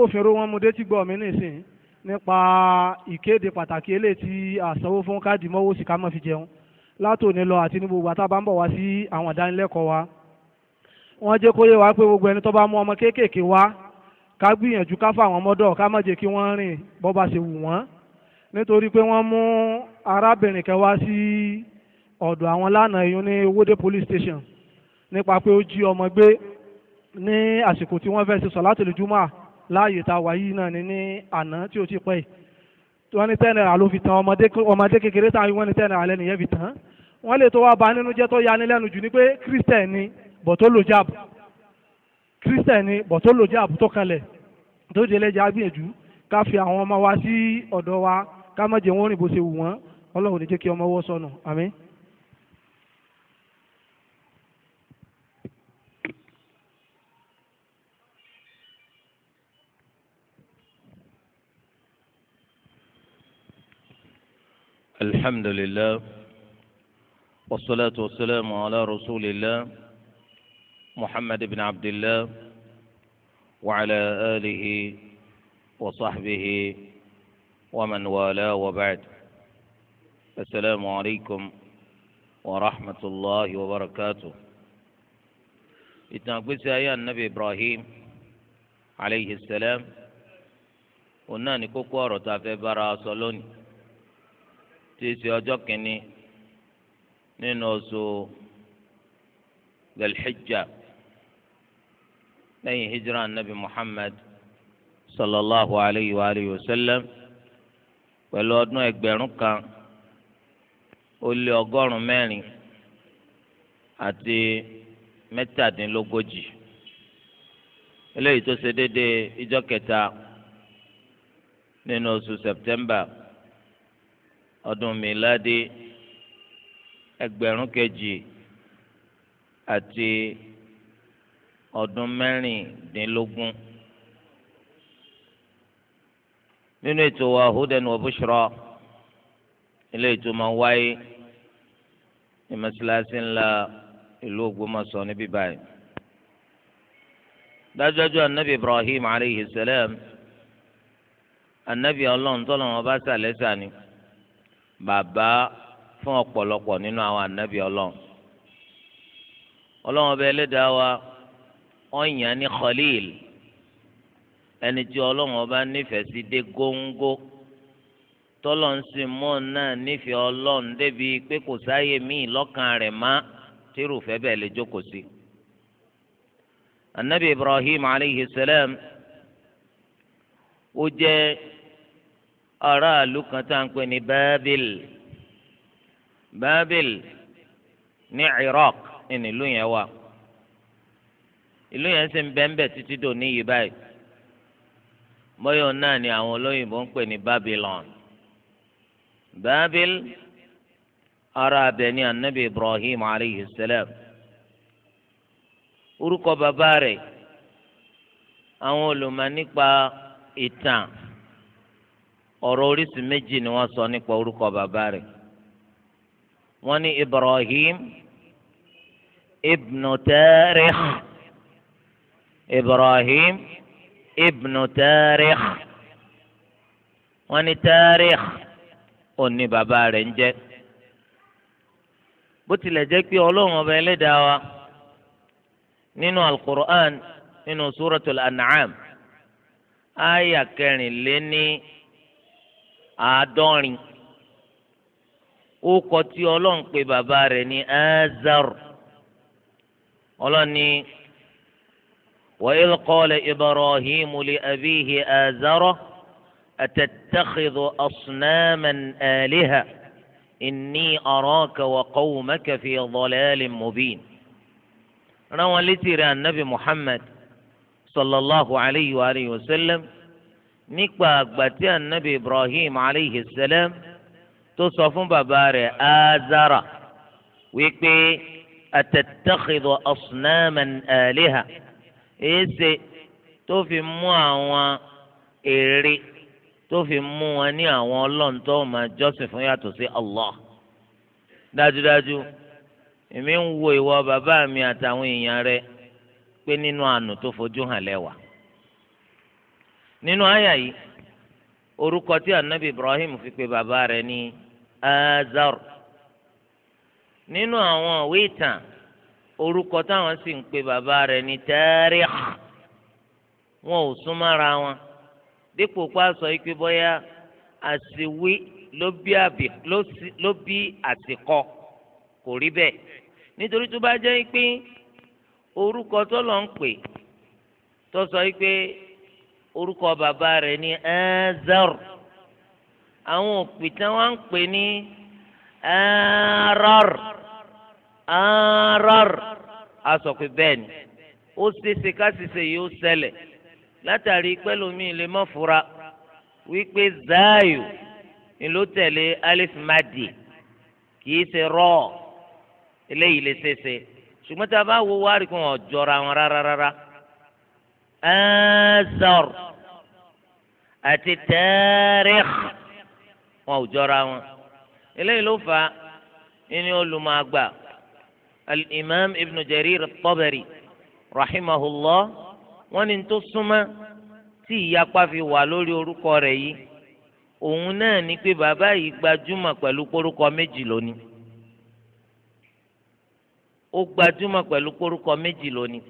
agbófinró wọn mú dé tí gbọ́ mi nísìnyí nípa ìkéde pàtàkì eléyìí tí àsanwó fún káàdì mọ́wó sì ká mọ́ fi jẹun látòní lọ àti ní gbogbo àtàbá ń bọ̀ wá sí àwọn ìdánilẹ́kọ̀ọ́ wa wọ́n jẹ́ kó yé wa pé gbogbo ẹni tó bá mú ọmọ kéékèèké wá ká gbìyànjú ká fà wọ́n mọ́dọ̀ ká má jẹ́ kí wọ́n rìn bọ́ bá ṣe wù wọ́n nítorí pé wọ́n mú arábìnrin kan wá sí ọ̀dọ̀ àwọn lánàá ìyún ní Wode police station nípa pé ó jí ọmọ gbé ní àsìkò tí wọ́n fẹ́ ṣe sọ̀látùl júmọ́à láàyè tá a wà yìí náà ni ní àná tí o ti pẹ́ yìí wọ́n ní ten naira ló fi tán ọmọdé kékeré tá a wọ́n ní ten naira lẹ́nu yẹn fi tán wọ́n lè tó wá ba nínú jẹ́ tó yani lẹ́nu jù ni pé christian ni bọ̀ tó lò jáàbù christian ni bọ̀ tó lò jáàbù tó kalẹ̀ tó délé já gbìyànjú ká fi àwọn ọmọ wa sí ọ̀dọ̀ wa ká má wọ́n rìn bó ṣe wù wọ́n ọlọ́run ní jẹ́ kí ọmọ wọ́ sọnù àmín. الحمد لله والصلاة والسلام على رسول الله محمد بن عبد الله وعلى آله وصحبه ومن والاه وبعد السلام عليكم ورحمة الله وبركاته إتناقبس يا النبي إبراهيم عليه السلام قلنا نكوكو تافي برا صلوني tí í ṣe ọjọ́ kìíní nínú oṣù zalhijja lẹ́yìn hijra nabi muhammad sallallahu alayhi wa alayhi wa sallam pẹ̀lú ọdún ẹgbẹ̀rún kan ó lé ọgọ́rùn-ún mẹ́rin àti mẹ́tàdínlógójì eléyìí tó ṣe déédéé ìjọ kẹta nínú oṣù september ọdún miladi ẹgbẹ̀rún kejì àti ọdún mẹ́rìndínlógún nínú ètò wa hudan wa bushra ilé ètò máa wáyé ní mọ́ṣáláṣí ńlá ìlú Ògbómọ̀ṣọ́ níbí báyìí dájọ́jú anabi Ibrahim aleyhi salam anabi ọlọ́run tọ́lọ́run ọba sàlẹ̀ sani bàbá fún ọ̀pọ̀lọpọ̀ nínú àwọn ànábì ọlọ́run ọlọ́run ọba ẹlẹ́dàá wa ọ̀yàn ní khalil ẹni tí ọlọ́run ọba nífẹ̀ẹ́ sí dé góńgó tọ́lọ̀ ń sìn mọ́ náà nífẹ̀ẹ́ ọlọ́run débi pé kò sáyè míì lọ́kàn rẹ̀ má tírùfẹ́ bẹ́ẹ̀ lè jókòó sí. ànábì ibrahim aleyhi salam ó jẹ́ aráàlú kan tá à ń pè ní Bábìl Ilu ní Iraq ìnílù yẹn wà ìlú yẹn sì ń bẹ́ńbẹ́ títí dò níyì báyìí bọ́yọ̀ náà ni àwọn olóyìnbó ń pè ní Babylon abẹ ní anabi Ibrahim alayhi salam orúkọ bàbá rẹ̀ àwọn Itan. nípa ìtàn. ọ̀rọ̀ oríṣi méjì ni wọ́n sọ nípa orúkọ bàbá rẹ̀ wọ́n ní Ibrahim ibnu Tarikh Ibrahim ibnu Tarikh wọ́n ní Tarikh ó ní bàbá rẹ̀ ń jẹ́ bó tilẹ̀ jẹ́ pé ọlọ́run ọba ẹlẹ́dàá wa nínú al nínú suratul An'am àyà kẹrìnléní. àádọ́rin ó kọ tí ọlọ́run pé bàbá rẹ̀ ní azar ọlọ́ni wa idh qala ibrahimu li abihi azara atattakhidhu asnaman aliha ìní araka wa kọ́wù mẹ́kẹ́fì dhalalin mubin rán wọn létí rẹ̀ anabi muhammad sallallahu alayhi wa sallam. nípa àgbàtí anabi ibrahim aleyhi salam tó sọ fún bàbá rẹ̀ azara wípé atattakhidhu asnaman aliha èéṣe tó fi mú àwọn ère tó fi mú wọn ní àwọn ọlọ́ntọ́ máa jọ́sìn fún yàtọ̀ sí allah dájúdájú èmi ń wo ìwọ bàbá mi àtàwọn èèyàn rẹ pé nínú àánú tó fojú hàn lẹ́wàá nínú àyà yìí orúkọ tí anabi ibrahim fi pe bàbá rẹ̀ ní azar nínú àwọn òwe ìtàn orúkọ táwọn sì ń pe bàbá rẹ̀ ní tarikh wọn ò súnmọ́ra wọn dípò pa sọ pé bóyá àṣìwí ló bí àṣìkọ kò rí bẹ́ẹ̀ nítorí tó bá jẹ́ pé orúkọ tó lọ ń pè tó sọ pé orúkọ bàbá rẹ̀ ní Azar àwọn òpìtàn wọn ń pè ní Arar Arar a sọ pé bẹ́ẹ̀ ni ó ṣeéṣe káṣíṣe yìí ó ṣẹlẹ̀ látàrí pẹ́lúmíì lè má fura wípé zayo ìlú tẹ̀lé alif madi kìí ṣe rọ eléyìí lè ṣeéṣe ṣùgbọ́n tá a bá wo wárí kan ọ̀jọ̀ra wọn rárá rárá. Rá, rá azar àti tẹ́rìk wọn ò jọra wọn eléyìí ló fà á nínú olùmọ̀ọ́gbà al-imam ibn jarir at-tabari rahimahullah wọn ni tó súnmọ́ tí ìyapa fi wà lórí orúkọ rẹ̀ yìí òun náà ni pé bàbá yìí gbajúmọ̀ pẹ̀lú kórúkọ méjì lónìí ó gbajúmọ̀ pẹ̀lú kórúkọ méjì lónìí.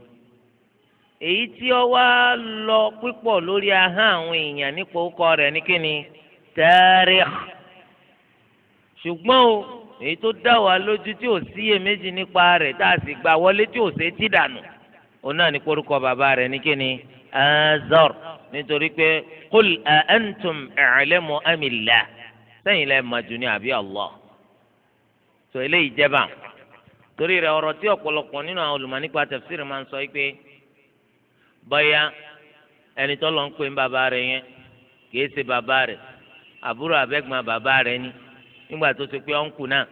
èyí tí ó wá lọ pípọ̀ lórí ahọ́n àwọn èèyàn nípa orúkọ rẹ̀ ní kíni tàríkh ṣùgbọ́n o èyí tó dá wa lójú tí ò síyèméjì nípa rẹ̀ tá a sì gbà wọlé tí ò ṣe tí dànù òun náà ní N'itori bàbá rẹ̀ ní kíni azor nítorí pé antum a'lamu am sẹ́yìn lẹ́ẹ̀ àbí Allah tó eléyìí jẹ́ bá torí rẹ̀ ọ̀rọ̀ tí ọ̀pọ̀lọpọ̀ nínú àwọn olùmọ̀ nípa tafsir máa ń sọ bọ́yá ẹni tó lọ ń pè ń bàbá yẹn kìí ṣe bàbá rẹ̀ àbúrò abẹ́gbọ́n bàbá rẹ̀ ni nígbà tó ti pé ọ̀nkù náà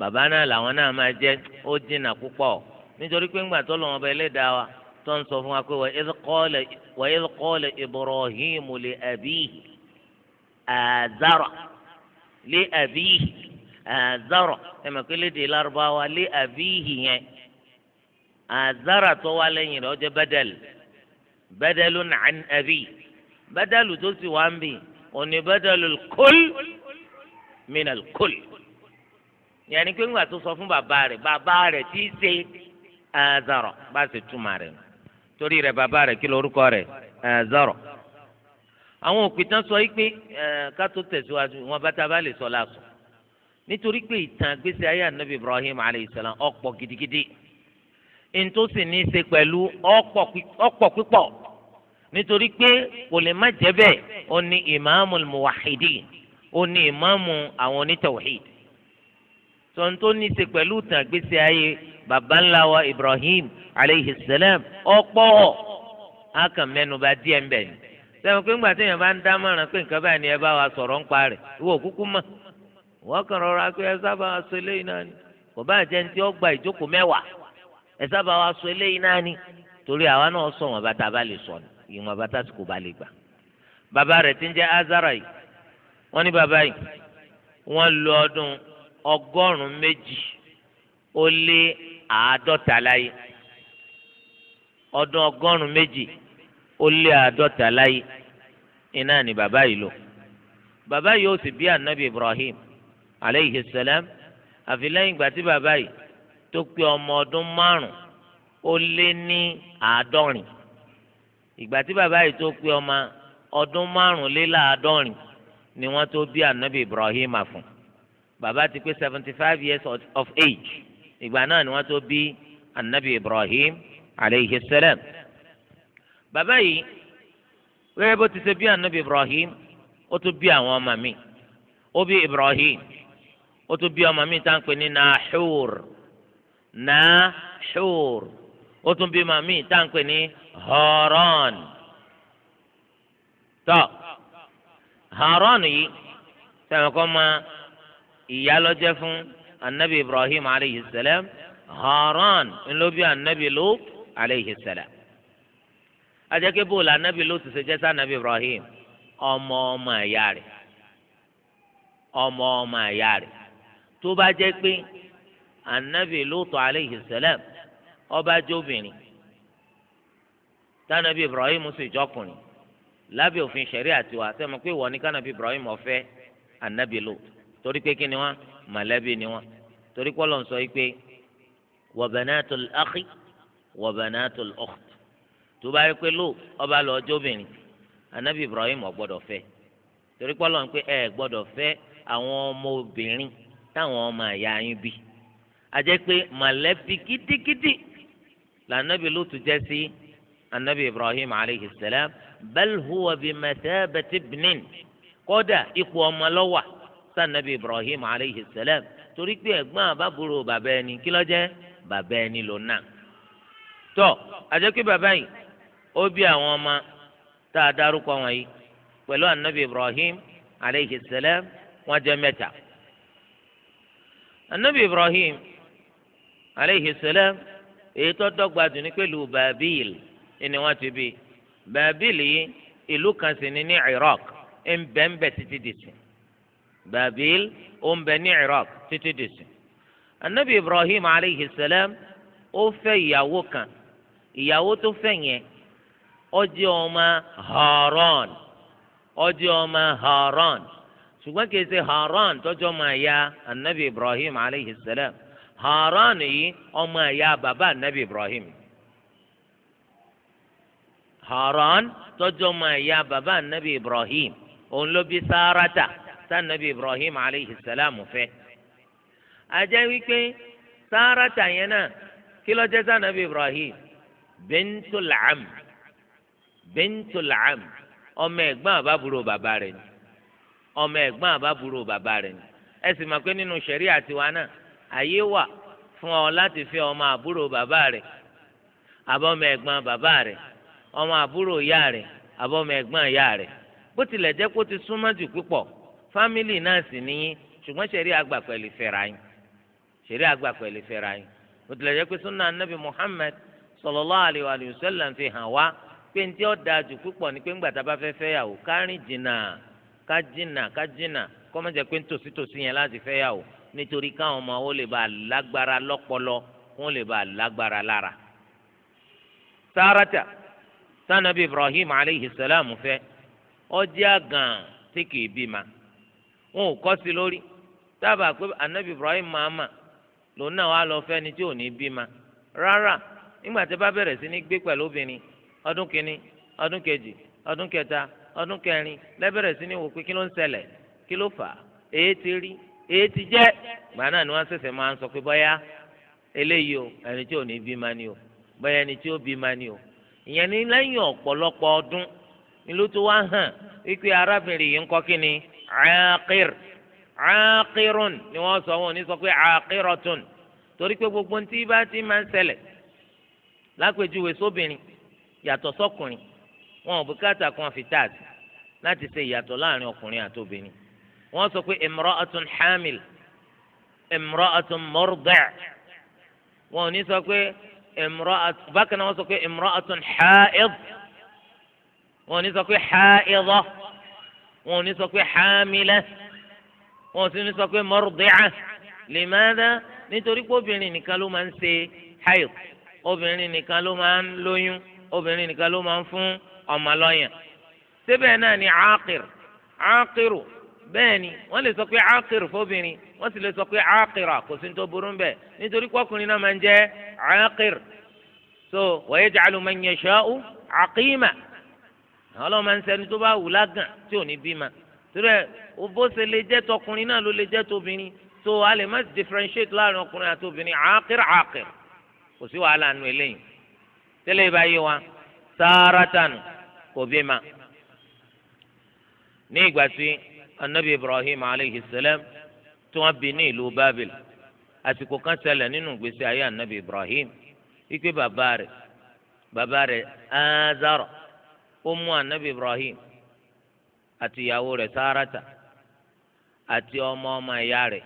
bàbá náà làwọn náà máa jẹ́ ó dínà púpọ̀ nítorí pé ńgbà tó lọ́wọ́ ọba ẹlẹ́dàá wa tó ń sọ fún wa pé azara azara lédè lárúbáwá azara tó wá lẹ́yìn rẹ̀ bẹ́dẹ́lú nàán ẹbí bẹ́dẹ́lú tó sì wá ń bì òní bẹ́dẹ́lú kól mìíràn kól yẹn ni pé ńgbà tó sọ fún bàbá rẹ̀ bàbá rẹ̀ tí í ṣe ẹ̀ẹ́dọ̀rọ̀ bá ṣe túmọ̀ rẹ̀ nù torí rẹ̀ bàbá rẹ̀ kí lorúkọ rẹ̀ ẹ̀ẹ́dọ̀rọ̀ àwọn òpìtàn sọ yìí pé tẹ̀síwájú wọn bá tá a bá lè sọ lásán nítorí pé ìtàn àgbésí ayé ànábì Ibrahim alayhi ntó sì ní í ṣe pẹ̀lú ọ̀pọ̀ pípọ̀ nítorí pé kò lè má jẹ́ bẹ́ẹ̀ ó ní ìmáàmù muwahidi ó ní ìmáàmù àwọn onítawhid tọ́n ní í ṣe pẹ̀lú tàgbésí ayé ńlá wa Ibrahim aleyhi salam ọ̀pọ̀ a kàn mẹ́nuba díẹ̀ ń bẹ̀ ni sẹ́wọ̀n pé ńgbà téèyàn bá ń dámọ̀ràn pé nǹkan báyìí ẹ bá wa sọ̀rọ̀ ń ìwọ mọ̀ wọ́n kàn rọra pé ẹ sábà ni kò bá jẹ́ ní tí gba ìjókòó mẹ́wàá ẹ sábà wa sọ eléyìí náà ni torí àwa náà sọ wọn bàtà bá lè sọ ìwọn bàtà tí kò bá lè gbà bàbá rẹ̀ ti ń jẹ́ azara yìí wọ́n ní bàbá yìí wọ́n lo ọdún ọgọ́rùn-ún méjì ó lé àádọ́ta láyé ọdún ọgọ́rùn-ún méjì ó lé àádọ́ta láyé iná ni bàbá yìí lò bàbá yìí ó sì bí anabi Ibrahim aleyhi salam àfi lẹ́yìn ìgbà tí bàbá yìí tó pé ọmọ ọdún márùn ó lé ní àádọ́rin ìgbà tí bàbá yìí tó pé ọmọ ọdún márùn lé láàádọ́rin ni wọ́n tó bí ànábì Ibrahim fún bàbá ti pé seventy five years of age ìgbà náà ni wọ́n tó bí ànábì Ibrahim aleyhi salam bàbá yìí wẹ́rẹ́ bó ti ṣe bí ànábì Ibrahim ó tún bí àwọn ọmọ mi ó bí Ibrahim ó tún bí ọmọ mi tá à ń pè ní Nahur. Nahshur ó tún bí màmí tá à ń pè ní Haran tọ́ Haran yìí sẹ́wọ̀n kọ́ máa ìyá lọ́jẹ́ fún anabi Ibrahim aleyhi salam Haran ńlọ́bí anabi Lut aleyhi salam ajẹ́kẹ́ bó la anabi Lut ṣe jẹ́ sanabi Ibrahim ọmọ ọmọ ẹ̀yà rẹ̀ ọmọ ọmọ ẹ̀yà rẹ̀ tó bá jẹ́ pé anabi lutu aleyhi salam ọba jẹ́ obìnrin tanabi ibrahim sì jọkùnrin lábẹ́ òfin ṣẹ̀rí àti wa sẹ́mi pé ìwọ ni kanabi ibrahim ọ̀fẹ́ anabi lutu torí pé kí ni wọ́n mọ̀lẹ́bí ni wọ́n torí kọ́ ló ń sọ yìí pé wa banatul akhi wa banatul ukht tó bá yẹ pé lutu ọba lọ jẹ́ obìnrin anabi ibrahim ò gbọ́dọ̀ torí kọ́ ló pé ẹ gbọ́dọ̀ fẹ́ àwọn ọmọ obìnrin táwọn ọmọ àyà yín bí ajẹ́ pé mọ̀lẹ́bí gidigidi lànàbí lótú jẹ́ sí anabi ibrahim aleyhi salam bal huwa bi mathabati ibnin kódà ipò ọmọ lọ́wà sànàbí ibrahim aleyhi salam torí pé ẹ̀gbọ́n àbábúrò bàbá ẹni kí ló jẹ́ bàbá ẹni ló nà. tó ajẹ́ pé bàbá yìí ó bí àwọn ọmọ tá a dárúkọ wọn yìí pẹ̀lú anabi ibrahim aleyhi salam wọ́n jẹ́ mẹ́ta. anabi ibrahim aleyhi salam èyí tó dọ́gba jù ní pẹ̀lú babil ni wọ́n ti bí babil yìí ìlú kan sì ní ní iraq ń bẹ ń bẹ títí dìsìn babil ó ń bẹ ní iraq títí dìsìn anabi ibrahim aleyhi salam ó fẹ́ ìyàwó kan ìyàwó tó fẹ́ yẹn ó ọmọ haran ó ọmọ haran ṣùgbọ́n kì í ṣe haran tó jẹ́ ọmọ anabi ibrahim aleyhi salam. Haran yìí ọmọ ẹ̀yà bàbá anabi Ibrahim Haran tọ́jú ọmọ ẹ̀yà bàbá anabi Ibrahim òun ló bí Sárátà sanabi Ibrahim aleyhi salam fẹ́ ajẹ́ wípé Sárátà yẹn náà kí ló jẹ́ sanabi Ibrahim bintul am bintul am ọmọ ẹ̀gbọ́n àbábúrò bàbá rẹ̀ ọmọ ẹ̀gbọ́n àbábúrò bàbá rẹ̀ ẹ sì máa pé nínú ṣẹ̀ríà tiwa náà àyè wà fún ọ láti fi ọmọ àbúrò bàbá rẹ àbọmọ ẹ̀gbọ́n bàbá rẹ ọmọ àbúrò ìyá rẹ àbọmọ ẹ̀gbọ́n ìyá rẹ bó tilẹ̀ jẹ́ kó ti súnmọ́ jù púpọ̀ fámìlì náà sì níyìn ṣùgbọ́n ṣẹ̀rí àgbà pẹ̀lú yín ṣẹ̀rí àgbà pẹ̀lú yín bó tilẹ̀ jẹ́ pé súnà wa sallam fi hàn wá pé ní tí ó da jù púpọ̀ ni pé ńgbà tá a bá fẹ́ jìnnà kọ́mọ́jẹ́ pé yẹn láti nítorí káwọn ọmọ wọn lè bá lágbára lọ́pọlọ wọn lè bá lágbára lára. tààràtà sanabi ibrahim aleyhi salam fẹ́ ọjẹ àgàn tí kìí bímọ wọn ò kọ́ sí lórí dábàá pé anabi ibrahim mahama lòun náà wàá lọ fẹ́ ni tí ò ní bímọ rárá nígbà tí bá bẹ̀rẹ̀ sí ní gbé pẹ̀lú obìnrin ọdún kìíní ọdún kejì ọdún kẹta ọdún kẹrin lẹ́bẹ̀rẹ̀ sí ní wò pé kí ló ń ṣẹlẹ̀ kí ló fà á èyí ti rí èyí ti jẹ́ gbà náà ni wọ́n ṣẹ̀ṣẹ̀ máa ń sọ pé bọ́yá eléyìí o ẹni tí ò ní bí ma ni o bọ́yá ẹni tí ó bí ma ni o ìyẹn ní lẹ́yìn ọ̀pọ̀lọpọ̀ ọdún ni ló tó wá hàn wípé arábìnrin yìí ń kọ́ kí ni aaqir aaqirun ni wọ́n sọ wọn ò ní sọ pé aaqiratun torí pé gbogbo ntí bá ti máa ń ṣẹlẹ̀ lápèjúwe sóbìnrin yàtọ̀ sọ́kùnrin wọn ò bùkátà kan fi táàtì láti ṣe ìyàtọ̀ láàrin ọkùnrin àtòbìnrin wọ́n sọ pé imra'atun hamil imra'atun murdi' wọn ò ní sọ pé imra'atun bákan náà wọ́n sọ pé imra'atun ha'id wọn ò ní sọ pé ha'idha wọn ò ní sọ pé hamila wọn ò sì ní sọ pé murdi'ah limadha nítorí pé obìnrin nìkan ló máa ń ṣe haid obìnrin nìkan ló máa ń lóyún obìnrin nìkan ló máa ń fún ọmọ síbẹ̀ náà ni aaqir aaqiru bẹ́ẹ̀ ni wọ́n lè sọ pé ákìrì fóbìnrin wọ́n sì lè sọ pé ákìrà kò sí tó burú bẹ́ẹ̀ nítorí pọ́kùnrin náà máa ń jẹ́ ákìrì so wa yaj'alu man yasha'u aqima ọlọ́run máa ń sẹ́ni tó bá wù lágàn tí ò ní bímọ torí ẹ bó ṣe lè jẹ́ tọkùnrin náà ló lè jẹ́ tóbìnrin so a lè má differentiate láàrin ọkùnrin àti obìnrin ákìrì ákìrì kò sí wàhálà nù eléyìí tẹ́lẹ̀ ìbáyé wa sáárátàn kò bímọ ní ìgbà tí anabi ibrahim aleyhi salam tí wọ́n bí ní ìlú babil àsìkò kan ṣẹlẹ̀ nínú ìgbésí ayé anabi ibrahim ikpe bàbá rẹ̀ bàbá rẹ̀ azara ó mú anabi ibrahim àti ìyàwó rẹ̀ sárata àti ọmọ ọmọ ìyá rẹ̀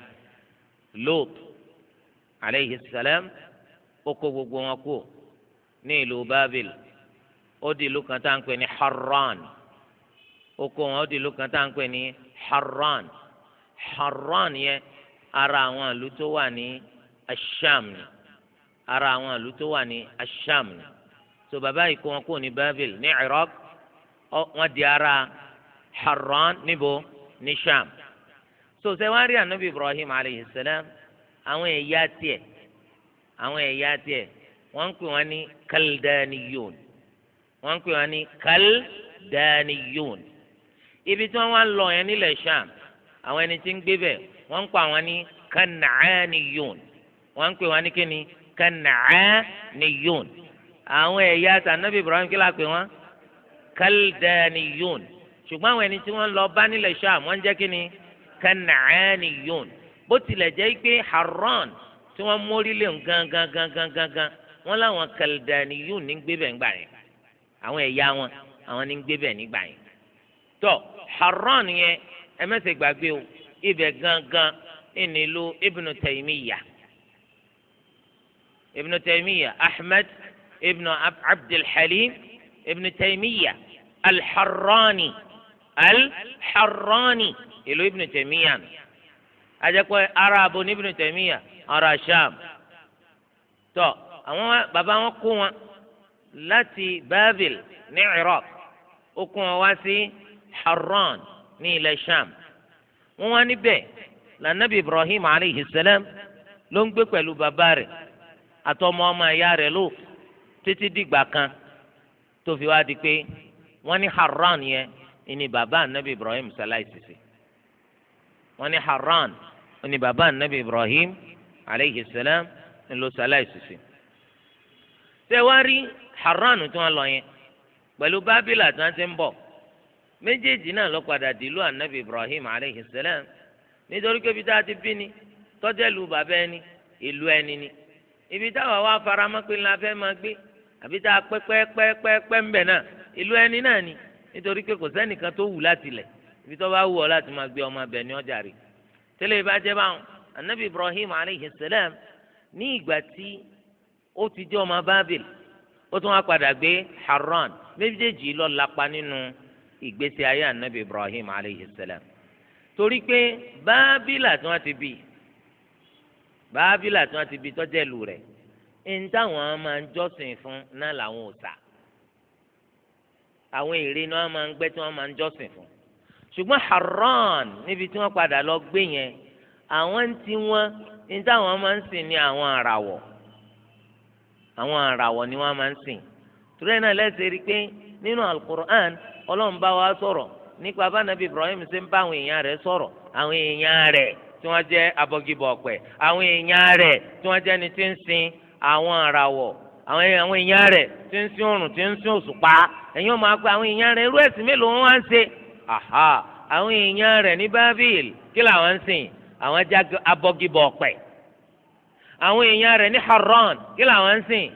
lot aleyhi salam ó kó gbogbo wọn kú ní ìlú babil ó di ìlú kan tá à ń pè ní haran ó kó wọn ó di ìlú kan tá à ń pè ní Harran Harran yẹn ara àwọn ìlú tó wà ní Asham ni ara àwọn ìlú tó wà ní Asham ni so bàbá yìí kó wọn kúrò ní Babil ní Iraq wọn di ara Harran níbo ní Sham so sẹ́wọ́n rí Ibrahim alayhi salam àwọn ẹ̀yà tiẹ̀ àwọn ẹ̀yà tiẹ̀ wọ́n pè wọ́n ní Kaldaniyun wọ́n pè wọ́n ní Kaldaniyun ibi tí wọ́n wá ń lọ yẹn nílẹ̀ sham àwọn ẹni tí ń gbé bẹ̀ wọ́n ń pa àwọn ní kanaaniyun wọ́n ń pè wọ́n ní kíni kanaaniyun àwọn ẹ̀yà sànàbí ibrahim kí la pè wọ́n kaldaniyun ṣùgbọ́n àwọn ẹni tí wọ́n lọ bá nílẹ̀ sham wọ́n ń jẹ́ kíni kanaaniyun bó tilẹ̀ jẹ́ pé haran tí wọ́n mórí lé ń gangan gangan gangan wọ́n láwọn kaldaniyun ní gbé bẹ̀ ń gbà yẹn àwọn ẹ̀yà wọn àwọn ní gbé bẹ̀ nígbà yẹn tọ́ Haran yẹn ẹ má ṣe gbàgbé o ibẹ̀ gangan ìnílò Ibn Taymiyyah Ibn Taymiyyah Ahmed Ibn Abdulhalim Ibn Taymiyyah Al-Harrani Al-Harrani ìlú Ibn Taymiyyah nù ajẹ́pẹ́ ara abo ní Ibn Taymiyyah ara Sham tọ́ àwọn bàbá wọn kó wọn láti Babil ní Iraq ó kó wọn wá sí. Si, Harran ní ilẹ̀ Sham wọ́n wá níbẹ̀ lànàbí Ibrahim aleyhi salam ló ń gbé pẹ̀lú bàbá rẹ̀ àtọmọ ọmọ ìyá rẹ̀ lò títí dìgbà kan tó fi wá di pé wọ́n ní Harran yẹn ni bàbá ànàbí Ibrahim sàláìsìsì wọ́n ní Harran ni bàbá ànàbí Ibrahim aleyhi salam ńlọ sàláìsìsì tẹwárí Harran tí wọ́n lọ yẹn pẹ̀lú Bábílà tí wọ́n ti ń bọ̀ méjèèjì náà ló padà dìlú anabi ibrahim aleyhi salam nítorí pé ibi tá a ti bí ni tọ́jẹ́ lu bàbá ìlú ẹni ni ibi táwa wá faramọ́ pé ńlá fẹ́ máa gbé àbí tá a pẹ́ pẹ́ pẹ́ pẹ́ pẹ́ ń bẹ̀ náà ìlú ẹni náà ni nítorí pé kò sẹ́nìkan tó wù láti lẹ̀ ibi anabi ibrahim aleyhi salam ní ìgbà tí ó ti jẹ́ ọmọ ó tún wá padà gbé haran méjèèjì ìgbésí ayé anabi ibrahim alayhi salam torí pé bábílà tí wọ́n ti bí bábílà tí wọ́n ti bí tọjá ìlú rẹ̀ ń táwọn máa ń jọ́sìn fún náà làwọn òòṣà àwọn ère ni wọ́n máa ń gbẹ́ tí wọ́n máa ń jọ́sìn fún ṣùgbọ́n Haran níbi tí wọ́n padà lọ gbé yẹn àwọn ń ti wọn ní táwọn máa ń sìn ní àwọn àràwọ̀ àwọn àràwọ̀ ni wọ́n máa ń sìn torí ẹ̀ náà lẹ́sẹ̀ rí i pé nínú alukur'an ọlọ́run bá wa sọ̀rọ̀ nípa bánabi ibrahim ṣe ń bá àwọn èèyàn rẹ̀ sọ̀rọ̀ àwọn èèyàn rẹ̀ tí wọ́n jẹ́ abọ́gibọ̀ ọ̀pẹ̀ àwọn èèyàn rẹ̀ tí wọ́n jẹ́ ni tí ń sin àwọn àràwọ̀ àwọn èèyàn rẹ̀ tí ń sin oòrùn tí ń sin òṣùpá ẹ̀yin ọmọ akpẹ́ àwọn èèyàn rẹ̀ irú ẹ̀sìn mélòó wọn ṣe aha àwọn èèyàn rẹ̀ ní bábíl kí làwọn ń sìn àwọn jẹ́ abọ́gibọ̀ ọ̀pẹ̀ àwọn èèyàn rẹ̀ ní haran kí làwọn ń sìn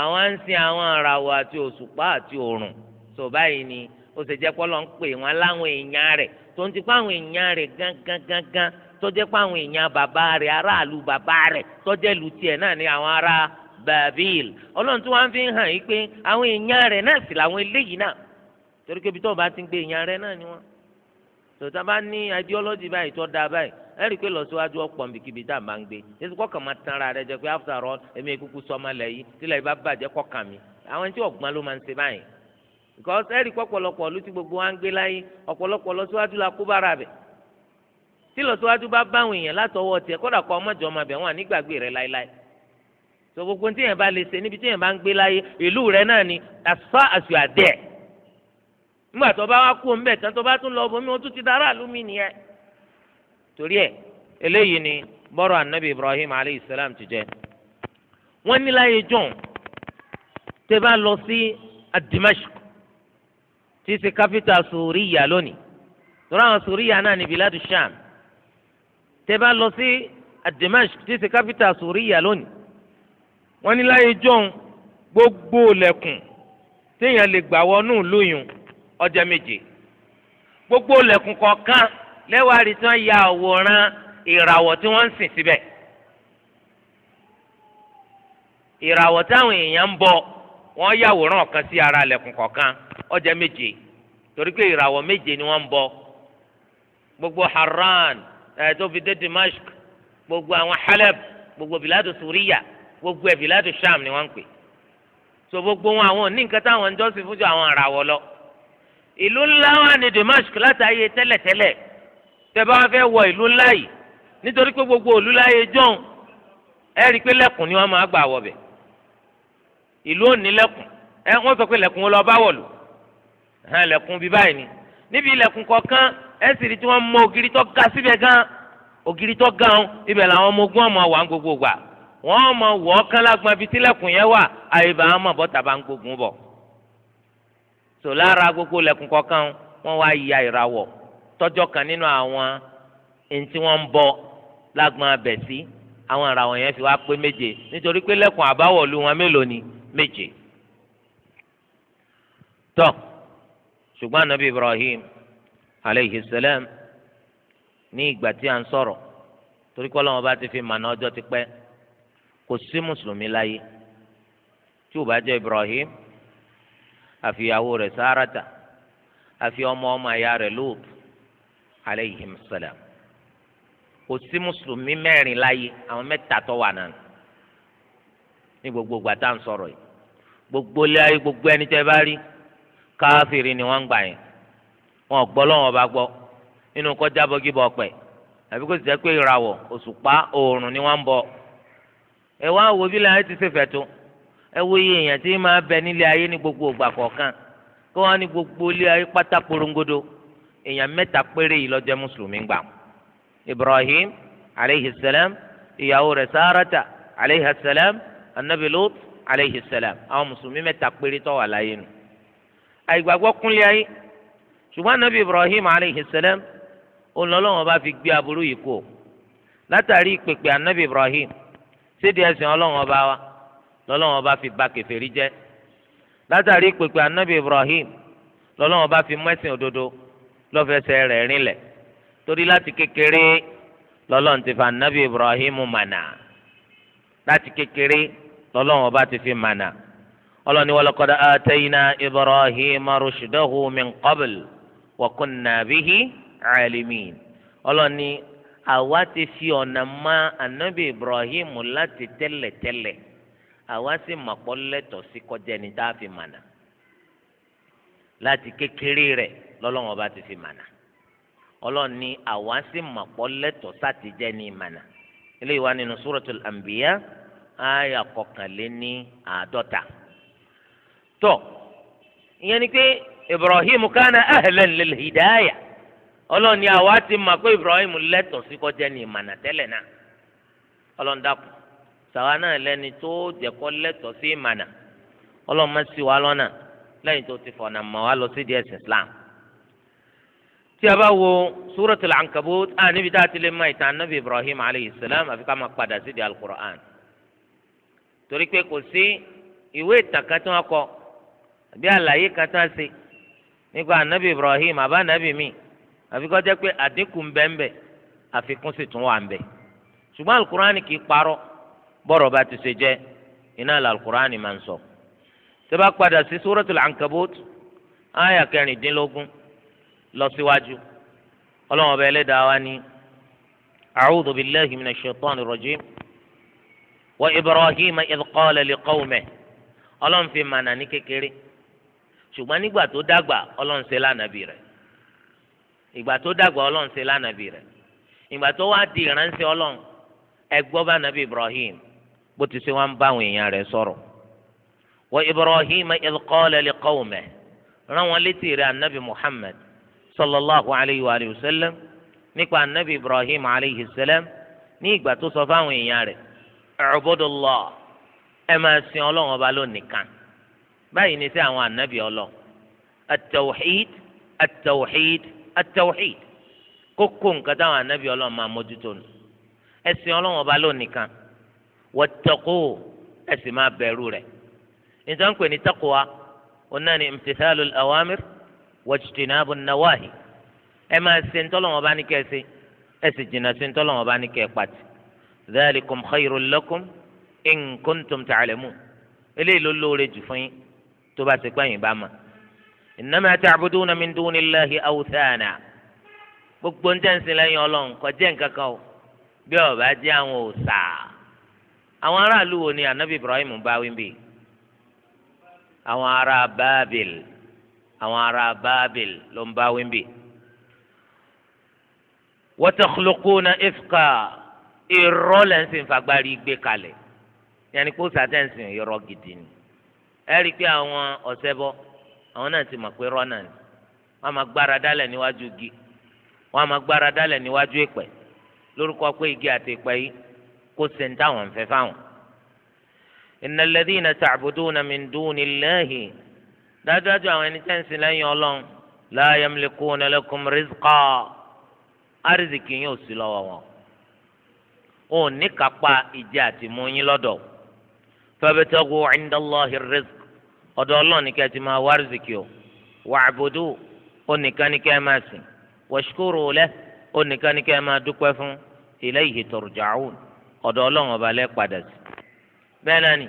àwọn ń sin àwọn àràwọ̀ àti òṣùpá àti oòrùn tó báyìí ni ó sì jẹ́ pé ọlọ́run pè wọ́n láwọn èèyàn rẹ̀ tó ń ti pa àwọn èèyàn rẹ̀ gángangangan tó jẹ́ pé àwọn èèyàn bàbá rẹ̀ aráàlú bàbá rẹ̀ tó jẹ́ lu tiẹ̀ náà ní àwọn ará babil ọlọ́run tí wọ́n fi ń hàn yìí pé àwọn èèyàn rẹ̀ náà sì làwọn eléyìí náà torí pé ibi tó o bá ti ń gbé èèyàn rẹ̀ náà ni wọ́n tòtá bá ní ideology báyìí tó dáa báyìí ẹ rí i pé lọ́síwájú ọ̀pọ̀ nbìkíbi tá a máa ń gbé èsì kọ́kàn máa tanra rẹ jẹ pé after all èmi kúkú sọ́mọ lẹ̀ yìí tílẹ̀ yìí bá bàjẹ́ kọ́kàn mi àwọn tí ọ̀gbọ́n ló máa ń ṣe báyìí because ẹ̀rí pọ̀pọ̀lọpọ̀ ló ti gbogbo wa ń gbé láyé ọ̀pọ̀lọpọ̀ lọ síwájú la kó bára bẹ̀ tí lọ síwájú bá báwọn èèyàn látọwọ́ tiẹ̀ kódà kọ́ ọmọjọ́ ọmọ bẹ̀ wọn ànígbàgbé rẹ̀ láéláé so gbogbo tí yẹn bá lè ṣe níbi tí yẹn bá ń gbé láyé ìlú rẹ̀ náà ni as far as you are there nígbà tó bá wá kú ńbẹ tán tó bá tún lọ bomi wọn tún ti dára àlùmí nìyẹn torí ẹ eléyìí ni bọ́rọ̀ anabi Ibrahim alayhi salam ti jẹ wọ́n ní láyé john tẹ́ bá lọ sí adimashiku tí ṣe kápítà sùúríyà lónìí tọ́lá àwọn sùúríyà náà ní biladu sham tẹ́ bá lọ sí adimash tí ṣe kápítà sùúríyà lónìí wọ́n ní láyé jọ́hún gbogbo lẹ́kùn téèyàn lè gbà wọnú lóyún ọjà méje gbogbo lẹ́kùn kọ̀ọ̀kan lẹ́wàá rí tí wọ́n ya àwòrán ìràwọ̀ tí wọ́n ń sìn síbẹ̀ ìràwọ̀ táwọn èèyàn ń bọ̀ wọ́n yàwòrán ọ̀kan sí ara ilẹ̀kùn kọ̀ọ̀kan ó jẹ́ méje torí pé ìràwọ̀ méje ni wọ́n ń bọ gbogbo Haran ẹ̀ tó fi dé Dimashq gbogbo àwọn Halab gbogbo biladu Suriya gbogbo ẹ̀ biladu Sham ni wọ́n ń pè so gbogbo wọn àwọn òní nǹkan táwọn ń jọ́sìn fún ju àwọn ìràwọ̀ lọ ìlú ńlá wa ni Dimashq látàyè tẹ́lẹ̀tẹ́lẹ̀ tẹ́ bá fẹ́ wọ ìlú ńlá yìí nítorí pé gbogbo ìlú láyé jọ́hún ẹ rí i pé lẹ́kùn ni wọ́n máa gbà wọbẹ̀ ìlú ò ní lẹ́kùn ẹ wọ́n sọ pé lẹ́kùn lọ bá wọ̀lù hàn lẹ́kùn bíi báyìí ni níbi ilẹ̀kùn kọ̀ọ̀kan ẹ sì rí tí wọ́n mọ ògiri tó ga síbẹ̀ gan ògiri tó ga ọ̀hún ibẹ̀ làwọn ọmọ ogun ọmọ wà ń gbogbo gbà wọ́n mọ wọ́ kán lágbọn ibi tí lẹ́kùn yẹn wà àyèbá ọmọ bọ́tà bá ń gbógun bọ̀ so lára gbogbo lẹ́kùn kọ̀ọ̀kan wọ́n wá ya ìràwọ̀ tọ́jọ́ kan nínú àwọn ẹni tí wọ́n ń bọ lágbọn abẹ̀ sí àwọn ìràwọ̀ yẹn fi wá pé méje nítorí pé lẹ́kùn àbáwọ̀lú wọn mélòó ni méje tọ́ ṣùgbọ́n anabi ibrahim aleyhi salam ní ìgbà tí a ń sọ̀rọ̀ torí kọ́ lọ́wọ́ bá ti fi mànà ọjọ́ ti pẹ́ kò sí mùsùlùmí láyé tí ò bá jẹ́ ibrahim àfìyàwó rẹ̀ sáràtà àfi ọmọ ọmọ àyà rẹ̀ lóòtù aleyhim salam kò sí mùsùlùmí mẹ́rin láyé àwọn mẹ́ta tó wà náà ní gbogbo ìgbà tá à ń sọ̀rọ̀ yìí gbogbo ilé ayé gbogbo ẹni tẹ́ bá rí káfíìrì ni wọ́n ń gbà yẹn wọn gbọ́ lọ́wọ́ bá gbọ́ nínú kọjá bọ́gí bọ́ pẹ̀ àbí kó sì jẹ́ pé ìràwọ̀ òṣùpá oòrùn ni wọ́n ń bọ̀ ẹ wá wo bí ilé ayé ti ṣe fẹ̀ tó ẹ wo iye èèyàn tí máa bẹ nílé ayé ní gbogbo ògbà kọ̀ọ̀kan kó wọn ní gbogbo ilé ayé pátá porongodo èèyàn mẹ́ta péré yìí ló mùsùlùmí gbà Ibrahim aleyhisselam ìyàwó rẹ̀ Sárátà aleyhisselam anabi Lut aleyhi salam àwọn mùsùlùmí mẹ́ta péré tó wà láyé nù àìgbàgbọ́ kúnlẹ̀ ayé ṣùgbọ́n anabi ibrahim aleyhi salam olùlọ́wọ́n bá fi gbé aburú yìí kó látàrí ìpèpè anabi ibrahim sídìí ẹ̀sìn ọlọ́wọ́n bá wa lọ́lọ́wọ́n bá fi ba kèfèrí jẹ́ látàrí ìpèpè anabi ibrahim lọ́lọ́wọ́n bá fi mẹ́sìn òdodo lọ́fẹsẹ̀ rẹ̀ rinlẹ̀ torí láti kékeré lọ́lọ́run ti fa anabi ibrahim mọ̀nà láti kékeré lọ́lọ́run ọba ti fi mànà ọlọ́ni wa laqad atayna ibrahima rushdahu min qabl wa kunna bihi alimin ọlọ́ni àwa ti fi ọ̀nà ma anabi ibrahim láti tẹ́lẹ̀tẹ́lẹ̀ àwa sì mọ̀pọ́ lẹ́tọ̀ sí kọjá ẹni tá a fi mànà láti kékeré rẹ̀ lọ́lọ́run ọba ti fi mànà ọlọ́ni àwa sì mọ̀pọ́ lẹ́tọ̀ sátìjẹ́ ní ìmànà eléyìí wá nínú suratul anbiya àyà kọkànléní àádọ́ta tó ìyẹn ni pé ibrahim kana ahlan lil hidaya ọlọ́run ni àwa ti mọ̀ pé ibrahim lẹ́tọ̀ọ́ sí kọjá ní ìmọ̀nà tẹ́lẹ̀ náà ọlọ́run dàpọ̀ sàwa náà lẹ́ni tó jẹ́kọ́ lẹ́tọ̀ọ́ sí ìmọ̀nà ọlọ́run má ṣì wá lọ́nà lẹ́yìn tó ti fọ̀nà mọ̀ wá lọ sí díẹ̀ islam tí a bá wo suratul ankabut a tá a ti lè mọ ìtàn nabi ibrahim aleyhisselam àfi ká máa padà sí di alukur'an torí pé kò sí ìwé ìtàn kan tí wọ́n kọ àbí àlàyé kan tí wọ́n ṣe nípa anabi ibrahim àbá anabi mi àfi kọ́ jẹ́ pé àdínkù ń bẹ ń bẹ àfikún sì tún wà ń bẹ ṣùgbọ́n alukur'ani kì í parọ́ bọ́rọ̀ bá ti ṣe jẹ́ iná alukur'ani máa ń sọ. tẹ́ bá padà sí suratul ankabut àyà kẹrìndínlógún lọ síwájú ọlọ́wọ́n ọba ẹlẹ́dàá wa ní a'udhu billahi minash shaitani rajim wa ibrahim idh qala li qawmihi ọlọ́run fi mànà ní kékeré ṣùgbọ́n nígbà tó dàgbà ọlọ́run ṣe lánàbì rẹ̀ ìgbà tó dàgbà ọlọ́run ṣe lánàbì rẹ̀ ìgbà tó wá di ìránṣẹ́ ọlọ́run ẹgbọ́ bá nàbí ibrahim bó ti ṣe wá ń bá àwọn èèyàn rẹ̀ sọ̀rọ̀ wa ibrahim idh qala li qawmihi rán wọn létí rẹ̀ anabi muhammad sallallahu alayhi wa sallam nípa anabi ibrahim alayhi salam ní ìgbà tó sọ fáwọn èèyàn rẹ̀ u'budullah ẹ máa sin ọlọ́run ọba lónìkan báyìí ni sí àwọn ànábì ọlọ́ at-tawhid at-tawhid at-tawhid kókó nǹkan táwọn ànábì ọlọ́run máa mójútó nù ẹ sin ọlọ́run ọba lónìkan wattaqu ẹ sì máa bẹ̀rù rẹ̀ níta ń pè ní taqwa ọ̀nà ni imtithalul awamir wajtinabun nawahi ẹ máa ṣe ntọ́lọ́run ọba ní kẹ́ ẹ sì jìnnà sí ntọ́lọ́run ọba ní kẹ́ dhalikum khayrun lakum in kuntum ta'lamun eléyìí ló lóore jù fún yín tó bá ti pẹ́ yín bá ma innama ta'buduna min dunillahi awthana gbogbo ń tẹ̀sí lẹ́yìn ọlọ́run kọjá nǹkan kan o bí ó bá jẹ́ àwọn òòṣà àwọn aráàlú wo ni anabi ibrahim bá wí bí àwọn ará bábìl àwọn ará bábìl ló ń bá wí bí wa takhluquna ifka. irọ́ lẹ́ ń sìn fagbárí gbé kalẹ̀ yẹnni kó sàtẹ́ǹsì irọ́ gidi ni ẹ rí i pé àwọn àwọn náà ti mọ̀ pé náà ni wọ́n máa gbára dálẹ̀ níwájú igi wọ́n máa gbára dálẹ̀ níwájú ìpẹ́ lórúkọ pé igi àti ìpẹ́ yìí kó sẹ́ń táwọn fẹ́ fáwọn. innal ladhina ta'buduna min dunillahi dájúdájú àwọn ẹni lẹ́yìn ọlọ́run òun ní kápá ìjẹ àti mú yín lọ́dọ̀ fabtagu inda Allahi rizq ọ̀dọ̀ Ọlọ́run nìkan ti máa wá rìzìkì o wa'budu ó nìkan ní kẹ́ ẹ máa sìn washkuru lahu ó nìkan ní kẹ́ ẹ máa dúpẹ́ fún ilayhi turja'un ọ̀dọ̀ Ọlọ́run ọba lẹ́ padà sí. bẹ́ẹ̀ náà ni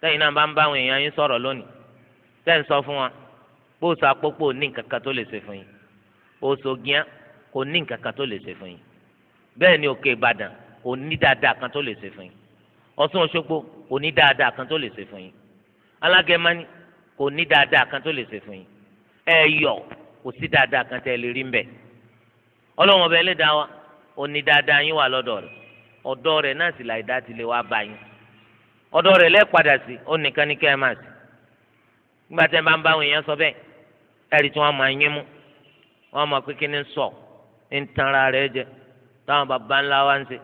tẹ́yìn náà bá ń bá àwọn èèyàn yín sọ̀rọ̀ lónìí tẹ́ sọ fún wa bóòsù àpòpò ní nǹkan tó lè ṣe fún yín bóòsù ògìyàn kò ní nǹkan tó lè ṣe fún yín bẹ́ẹ̀ ni òkè Ìbàdàn kò ní dáadáa kan tó lè ṣe fún yín Ọ̀ṣun Òṣogbo kò ní dáadáa kan tó lè ṣe fún yín alágẹmánì kò ní dáadáa kan tó lè ṣe fún yín ẹ̀yọ̀ kò sí dáadáa kan tẹ́ lè rí mbẹ̀ ọlọ́run ọba ẹlẹ́dàá wa ò ní dáadáa yín wà lọ́dọ̀ rẹ̀ ọ̀dọ̀ rẹ̀ náà sì láì dá tilẹ̀ wá bá yín ọ̀dọ̀ rẹ̀ lẹ́ẹ̀padà sí ó nìkan ní kẹ́ nígbà tẹ́ bá ń bá àwọn èèyàn sọ bẹ́ẹ̀ ẹ̀rí tí wọ́n máa yín mú wọ́n máa pé kí ni sọ ń tanra rẹ̀ jẹ táwọn baba ńlá wa ń ṣe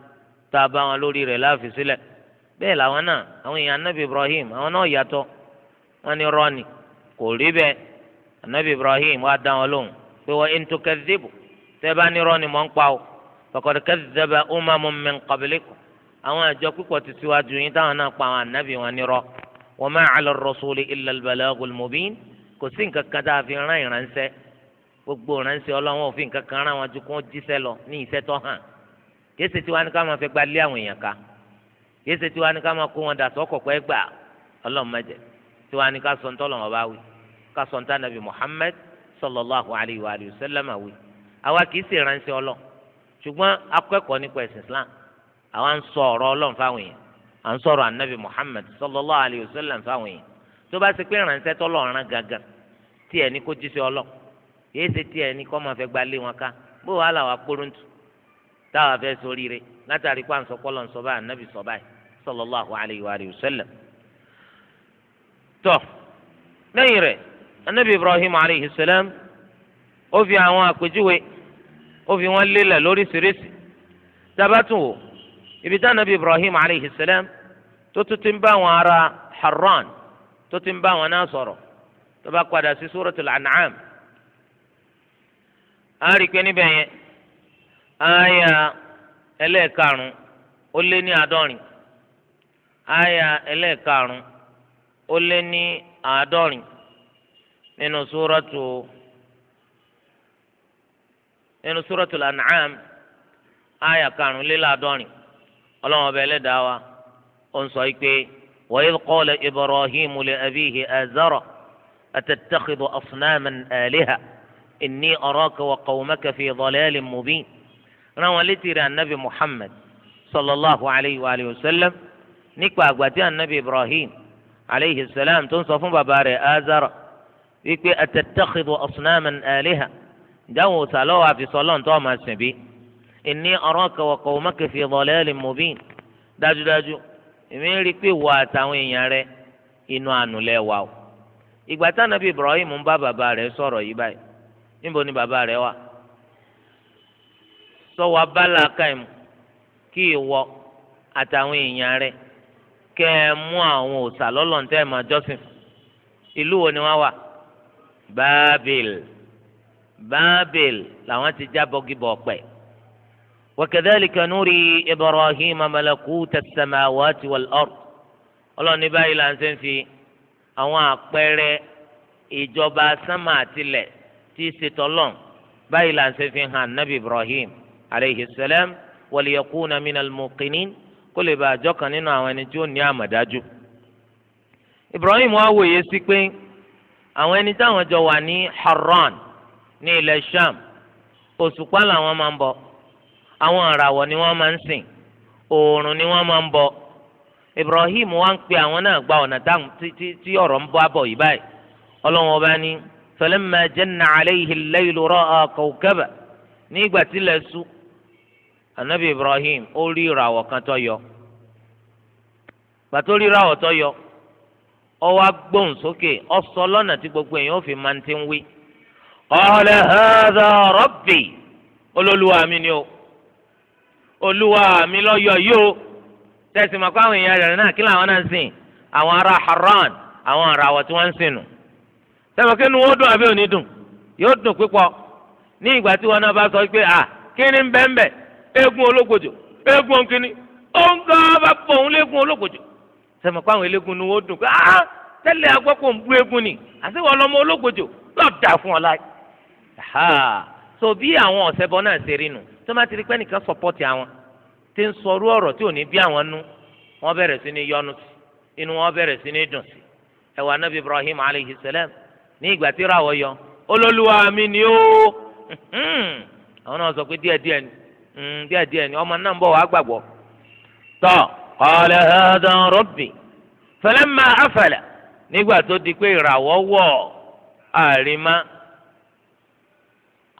tá a bá wọn lórí rẹ̀ láàfin sílẹ̀ bẹ́ẹ̀ làwọn náà àwọn èèyàn anabi ibrahim àwọn náà yàtọ̀ wọn ni rọ́ọ̀nì kò rí bẹ́ẹ̀ anabi ibrahim wàá dá wọn lóhùn pé wọ́n ń tó kẹ́síbù tẹ́ bá ní rọ́ọ̀nì mọ́ ń pa o faqad kazzaba umamun min qablikum àwọn àjọ pípọ̀ ti síwájú yín táwọn náà pa àwọn anabi wọn ní rọ́ wa ma ala ar-rasuli illa al kò sí nǹkan kan tá a fi rán ìránṣẹ́ gbogbo ìránṣẹ́ ọlọ́run òfin nǹkan kan wọn ju kó jíṣẹ́ lọ ní ìṣẹ́ tó hàn kéésì tiwa ni ká máa fẹ́ gba lé àwọn èèyàn ká kéésì tiwa ni ká máa kó wọn dà sọ́kọ̀ pẹ́ gbà ọlọ́run má jẹ́ tiwa ni ká sọ ntọ́lọ̀ wọn bá wí ká sọ ntá nàbì Muhammad sallallahu alayhi wa sallam àwí àwa kìí ṣe ránṣẹ́ ọlọ́ ṣùgbọ́n akẹ́kọ̀ọ́ nípa ẹ̀sìn Islam àwa ń sọ ọ̀rọ̀ ọlọ́run fáwọn èèyàn à ń sọ̀rọ̀ anabi Muhammad sallallahu alayhi wa sallam fáwọn èèyàn tó bá ṣe pé ránṣẹ́ tọ́lọ̀ ọ̀ràn gàgà tí ẹni kó jíṣẹ́ ọlọ́ kìí ṣe tí ẹni kọ́ máa fẹ́ táwọn afẹ́ ṣoríire látàrí pa nsọkọlọ nsọba anabi sọba yìí sallallahu alayhi wa sallam. tọ́ lẹ́yìn rẹ̀ anabi ibrahim alayhi salam ó fi àwọn àpèjúwe ó fi wọn lélẹ̀ lóríṣiríṣi tabatun wo ibi tá anabi ibrahim alayhi salam tó tún ti ń bá àwọn ará Haran tó ti ń bá àwọn náà sọ̀rọ̀ tó bá padà sí suratul an'am a pé níbẹ̀ yẹn aya ẹlẹ́ẹ̀karùn ó lé ní àádọ́rin aya ẹlẹ́ẹ̀karùn ó lé ní àádọ́rin nínú súrọ́tù nínú súrọ́tù lànàm aya karùn lé láàádọ́rin ọlọ́wọ́n ọba ẹlẹ́dàá wa ó ń sọ yìí pé wa idh qala ibrahimu li abihi azara atattakhidhu asnaman aliha inni araka wa qawmaka fi dhalalin mubin rán wọn létí rẹ̀ anabi muhammed sallallahu alayhi wa alihi wa sallam nípa àgbàtí anabi ibrahim alayhi salam tó ń sọ fún bàbá rẹ̀ azara wípé atattakhidhu asnaman aliha dáhùn òsàlọ́ wa fi sọlọ́ ń tọ́ ma sìn bí inni araka wa qawmaka fi dhalalin mubin dájúdájú èmi rí i pé wọ àtàwọn èèyàn rẹ̀ inú àánú lẹ o ìgbà tí anabi ibrahim ń bá bàbá rẹ̀ sọ̀rọ̀ yìí báyìí níbo ni bàbá rẹ̀ wà sọ́wọ́ abálàkà ẹ̀ mu kí ìwọ àtàwọn èèyàn rẹ kẹ́ ẹ mú àwọn òòṣà lọ́lọ́ tẹ́ ẹ máa jọ́sìn fún ìlú wo ni wọ́n wà bábìl bábìl làwọn ti já bọ́gìbọ̀ pẹ̀ wakadhalika nuri ibrahim malakuta samawati wal ard ọlọ́ni báyìí là ń sẹ́ ń fi àwọn àpẹẹrẹ ìjọba sánmà àtilẹ̀ tí ṣètọ́lọ́n báyìí là aleyhi salam wàlíyẹkùn amínà mọ̀kìnní kó lè bá àjọ kan nínú àwọn ẹni tí ó ní àmọ̀dájú. ibrahim wá wòye sí pé àwọn ẹni táwọn jọ wà ní Haran ní ilẹ̀ Sham òṣùpá làwọn máa ń bọ àwọn àràwọ̀ ni wọ́n máa ń sìn oòrùn ni wọ́n máa ń bọ ibrahim wá ń pe àwọn náà gba ọ̀nà tí ọ̀rọ̀ ń bọ́ abọ̀ yìí báyìí ọlọ́run ọba ní falamma janna alayhi al-laylu ra'a kawkaba ní ìgbà tí ilẹ̀ sùn anabi ibrahim ó rí ìràwọ̀ kan tó yọ gbàtó rí ìràwọ̀ tó yọ wá gbóhùn sókè sọ lọ́nà tí gbogbo èèyàn ó fi máa ń ti ń wí. qala hadha rabbi olólùwà mi ni o olúwa mi lọ́yọ̀ yìí tẹ̀sí ma àwọn èèyàn rẹ̀ náà kí làwọn náà ara sìn àwọn ará haran àwọn tí wọ́n ń sìn nù. kí ni wọ́n dùn àbí wọn sọ pé à kí ni Egun ológojò eégún ònkìní ó ń gan bá pọ̀ òun léegun ológojò sẹ́mi pa àwọn eléegun ni wọ́n dùn pé tẹ́lẹ̀ ni àti wọn lọ́mọ ológojò yóò dà fún ọ láì. so bí àwọn ọ̀sẹ̀bọ náà ṣe rí nu tó ti rí pé sọpọ́tì àwọn tí ń sọrú ọ̀rọ̀ tí ò ní bí Ibrahim ní ìgbà tí olólùwà mi ni ó àwọn Mm, díẹ̀ díẹ̀ ni ọmọ náà ń bọ̀ wá gbàgbọ́. tọ́ qala hadha rabbi nígbà tó di pé ìràwọ̀ wọ̀ àrímá.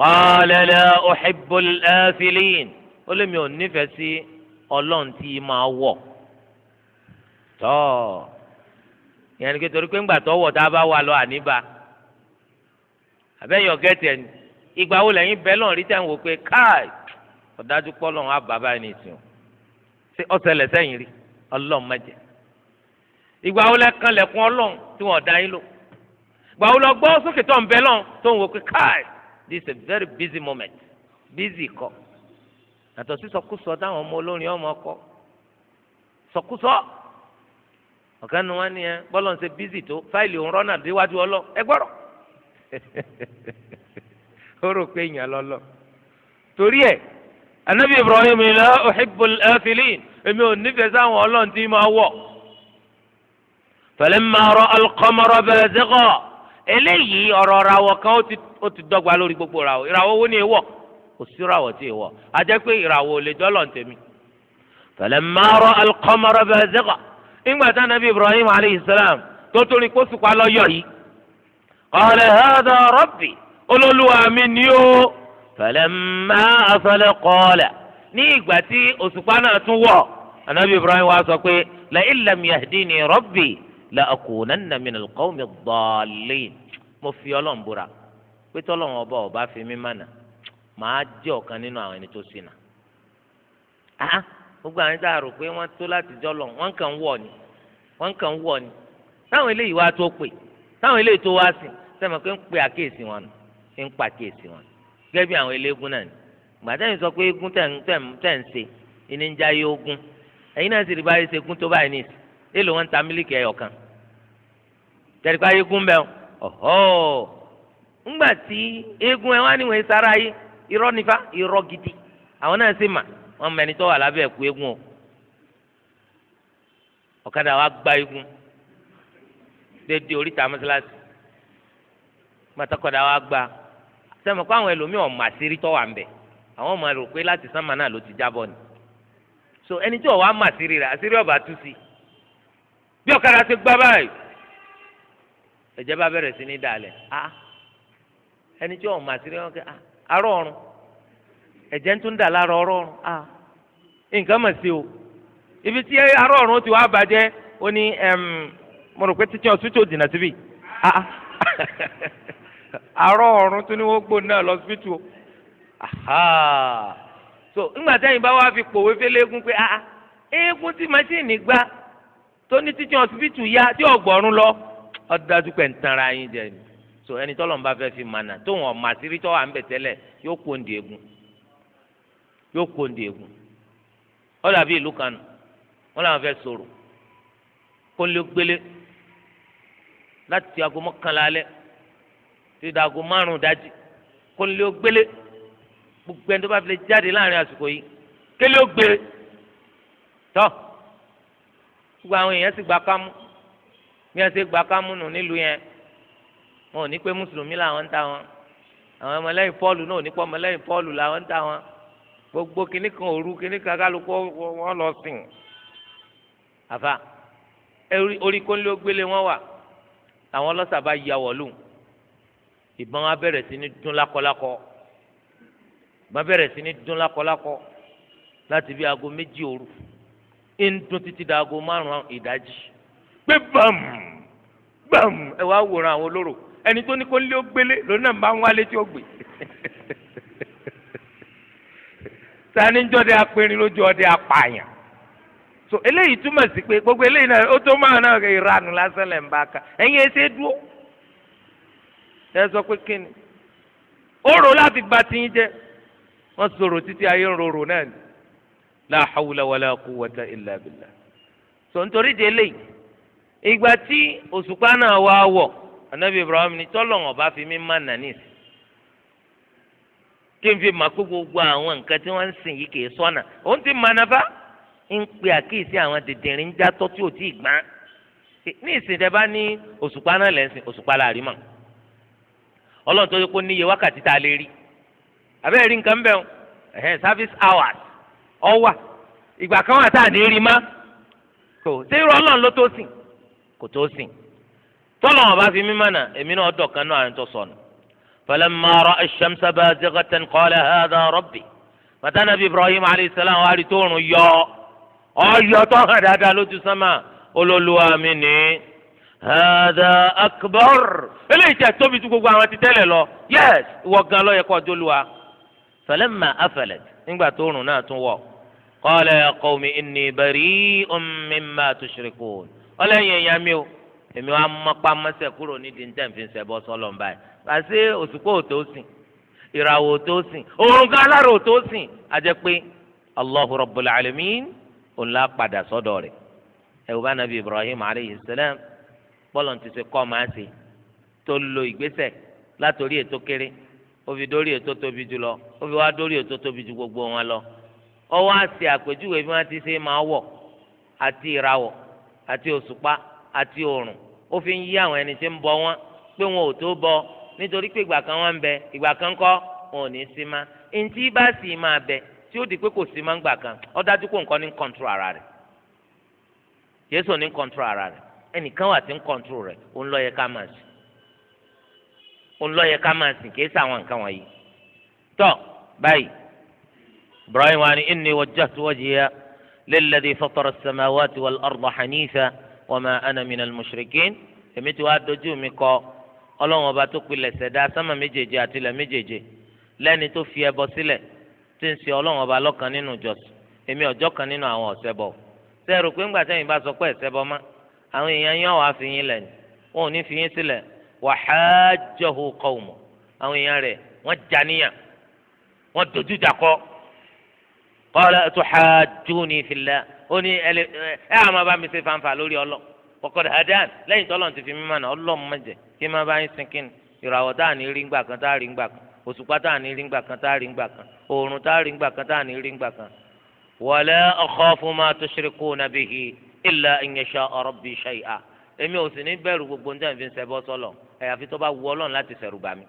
qala la uhibbul afilin ó lé mi ò nífẹ̀ẹ́ sí ọlọ́run tí máa wọ̀. tọ́ ìyẹn ni pé ńgbà tó wọ̀ tá a bá wà lọ àníbà gẹ́tẹ̀ ìgbà wo lẹ́yìn bẹ́ẹ̀ lọ́n rí tẹ̀ ń wò ọ̀dájú pọ́lọ́n á bàbá ẹni ìsìn o ṣé ọ̀sẹ̀lẹ̀ sẹ́yìn rí ọlọ́run mẹ́jẹ. ìgbà wo lẹ kan lẹ̀kùn ọlọ́run tí wọ́n dá yín lò ìgbà wo lọ gbọ́ sókè tó ń bẹ lọ́n tó ń wò pé káì this is a very busy moment busy kọ àtọ̀ sí sọkúsọ táwọn ọmọ olórin ọmọ kọ sọkúsọ ọ̀kan nu wọn nìyẹn bọ́lọ̀ ń ṣe busy tó fáìlì òun rọ́nà déwájú ọlọ́ ẹ gbọ́rọ̀ ó rò pé èèyàn lọ́lọ́ torí ẹ̀ anabi ibrahim la uhibbul athilin èmi ò nífẹ̀ẹ́ sáwọn ọlọ́run tí máa wọ̀ falamma ra'a al-qamara bazigha eléyìí ọ̀rọ̀ ràwọ̀ kan ó ti dọ́gba lórí gbogbo ràwọ̀ ìràwọ̀ wo ni èèwọ̀ kò sí ràwọ̀ tí èèwọ̀ a jẹ́ pé ìràwọ̀ ò lè dọ́lọ̀ ń tẹ̀mí falamma ra'a al-qamara bazigha nígbà tí anabi ibrahim alayhi salam tó torí kó sùpà lọ́yọ̀ yìí qala hadha rabbi olólùwà mi ni ó falamma asala qala ní ìgbà tí òṣùpá náà tún wọ̀ anabi ibrahim wa sọ pé la illam yahdini rabbi la akunanna minal qawmi ddallin mo fi ọlọ́run búra pé tọ́lọ́run ọba ọba fi mí mànà màá jẹ́ ọ̀kan nínú àwọn ẹni tó ṣìnà gbogbo àwọn ẹ̀dá rò pé wọ́n tó láti jọ lọ wọ́n kàn ń ni wọ́n kàn ń ni táwọn eléyìí wá tó pè táwọn eléyìí tó wá sìn sẹ́mi pé ń pe àkíyèsí wọn ń pa àkíyèsí wọn gẹ́gẹ́ bí àwọn eléégún náà ni gbàtẹ́yìn sọ pé eégún tẹ̀ ń tẹ̀ ń tẹ̀ ń ṣe ìní ń já yé ogún ẹ̀yin náà sì rí báyìí ṣe gún tó báyìí ní ìsìn èlò wọn ń ta mílíkì ẹyọ kan tẹ̀lé pa eégún bẹ́ẹ̀ ọ̀họ́ ńgbà tí eégún ẹ wá níwọ̀n sára yìí irọ́ nífa irọ́ gidi àwọn náà sì mà wọn mẹni tó wà lábẹ́ ẹ̀kú eégún o ọ̀kadà wa gba eégún dédé oríta mọ́sálásí gbàtọ́kọ̀dà wa gba. sẹ́mi kó àwọn ẹlòmíì ọ̀mà sírí tọ́wà ń bẹ̀ àwọn ọmọ rò pé láti sánmà náà ló ti jábọ̀ ni so ẹni tí ọ̀wá mà sírí rẹ̀ àṣírí ọ̀bà tú sí bí ọ̀kadà ti gbá báyìí ẹ̀jẹ̀ bá bẹ̀rẹ̀ sí ní dalẹ̀ ah ẹni tí ọ̀mà sírí wọn kẹ́ arọ́ ọ̀run ẹ̀jẹ̀ ń tún dà lára ọ̀rọ̀ ọ̀run ah nǹkan mà sí o ibi tí arọ́ ọ̀run ti wá bàjẹ́ ó ní mo rò pé títí àárọ̀ ọ̀run tó ní wọ́n náà so bá fi pé ah eégún tí machine gbá tó ní títí ọsibítù yá tí ọ̀gbọ̀rún lọ ọ̀dájú pẹ̀ ń tanra yín jẹ ni so ẹni tọ́lọ̀ ń bá fẹ́ fi mànà tóun ń bẹ̀ tẹ́lẹ̀ yóò kó ndì yóò kó ndì ti dàgó márùn dájì kó lé o gbélé gbogbo ẹni tó bá fi lè jáde láàrin àsìkò yìí kélé o gbé tọ gbogbo àwọn èèyàn sì gba kámú bí wọn ṣe gba kámú nù nílùú yẹn wọn ò ní pé mùsùlùmí làwọn ń ta wọn àwọn ọmọlẹ́yìn pọ́ọ̀lù náà ò ní pọ́ ọmọlẹ́yìn pọ́ọ̀lù làwọn ń ta wọn gbogbo kìnnì kan òru kìnnì kan kálukú wọn lọ sìn àfa orí kónlé ó gbélé wọn wà àwọn ọlọ́sàbá yà wọ̀ ìbọn wa bẹ̀rẹ̀ sí ní dún lákọlákọ ìbọn bẹ̀rẹ̀ sí ní dún lákọlákọ láti bí aago méjì òru ń dún títí da aago márùn-ún ìdájí pé bàm bàm ẹ wá wòran àwọn olóró ẹni tó ní kó lé ó gbélé lòun náà bá ń wálé tí ó gbé sani jọde apẹrin lójú ọdẹ apààyàn so eléyìí túmọ̀ sí pé gbogbo eléyìí náà ó tó máa náà ìranù lásán lẹ̀ bá a ẹ̀yin ẹsẹ̀ dúró ẹ sọ pé kíni ó rò láti gba tiyín jẹ wọn sọ̀rọ̀ títí ayé ń rorò náà ni la hawla wala quwwata illa billah sọ nítorí délé ìgbà tí òṣùpá náà wá wọ̀ anabi ibrahim ni tọ́lọ̀hún ọba fi mí má nàní sí kí n fi mà pé gbogbo àwọn nǹkan tí wọ́n ń sìn yìí kì í sọ́nà òun ti mà nàfà ń pe àkíyèsí àwọn dìndìnrín játọ́ tí ò tí ì gbá ní ìsìn tẹ bá ní òṣùpá náà lẹ́sìn òṣùpá láàrin mọ́ ọlọ́run tó yẹ kó níye wákàtí tá a lè rí abẹ́rẹ́ rí nǹkan bẹ́ẹ̀ ẹ̀hẹ́n service hours ọwà ìgbà kan wà tá a ní rí má kò sí irú ọlọ́run ló tó sìn kò tó sìn tọ́lọ̀ wọn fi mí mọ̀nà èmi náà dọ̀ kan náà tó sọnù falamma ra'a ash-shamsa bazighatan qala hadha ibrahim alayhi wà á rí tóorùn yọ ọ yọ tó dáadáa lójú sánmà olólùwà mi nìyí. hada akbar eléyìí tẹ tóbi ju gbogbo àwọn ti lọ yẹs ìwọ gan ló yẹ kó jólúwa falamma afalat nígbà tó rùn náà tún wọ̀ qala ya qawmi inni bari'un mimma tushrikun mi o èmi wa mọ́pá mọ́sẹ̀ kúrò nídìí níta nfin nbà yìí pàṣẹ òsùpọ̀ òtó sìn ìràwọ̀ òtó sìn òrùn gan òtó sìn àjẹ pé allahu rabbul alamin òun la padà ibrahim aleyhi bọ́lọ̀ ti ṣe kọ́ máa ṣe tó lo ìgbésẹ̀ látòrí ètò kéré ó fi dórí ètò tóbi jù lọ ó fi wá dórí ètò tóbi jù gbogbo wọn lọ ó wá ṣe àpèjúwe bí wọ́n ti ṣe máa wọ̀ àti ìràwọ̀ àti òṣùpá àti òòrùn ó fi ń yí àwọn ẹni tí ń bọ wọn pé wọn ò tó bọ nítorí pé ìgbà kan wọn ń bẹ ìgbà kan kọ́ wọn ò ní sí má ntí bá sì máa bẹ tí ó di pé kò sí má ń gbà kan ó dájú pé nǹkan ní kọ̀ǹtù ara rẹ̀ Jésù ní kọ̀ǹtù ara rẹ̀ ẹnìkan wà tí ń kọ̀ǹtró rẹ̀ ó ń lọ́yẹ ká máa sìn ó ń lọ́yẹ ká máa sìn kìí sàwọn nǹkan wọ̀nyí. tọ́ báyìí ibrahim wa ni inni wajjahtu wajhiya lilladhi fatara as-samawati wal arda hanifa wa ma ana min al-mushrikin èmi ti wá dojú mi kọ ọlọ́run ọba tó pilẹ̀ ṣẹ̀dá sánmà méjèèje àti ilẹ̀ méjèèje lẹ́ni tó fi ẹbọ sílẹ̀ tí ń ṣe ọlọ́run ọba lọ́kan nínú ìjọsìn èmi ọjọ́ kan nínú àwọn ọ̀sẹ̀ bọ̀ sẹ́ẹ̀rù pé ńgbà tẹ́yìn bá sọ pé ẹ̀sẹ̀ bọ́ máa àwọn èèyàn yẹn wàá fi yín lẹ̀ ni wọn ò ní fi yín sílẹ̀ wàhájọ́hu kọ́ọ̀mù àwọn èèyàn rẹ̀ wọ́n jàníyàn wọ́n dojú jà kọ́ qala atuhajjuni fillah ó ní ẹ ẹ àmọ́ bá mi ṣe fanfa lórí ọlọ́ kọ̀kọ́dà adan lẹ́yìn tọ́lọ́ ti fi mí mànà ọlọ́mọ kí n má bá yín sin kíni tá à ní rí ngbà kan tá à rí ngbà kan òṣùpá tá à ní rí ngbà kan tá à rí ngbà kan oòrùn tá à rí ngbà kan tá à ní rí ngbà kan wala akhafu ma tushrikuna bihi illa an yasha rabbi shay'a èmi ò sì ní bẹ̀rù gbogbo ní tẹ̀sífi ń sẹ́bọ́ sọ́lọ̀ àyàfi tó bá wu ọlọ́run láti sẹ̀rù bá mi.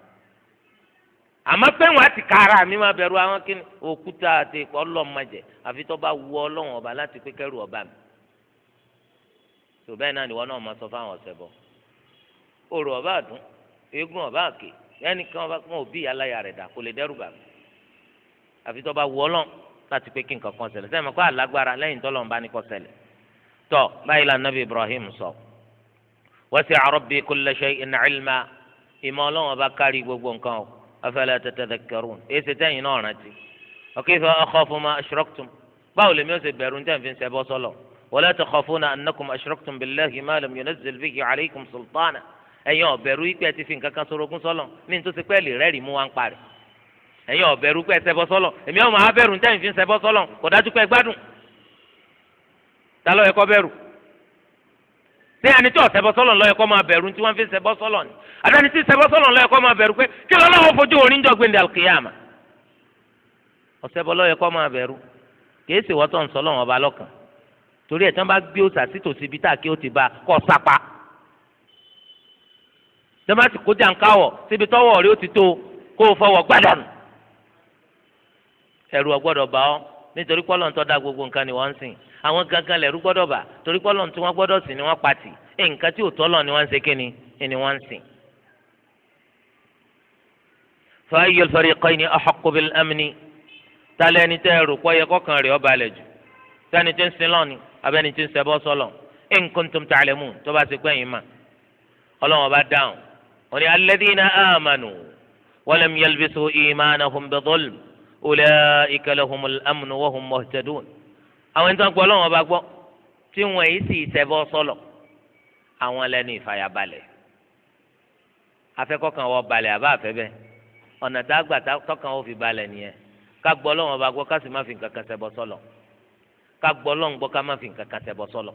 àmọ́ pé wọn àti kára mi máa bẹ̀rù àwọn kí ni òkúta àti ìpọ́ ọlọ́run máa jẹ àfi tó bá wu ọlọ́run ọba láti pé kẹ́rù ọba mi. tó bẹ́ẹ̀ náà nìwọ náà máa sọ fáwọn ọ̀sẹ̀ bọ̀. orò ọba àdún eégún ọba àkè ẹnìkan ọba kan òbí aláya rẹ̀ dà kó lè dẹ́rù bá àfi tó bá wu ọlọ́run láti pé kí nǹkan kan ṣẹlẹ̀ tọ báyìí la nabi ibrahim sọ wasi'a rabbi kulla shay'in ilma ìmọ̀ ọlọ́wọ́n bá kárí gbogbo nǹkan o afala tatadhakkarun èyí ṣe tẹ́yìn náà rántí wa kayfa akhafu ma ashraktum báwo lèmi ó ṣe bẹ̀rù ní tẹ́yìn fi ń ṣe bọ́ sọ́lọ̀ wala takhafuna annakum ashraktum billahi ma lam yunazzil bihi alaykum sultana ẹ̀yin ọ̀bẹ̀rù ikú ti fi nǹkan kan sorogún sọ́lọ̀ ní tó ti pẹ́ẹ́lì rẹ́ẹ̀rì mú wa ń parẹ́ ẹ̀yin ọ̀bẹ̀rù ikú ẹ sọ́lọ̀ èmi ọmọ abẹ́rù ní fi ń ṣẹbọ sọ́lọ̀ kò dájú pé gbádùn ta ló yẹ kó bẹ̀rù ṣé ẹni tí ọ̀sẹ̀ bọ́ sọ́lọ̀ ló yẹ kó máa bẹ̀rù tí wọ́n fi ṣẹbọ́ sọ́lọ̀ ni àtẹni tí ṣẹbọ́ sọ́lọ̀ ló yẹ kó máa bẹ̀rù pé kí lọ́lọ́wọ́ fojú orin jọ gbẹ̀ndẹ̀ àlùkìyàmà ọ̀sẹ̀ bọ́ ló yẹ kó máa bẹ̀rù kìí ṣèwọ́ tó ń sọ́lọ̀ wọn ba lọ́kàn torí ẹ̀ tán bá gbé òòsà sítòsí ibi tá a kí ó ti ba kọ́ sapa tẹ́mátì kó jàǹkáwọ̀ síbi tọ́wọ́ rí ó ti tó kó o fọwọ́ gbádàn ẹ̀rù ọgbọ́dọ̀ bá ọ nítorí pọ́lọ́ntọ́ dá gbogbo nǹkan ni wọ́n ń sìn àwọn gangan lẹ̀rú gbọ́dọ̀ bà torí pé ọlọ́run tí wọ́n gbọ́dọ̀ sìn ni wọ́n pati ẹ̀ nǹkan tí òótọ́ lọ ni wọ́n ń ṣe kíni ni wọ́n ń sìn. fa ayyul fariqayni ahaqqu bil amni tálẹ̀ ẹni tẹ́ ẹrù pọ́ yẹ kọ́kàn rẹ̀ ọba alẹ̀ jù tẹ́ni tí ń sin lọ́ni abẹ́ni tí ń sẹ́bọ́ sọ́lọ̀ in kuntum ta'lamun tó bá ti pẹ́ yín mà ọlọ́run ọba dáhùn òní alladhina amanu walam àwọn ẹni tó ń gbọ́ ọlọ́run ọba gbọ́ tí wọn èyí sì ṣẹbọ sọlọ àwọn lẹ́nu ìfàyàbalẹ̀ afẹ́kọ̀kan wọ balẹ̀ àbá àfẹ́bẹ́ ọ̀nà tá a gbà tọkàn ó fi balẹ̀ nìyẹn ká gbọ́ ọlọ́run ọba gbọ́ ká sì má fi nǹkan kan ṣẹbọ sọlọ ká gbọ́ ọlọ́run gbọ́ ká má fi nǹkan kan ṣẹbọ sọlọ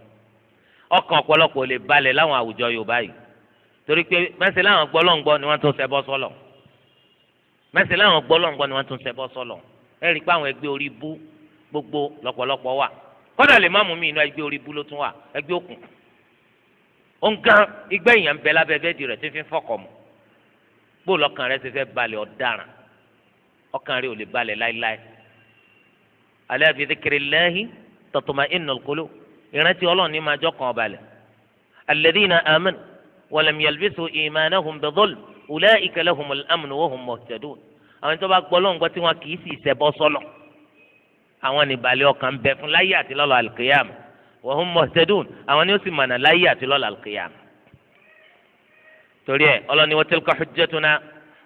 ọkàn ọ̀pọ̀lọpọ̀ lè balẹ̀ láwọn àwùjọ Yorùbá yìí torí pé mẹ́sẹ̀ láwọn gbọ́ ọlọ́run gbọ́ ni wọ́n tún ṣẹbọ sọlọ mẹ́sẹ̀ láwọn gbọ́ ọlọ́run gbọ́ ni wọ́n tún ṣẹbọ sọlọ ẹ̀rí pé àwọn ẹgbẹ́ orí bú gbogbo lọ́pọ̀lọpọ̀ wà kọ́dà lè má mú mi inú ẹgbẹ́ orí bú ló tún wà ẹgbẹ́ òkun ònkan igbẹ́ èèyàn bẹ lábẹ́ bẹ́ẹ̀dì rẹ̀ tí fi ń fọkọ̀ mu gbó lọ́kàn rẹ̀ ti fẹ́ balẹ̀ ọ̀daràn ọkàn rẹ̀ ò lè balẹ̀ láéláé ala bi dhikrillahi tatma'innul qulub ìrántí ọlọ́run ní máa jọ́kàn balẹ̀ alladhina amanu wa lam yalbisu imanahum bidhulm ulaika lahumul amnu wa hum muhtadun àwọn tó gbọ́ lọ́ngbọ́ tí wọn kì í sì ṣẹbọ sọ́lọ̀ àwọn nìbalẹ̀ ọkàn ń bẹ fún láyé àti lọ́la alkiyam wa hum muhtadun àwọn ni ó sì mọ̀nà láyé àti lọ́la alkiyam. torí ẹ ọlọ́ni wa tilka hujjatuna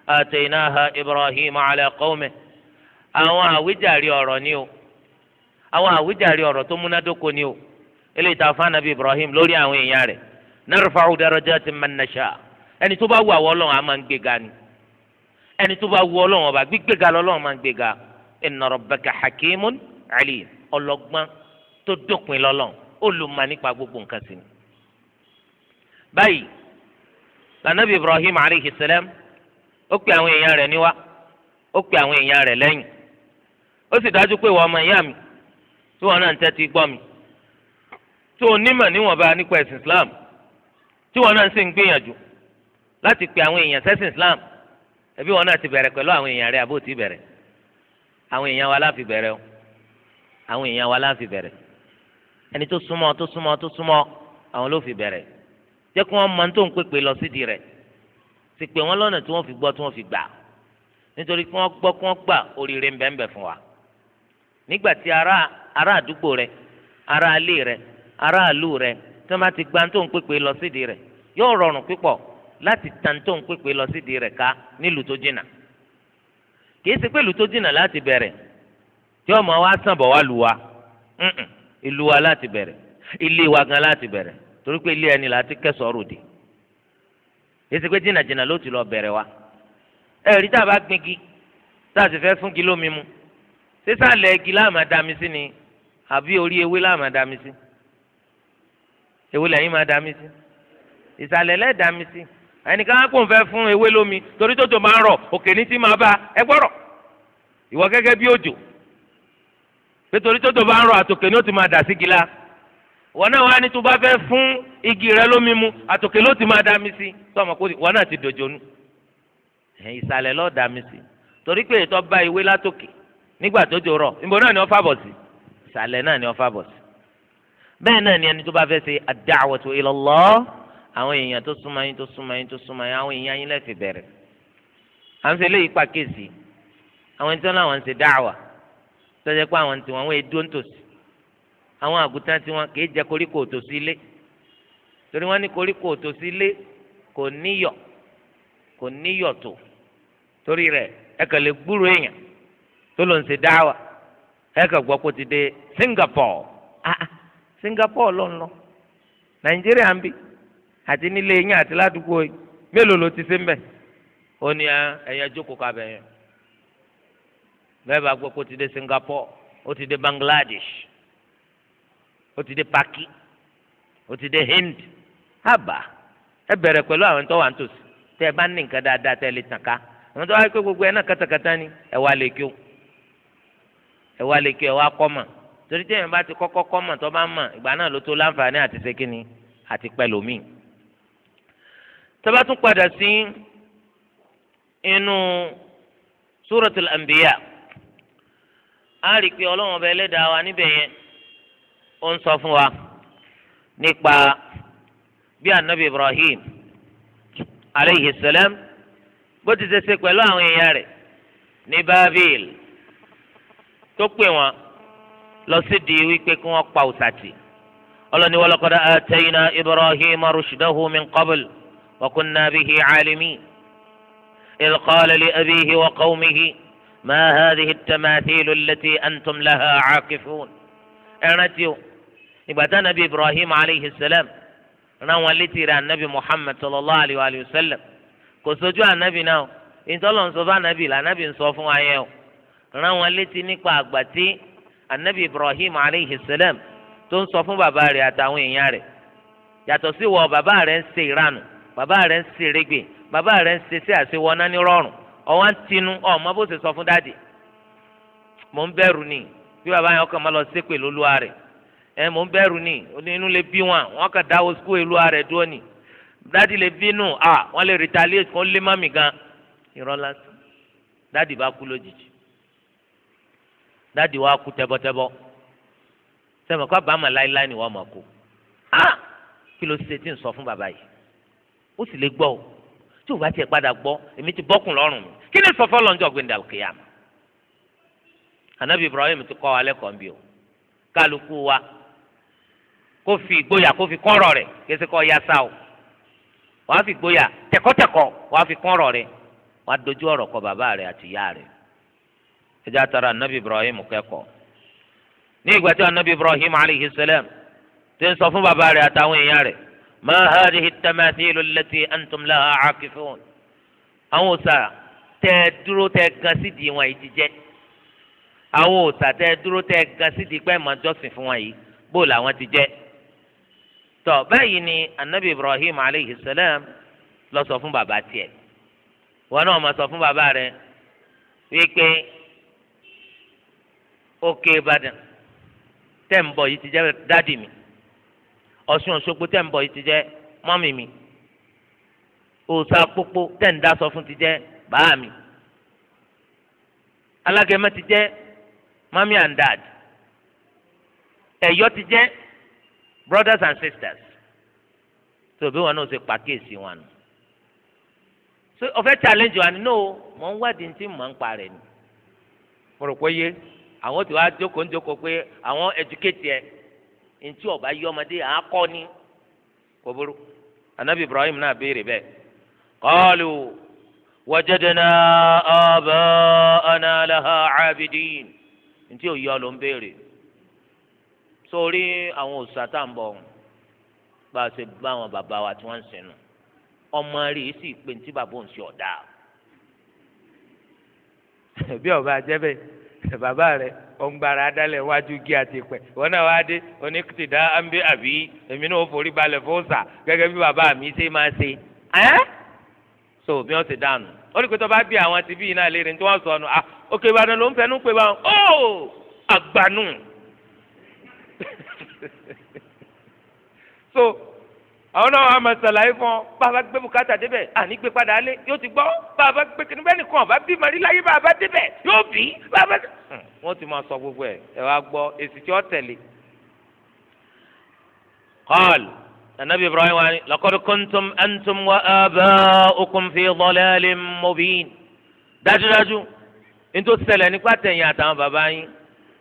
ataynaha ibrahim ala àwọn àwíjàre ọ̀rọ̀ ni o àwọn àwíjàre ọ̀rọ̀ tó múnádóko ni o eléyìí tá a fún anabi ibrahim lórí àwọn èèyàn rẹ̀ narfa'u darajatin man nasha ẹni tó bá wù àwọn ọlọ́run a máa ń gbéga ni ẹni tó bá wù ọlọ́run ọba gbígbéga lọ́lọ́run máa ń gbéga inna rabbaka hakimun alim ọlọ́gbọ́n tó dópin lọ́lọ́n olùmọ̀ nípa gbogbo nǹkan sí ni. báyìí lànàbí ibrahim aleyhi salam ó pe àwọn èèyàn rẹ̀ níwá ó pe àwọn èèyàn rẹ̀ lẹ́yìn ó sì dájú pé ìwọ ọmọ ìyá mi tí wọn náà ń tẹ́tí gbọ́ mi tó onímọ̀ níwọ̀nba nípa ẹ̀sìn islam tí wọn náà ń sì ń gbìyànjú láti pe àwọn èèyàn sẹ́sìn islam ẹbí wọn náà ti bẹ̀rẹ̀ pẹ̀lú àwọn èèyàn rẹ̀ àbó ti bẹ̀rẹ̀ àwọn èèyàn wa láfi bẹ̀rẹ̀ o àwọn èèyàn wa láti bẹ̀rẹ̀ ẹni tó súnmọ́ tó súnmọ́ tó súnmọ́ àwọn ló fi bẹ̀rẹ̀ jẹ́ kí wọ́n mọ tó ń pèpè lọ sídìí rẹ̀ sì pé wọ́n lọ́nà tí wọ́n fi gbọ́ tí wọ́n fi gbà nítorí kí wọ́n gbọ́ kí wọ́n gbà oríire ń bẹ ń bẹ fún wa nígbà tí ará ará àdúgbò rẹ ará ilé rẹ ará ìlú rẹ tí wọ́n bá ti gba tó ń pèpè lọ sídìí rẹ̀ yóò rọrùn pípọ̀ láti tan tó ń pèpè lọ sídìí rẹ̀ ká nílùú tó jìnnà kì í ṣe pé ìlú tó jìnnà láti bẹ̀rẹ̀ tí ọmọ wa sàn bọ̀ wá lù wá ìlú wa láti bẹ̀rẹ̀ ilé wa gan láti bẹ̀rẹ̀ torí pé ilé ẹni là ti kẹsọ̀ rò dé èsì pé jìnnàjìnnà ló ti lọ bẹ̀rẹ̀ wa ẹ̀rí tá a bá gbingi tá a sì fẹ́ fún kìlómi mu sísàlẹ̀ igi láàmà dami sí ni àbí orí ewé láàmà dami sí ewé lẹ́yìn máa dami sí ìsàlẹ̀ lẹ́ẹ̀ dami sí ẹnìkan kò fẹ́ fún ewé lómi torí tó tó máa rọ̀ òkè ní tí máa bá ẹ gbọ́rọ̀ ìwọ gẹ́gẹ́ bí òjò nítorí tó tó bá ń rọ àtòkè ni ó ti máa dà sí gila wọn náà wá ní tó bá fẹ́ fún igi rẹ lómi mu àtòkè ló ti máa dà mí sí sọmọ kó wọn náà ti dòjò nu ìsàlẹ̀ lọ́ọ́ dà mí sí torí pé ètò bá ìwé látòkè nígbà tó tó rọ ìbò náà ni wọ́n fàbọ̀ sí ìsàlẹ̀ náà ni wọ́n fàbọ̀ sí bẹ́ẹ̀ náà ni ẹni tó bá fẹ́ ṣe ad-da'watu ila Allah àwọn èèyàn tó súnmọ́ yín tó súnmọ́ yín tó súnmọ́ yín àwọn èèyàn yín lẹ́fẹ̀ẹ́ bẹ̀rẹ̀ à tọ́jà pé àwọn tiwọn wọ́n èdó ńtòsí àwọn àgùntàn tiwọn kì í jẹ koríko òtòsí koriko torí wọ́n ní koríko òtòsí ilé kò níyọ̀ kò níyọ̀ tó torí rẹ̀ ẹ kàn lè gbúrò èèyàn tó ló ń ẹ ti dé Singapore ah, ah Singapore ló ń lọ Nàìjíríà ń bì àti nílé yín àti ládùúgbò yìí mélòó ló ti ṣe ń ó ní ah, jókòó lẹ́ẹ̀bà gbọ́ pé ó ti dé Singapore ó ti dé Bangladesh ó ti dé Paki ó ti dé Hind haba ẹ bẹ̀rẹ̀ pẹ̀lú àwọn tó wà nítòsí tẹ ẹ bá ní nǹkan gbogbo ẹ náà katakata ni ẹ wá lè kí o ẹ ti kọ́kọ́ kọ́ tó bá mà ìgbà náà ló tó láǹfààní àti ṣe ati àti padà sí á rí i pé ọlọ́run ọba ẹlẹ́dàá wa níbẹ̀ yẹn ó ń sọ fún wa nípa bí anabi ibrahim aleyhi salam bó ti ṣe ṣe pẹ̀lú àwọn èèyàn rẹ̀ ní babil tó pè wọ́n lọ sí di wípé kí wọ́n pa òsàtì ọlọ́ni wa laqad atayna ibrahim rushdahu min qabl wa kunna bihi alimin idh abihi wa qawmihi. ما هذه التماثيل التي أنتم لها عاكفون أرنتيو إبتا نبي إبراهيم عليه السلام رنوى لتيرى النبي محمد صلى الله عليه وآله وسلم كسجوا النبي ناو إن تلون صفا النبي لا نبي صفوا عيو رنوى لتي نقوى أقبتي النبي إبراهيم عليه السلام تون صفوا باباري أتاوين ياري yàtọ̀ sí wọ bàbá rẹ̀ ń ṣe ìranù bàbá rẹ̀ ń ṣe ìrégbè bàbá rẹ̀ ń ṣe sí àṣewọ́ná rọrùn ọwọ́ ń tinú ọmọ bó ṣe sọ fún dáàdì mò ń bẹ̀rù ni bí bàbá yẹn ọkàn máa lọ ṣépè lólúwa rẹ̀ ẹ mò ń bẹ̀rù ni inú lè bí wọn wọn kàn dáwọ́ sukú ìlúwa rẹ̀ dúró ni dáàdì lè bínú à wọn lè retaliate kó lé mami gan irọ́ lásán dáàdì bá kú lójijì dáàdì wa kú tẹ́bọ́tẹ́bọ́ sẹ́mi kó àbámọ̀ láéláé ni wọ́n mọ̀ kó ah kí ló ṣe tí ń sọ fún bàbá yìí ó sì lè gbọ́ o tí o bá tiẹ̀ padà gbọ́ èmi ti bọ́kùn lọ́rùn mi kí ni sọfọ́ lọ́njọ́ gbẹ̀ndà kìyàm anabi ibrahim ti kọ́ wa lẹ́kọ̀ọ́ bí o kálukú wa kó fi ìgboyà kó fi kọ́rọ̀ rẹ̀ kése kọ́ ya sá o wàá fi ìgboyà tẹ̀kọ́tẹ̀kọ́ wàá fi kọ́rọ̀ rẹ̀ wàá dojú ọ̀rọ̀ kọ bàbá rẹ̀ àti ìyá rẹ̀ ẹjẹ́ atara anabi ibrahim kẹ́kọ̀ọ́ ní ìgbà tí anabi ibrahim alayhi salam ti ń sọ fún bàbá rẹ̀ àtàwọn èèyàn rẹ̀ ما هذه التماثيل التي أنتم لها عاكفون àwọn òòṣà tẹ́ ẹ dúró tẹ́ ẹ gan sídìí wọn yìí jíjẹ́ àwọn òòṣà tẹ́ ẹ dúró tẹ́ ẹ gan sídìí pé màá jọ́sìn fún wọn yìí bó làwọn ti jẹ́ tọ́ báyìí ni anabi ibrahim aleyhi salam lọ sọ fún bàbá tiẹ̀ wọn náà máa sọ fún bàbá rẹ̀ wípé òkè ìbàdàn tẹ́ ń bọ̀ yìí ti jẹ́ dádì mi Ọ̀ṣun Òṣogbo tẹ̀ ń bọ̀ yìí ti jẹ́ mọ́mì mi òòṣà pópó tẹ̀ ń dá sọ fún ti jẹ́ bàá mi alágẹmẹ ti jẹ́ mọ́mì and dad ẹ̀yọ́ ti jẹ́ brothers and sisters tó bí wọn náà ṣe pàkíyèsí wọn nù so ọfẹ challenge wa ni no mọ ń wádìí tí mọ ń parẹ ni mo rò pé yé àwọn tí wàá jókòó ń jókòó pé àwọn educate yẹ ntí ọba yí ọmọdé àákọ́ ni kò burú anabi ibrahim náà béèrè bẹ́ẹ̀ qalu wajadna aba'ana laha abidin ntí òyì ọlọ́ ń béèrè sórí àwọn òòṣà tá ń bọ̀ bá a ṣe bá àwọn bàbá wa tí wọ́n ń sìn ọmọ rẹ̀ yìí sì pé ntí bàbá òun ṣe ọ̀dà bí ọba jẹ́ bẹ́ẹ̀. Baba rẹ ọ̀ngbàrà adálẹ̀ wájú gí àti pẹ̀ wọn náà wáá dé oníkìtìdá àǹbí àbí èmi náà ó forí balẹ̀ fóòsà gẹ́gẹ́ bí bàbá mi ṣe máa ṣe. ẹ́ so bí wọ́n ti dànù ó ní pé tó bá bí àwọn ti bí iná léèrè tí wọ́n sọ ọ́nù à òkè ìbàdàn ló ń fẹnu pé báwọn ó àgbànú. so àwọn náà wàá máa ṣàlàyé fún ọ bàbá gbé bùkátà débẹ̀ àní gbé padà lé yóò ti gbọ́ bàbá gbé kí bẹ́ẹ̀ nìkan bá bí màrí láyé bàbá débẹ̀ yóò bí bàbá. Hmm, wọ́n ti máa sọ gbogbo ẹ̀ ẹ wá gbọ́ èsì tí ó tẹ̀lé. qal anabi ibrahim wa ni laqad kuntum antum wa aba'ukum fi dalalin mubin dájúdájú nítorí ṣẹlẹ̀ nípa tẹ̀yìn àtàwọn bàbá yín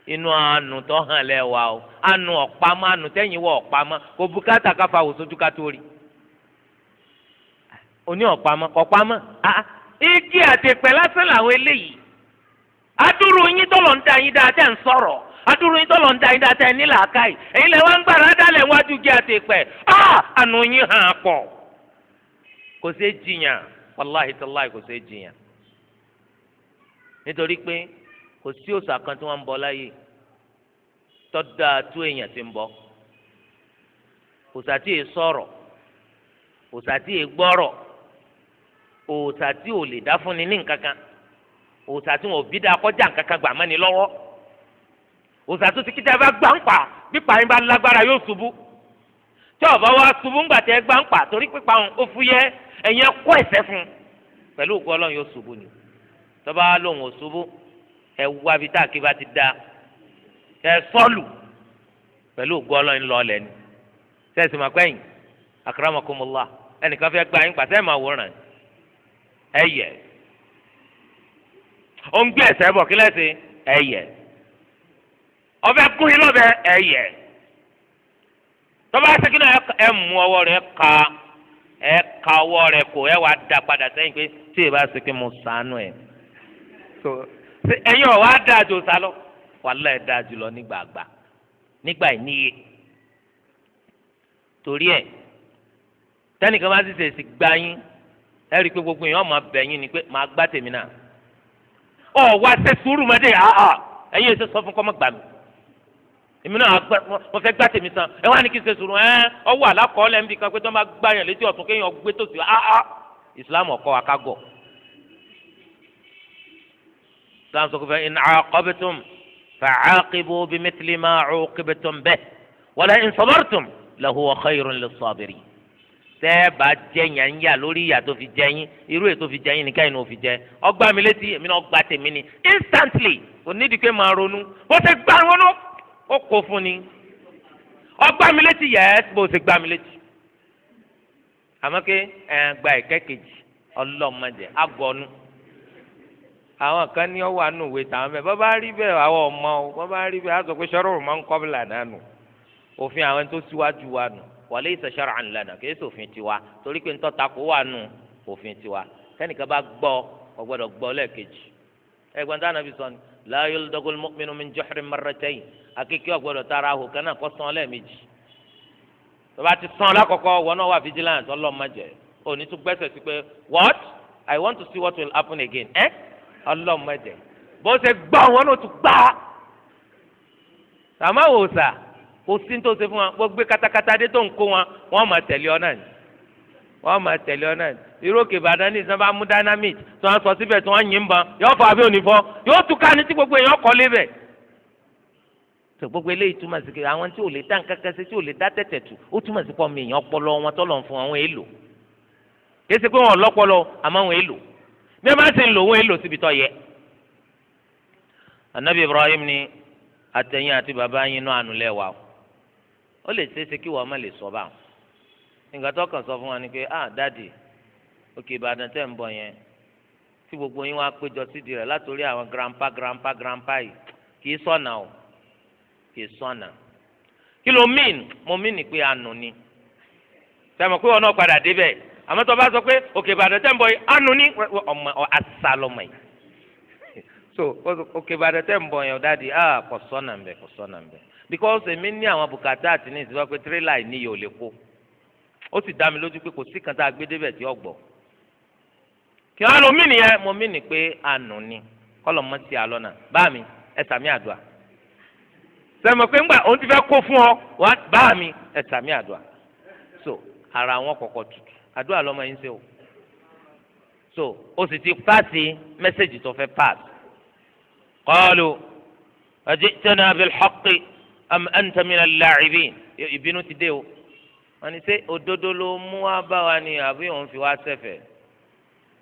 inú anu tó hàn wa o Anu ọ̀pamọ́ àánú tẹ́yìn wọ ọ̀pamọ́ kò bùkátà káfa wò sójú ká tó rí oní ọ̀pamọ́ ọ̀pamọ́ ah, ah. igi àtẹ̀pẹ́ lásán làwọn eléyìí adúrú yín tọ́lọ̀ ń da yín dáadáa ń sọ̀rọ̀ adúrú yín tọ́lọ̀ ń da yín dáadáa ní làákàyè èyí lẹ́wọ́ ń gbàrà dálẹ̀ wájú igi àtẹ̀pẹ́ ah àánú yín hàn pọ̀ kò sí jiyàn wàláhìí kò sí kò sí òòṣà kan tí wọ́n ń bọ láyé tọ́da tó èèyàn ti ń bọ òòṣà tí èè sọ̀rọ̀ òòṣà tí èè gbọ́rọ̀ òòṣà tí ò lè dá fúnni ní nǹkan kan òòṣà tí wọn ò bí dá kọjá nǹkan kan gbà mọ́ni lọ́wọ́ òòṣà tó ti kí tẹ́ bá gbà ń pa pípa yín bá lágbára yóò ṣubú tí ọba wa ṣubú ńgbà tẹ́ gbà ń pa torí pípa òun ó fúyẹ́ ẹ̀yin ẹ̀kọ́ ẹ̀sẹ̀ fún pẹ̀lú òkú ọlọ́run yóò ṣubú ni tọ́ba lòun ò ṣubú ẹ wá bí táàkì bá ti da ẹ sọ́ọ̀lù pẹ̀lú ògùn ọlọ́run lọ́ọ̀lẹ̀ ni sẹ́ẹ̀sì máa pẹ́yìn akaramakomola ẹnìkan fẹ́ gba yín pàṣẹ ẹ̀ máa wòran ẹ yẹ ó ń gbé ẹsẹ̀ bọ̀ kílẹ̀sì ẹ yẹ ọbẹ̀ kún yín lọ́bẹ̀ ẹ yẹ tọ́ba ṣe kí náà ẹ mú ọwọ́ rẹ ka ẹ ka ọwọ́ rẹ kò ẹ wàá da padà sẹ́yìn pé tí ì bá ṣe kí mo sànú ẹ̀ ẹ̀yin ọ̀wá dáa jù sá lọ wàhálà ẹ̀ dáa jù lọ nígbà àgbà nígbà ìníye torí ẹ̀ tẹ́nìkan bá sì ṣèṣì gbá yín ẹ rí i pé gbogbo èèyàn máa bẹ̀ yín ni pé màá gbá tèmi náà ọ̀ wá ṣe sùúrù mọ́dé àá ẹ̀yin èso sọ fún kọ́ mọ́ gbà mí èmi náà mo fẹ́ gbá tèmi san ẹ wá ní kí n ṣe sùúrù ẹ ọwọ́ àlákọ̀ọ́lẹ̀ ń bì kan pé tó máa gbá yàn létí ọ̀tún kéèyàn gbé tòsí àá ìsìlámù ọ̀kọ́ wa islam sọ pé fa in aqabtum fa'aqibu bimithli ma uqibtum bihi wa la in sabartum lahuwa khayrun lis-sabirin tẹ́ bá jẹ́ yànyà lórí ìyà tó fi jẹ yín irú èyí tó fi jẹ yín nìkan yìí fi jẹ ọgbà mi létí èmi náà gba tèmi ni instantly kò nídìí pé máa ronú bó ṣe gbà ronú ó kó fún ni ọgbà mi létí yẹ bó ṣe gbà mí létí. àmọ́ pé ẹ̀ gba ìkẹ́kejì ọlọ́mọdé agọ́nu àwọn kan ní ọwọ́ àánú ìwé tàwọn bẹ́ẹ̀ bọ́bá rí bẹ́ẹ̀ àwọn ọmọ o bọ́bá rí bẹ́ẹ̀ àzọ pé sọ́rọ́rùn máa ń kọ́bìlà nánu òfin àwọn tó síwájú wa nù wọlé ìsọ̀sọ́rọ̀ ànilànà kì í sọ òfin tiwa torí pé ntọ́ takò wà nù òfin tiwa kẹ́nìkan bá gbọ́ ọgbọ́dọ̀ gbọ́ lẹ́ẹ̀kejì ẹgbọn tá a nàbí sọ ni láàyò lọdọgọlù mọkùnrin mi jọhìrì mẹrẹtẹyìn akéèké ọgbọdọ tara ahò kan náà kọ sàn lẹ́ẹ̀mejì tọba ti sàn lákọ̀ọ́kọ́ wọn náà wà vigilant ọlọmọdé òní tún gbẹ́sẹ̀ sí pé what i want to see what will happen again ẹ ọlọ́mọdé bó ṣe gbá wọn ló tún gbá sàmá òòsà kò sí tó ṣe fún wa wọ́n gbé katakata dé tó ń kó wọn wọ́n máa tẹ̀lé ọ náà ni wọ́n máa tẹ̀lé ọ náà ni irú òkè ìbàdàn ní ìsanba mú dynamite tí wọ́n sọ síbẹ̀ tí wọ́n yìn bán yóò fọ àbí òní fọ yóò tún ká ní tí gbogbo èèyàn kọ́ lébẹ̀ tó gbogbo eléyìí túmọ̀ sí pé àwọn tí ò lè dá nǹkan kan ṣe tí ò lè dá tẹ̀tẹ̀ tù ó túmọ̀ sí pọ̀ mi èèyàn ọpọlọ wọn tọ́lọ̀ fún àwọn èèlò kì í ṣe pé wọn ọlọ́pọlọ àmọ́ àwọn èèlò bí ẹ bá sì ń lò wọ́n èlò síbi tó yẹ. anabi ibrahim ni àtẹ̀yìn àti bàbá yín náà ànú lẹ́wà o ó lè ṣeé ṣe kí wọ́n má lè sọ bá wọn nǹkan tó kàn sọ fún wa ni pé ah dáàdì òkè ìbàdàn tẹ̀ ń bọ̀ yẹn tí gbogbo yín wá péjọ sídìí rẹ̀ látòrí àwọn grandpa grandpa grandpa yìí kì í sọ̀nà o kì í sọ̀nà kí ló mean mo mean ni pé ànú ni sẹ́mi pé wọn náà padà débẹ̀ àmọ́ tó bá sọ pé òkè ìbàdàn tẹ́ ń bọ̀ yìí ánú ní ọmọ àṣà lọ́mọ yìí so òkè ìbàdàn tẹ́ ń bọ̀ yẹn dáàdi ah kò sọ́nà ń bẹ̀ kò sọ́nà ń bẹ̀ because èmi ní àwọn bùkátà àti ní ìsìnkú pé tírélà ìníyà ò lè kó ó sì dá mi lójú pé kò sí kan tá a gbé débẹ̀ tí ó gbọ́ kí wọ́n lo mí nìyẹn mo mí nì pé àánú ni kọ́lọ̀ mọ́ sí àlọ́ náà bá mi ẹ sàmì àdúrà sẹ́mi pé ńgbà òun ti fẹ́ kó fún ọ bá mi ẹ sàmì àdúrà so ara wọn kọ̀kọ́ tutù àdúrà lọ́mọ yín ṣe o so o sì ti paasi mẹ́sẹ̀gì tó fẹ́ paasi qalu ajitana bil haqqi am anta min al-la'ibin ìbínú ti dé o wọ́n ní ṣé òdodo ló mú wá bá wa ni àbí òun fi wá ṣẹ̀fẹ̀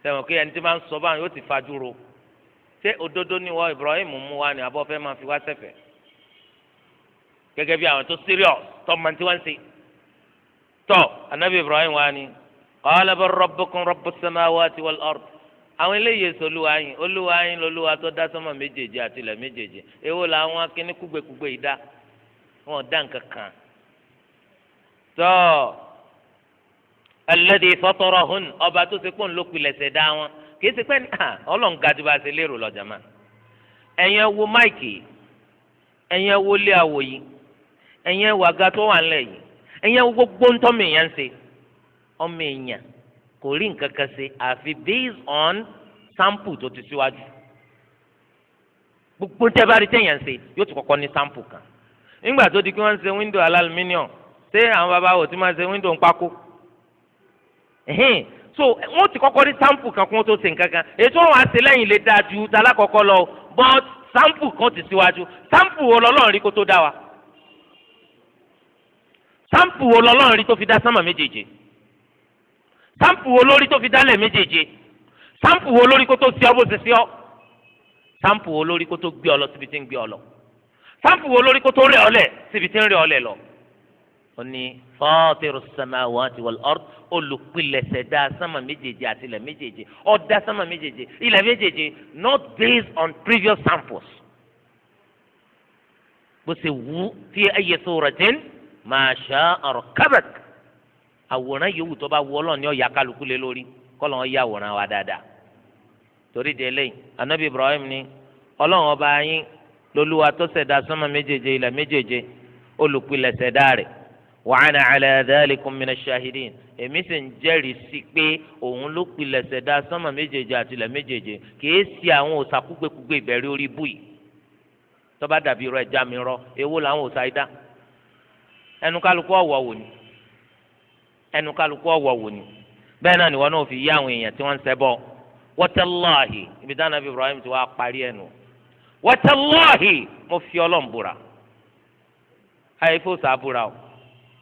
sẹ́wọ̀n kí ẹni tí máa ń sọ báyìí ó ti fajúro ṣé òdodo ni wọ́n Ibrahim mú wá ni àbọ̀ fẹ́ máa fi wá ṣẹ̀fẹ̀ gẹ́gẹ́ bí àwọn tó serious tó mọ̀ tí wọ́n ṣe tọ́ anabi Ibrahim wá ni qala bal rabbukum رب السماوات wal ard àwọn eléyìí èso olúwa yín olúwa yín lolúwa tó dá sọ́mọ̀ méjèèjì àti ilẹ̀ méjèèjì èwo làwọn akíní kúgbèkúgbè yìí dá wọn dá nǹkan kan tọ́ alladhi fatarahun ọba tó ti pọ̀ ńlọ́pìlẹ̀sẹ̀ dá wọn kì í ti pẹ́ ní ọlọ́run ga ju bá a ṣe lérò lọ́jà máa ẹ̀yin ẹ máìkì ẹ̀yin ẹ lé àwò yìí ẹ̀yin ẹ àga tó wà ńlẹ̀ yìí ẹ̀yin ẹ wo yẹn ń ọmọ èèyàn kò rí nǹkan kan ṣe àfi based on sample tó ti síwájú gbogbo tẹ́ bá rí téèyàn ṣe yóò tún kọ́kọ́ ní sample kan nígbà tó di kí wọ́n ṣe window aluminium ṣé àwọn bàbá wò ti máa ṣe window ń pákó so wọ́n ti kọ́kọ́ rí sample kan kó tó ṣe nǹkan kan ètò wọn àti lẹ́yìn lè dáa ju tàlá kọ́kọ́ lọ but sample kan ti síwájú sample wo lọ́lọ́run rí kó tó dá wa sample wo lọ́lọ́run rí tó fi dá sánmà méjèèjì sáǹpù wo lórí tó fi dálẹ̀ méjèèje sáǹpù wo lórí kó tó sí ọ bó ṣe sí ọ sáǹpù wo lórí kó tó gbé ọ lọ síbi tí ń gbé ọ lọ sáǹpù wo lórí kó tó rẹ̀ ọ lẹ̀ síbi tí ń rẹ̀ ọ lẹ̀ lọ. ó ní fọ́ọ̀tìrù samawati wal ard olùpilẹ̀ṣẹ̀ dá sánmà méjèèje àti ilẹ̀ méjèèje ó dá sánmà méjèèje ilẹ̀ méjèèje not based on previous samples. bó ṣe wú fi ayé sóra jẹ́ máa ṣá ọ̀rọ̀ kábàkì àwòrán yòówù tó bá wù Ọlọ́run ni ó ya kálukú lé lórí kọlọn ó ya àwòrán wa dáadáa torí de anabi Ibrahim ni Ọlọ́run ọba yín lolúwa tó ṣẹ̀dá sánmà méjèèje ilẹ̀ méjèèje olùpilẹ̀ ṣẹ̀dá rẹ̀ wa ana ala dhalikum minash shahidin èmi sì ń jẹ́rìí sí pé òun ló pilẹ̀ ṣẹ̀dá sánmà méjèèje àti ilẹ̀ méjèèje kìí ṣe àwọn òòṣà kúgbèkúgbè ìbẹ̀rẹ̀ orí bùyì tó dàbí irọ́ ẹja mi rọ èwo làwọn òòṣà yìí dá ẹnu kálukú ọ̀wọ̀ wò ni ẹnu kálukú wò ni bẹ́ẹ̀ náà ni wọn náà fi yí àwọn èèyàn tí ń ibi dáná bí Ibrahim ti wá parí ẹnu mo fi ọlọ́run búra ayé fòsà búra o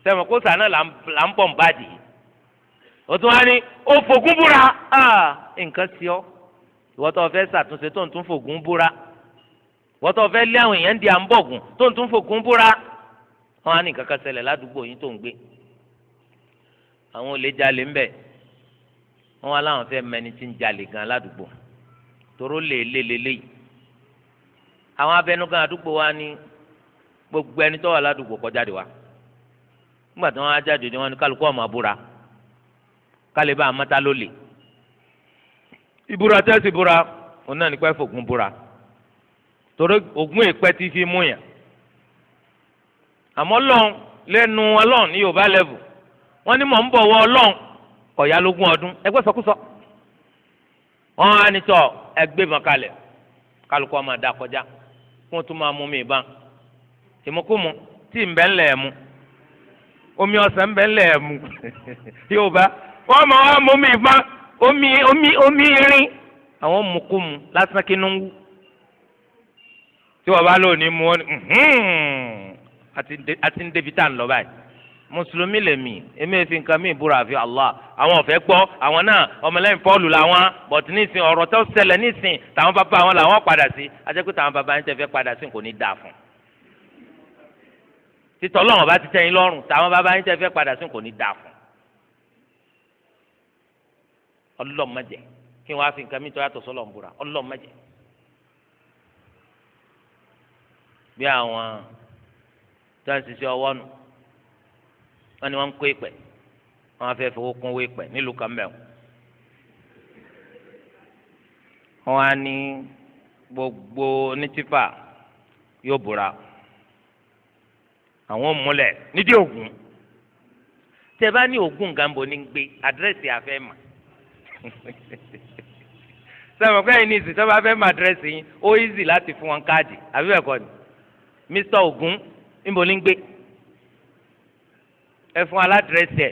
sẹ́wọ̀n kó sànà là ń bọ̀ ń ọ ṣàtúnṣe tó ń tún fògùn lé àwọn èèyàn di à ń bọ̀gùn tó ń tún àwọn olè jalè ńbẹ wọn wá láwọn fẹẹ mẹni tí ń jalè gan ládùúgbò toró lè lélele yìí àwọn abẹnugan àdúgbò wa ní gbogbo ẹni tó wà ládùúgbò kó jáde wá nígbà tí wọn á jáde ni wọn ní kálukú ọmọ àbúra kálíbà amátá ló lè ìbúra tẹ́sí búra òun náà ní pẹ́ fògùn búra torí ògùn èpẹ́ ti fi mú yàn àmọ́ lọ́n lẹ́nu ọlọ́run ní yorùbá lẹ́vù wọ́n ní mò ń bọ̀ wọ ọlọ́run kọ̀yà lógún ọdún ẹgbẹ́ sọkúsọ. wọ́n á ní tọ́ ẹgbẹ́ ìbọn kalẹ̀ kálukú ọmọ àdá kọjá kó tún máa mú mi ìbọn. ìmúkúmu tí ń bẹ́ ń lẹ̀ mu omi ọ̀sẹ̀ ń bẹ́ ń lẹ̀ mu yóò bá wọ́n mọ̀ wá mú mi ìbọn omi omi omi irin àwọn mùkúmu lásán kí ń wú tí wọ́n bá lónìí mu ọ́ ni àti ń débi tá à ń lọ báyìí mùsùlùmí lèmi èmi èfi nǹkan mi ìbúra àfi allah àwọn ọ̀fẹ́ gbọ́ àwọn náà ọmọlẹ́yìn pọ́ọ̀lù làwọn bọ̀tí nísìn ọ̀rọ̀ tó ṣẹlẹ̀ nísìn táwọn bàbá wọn làwọn padà sí àti pé táwọn bàbá yẹn tẹ́ fẹ́ padà sí kò ní dáa fún títọ́ ọlọ́run bá ti tẹ́ yín lọ́rùn táwọn bàbá yẹn tẹ́ fẹ́ padà sí kò ní dáa fún ọlọ́mọdé kí wọ́n á fi nǹkan mi tó yàtọ̀ sọ́lọ́ ìbúra ọlọ́mọdé bí àwọn tó ń ṣiṣẹ́ ọwọ́ nù wọ́n ní wọ́n ń kó ìpẹ́ wọ́n á fẹ́ fowó kún owó ìpẹ́ nílùú kan mẹ́wọ̀n. wọ́n á ní gbogbo onítìfà yóò búra àwọn ò múlẹ̀ nídìí ògùn tẹ bá ní ògùn gambo ní gbé àdírẹ́sì àfẹ́ mà sọ̀rọ̀ pé ní ìsìn tó bá fẹ́ mọ àdírẹ́sì yín ó easy láti fún wọn káàdì àbí bẹ́ẹ̀ kọ́ ni Mr. Ogun, níbo ní gbé ẹ fún aládírẹ́sì ẹ̀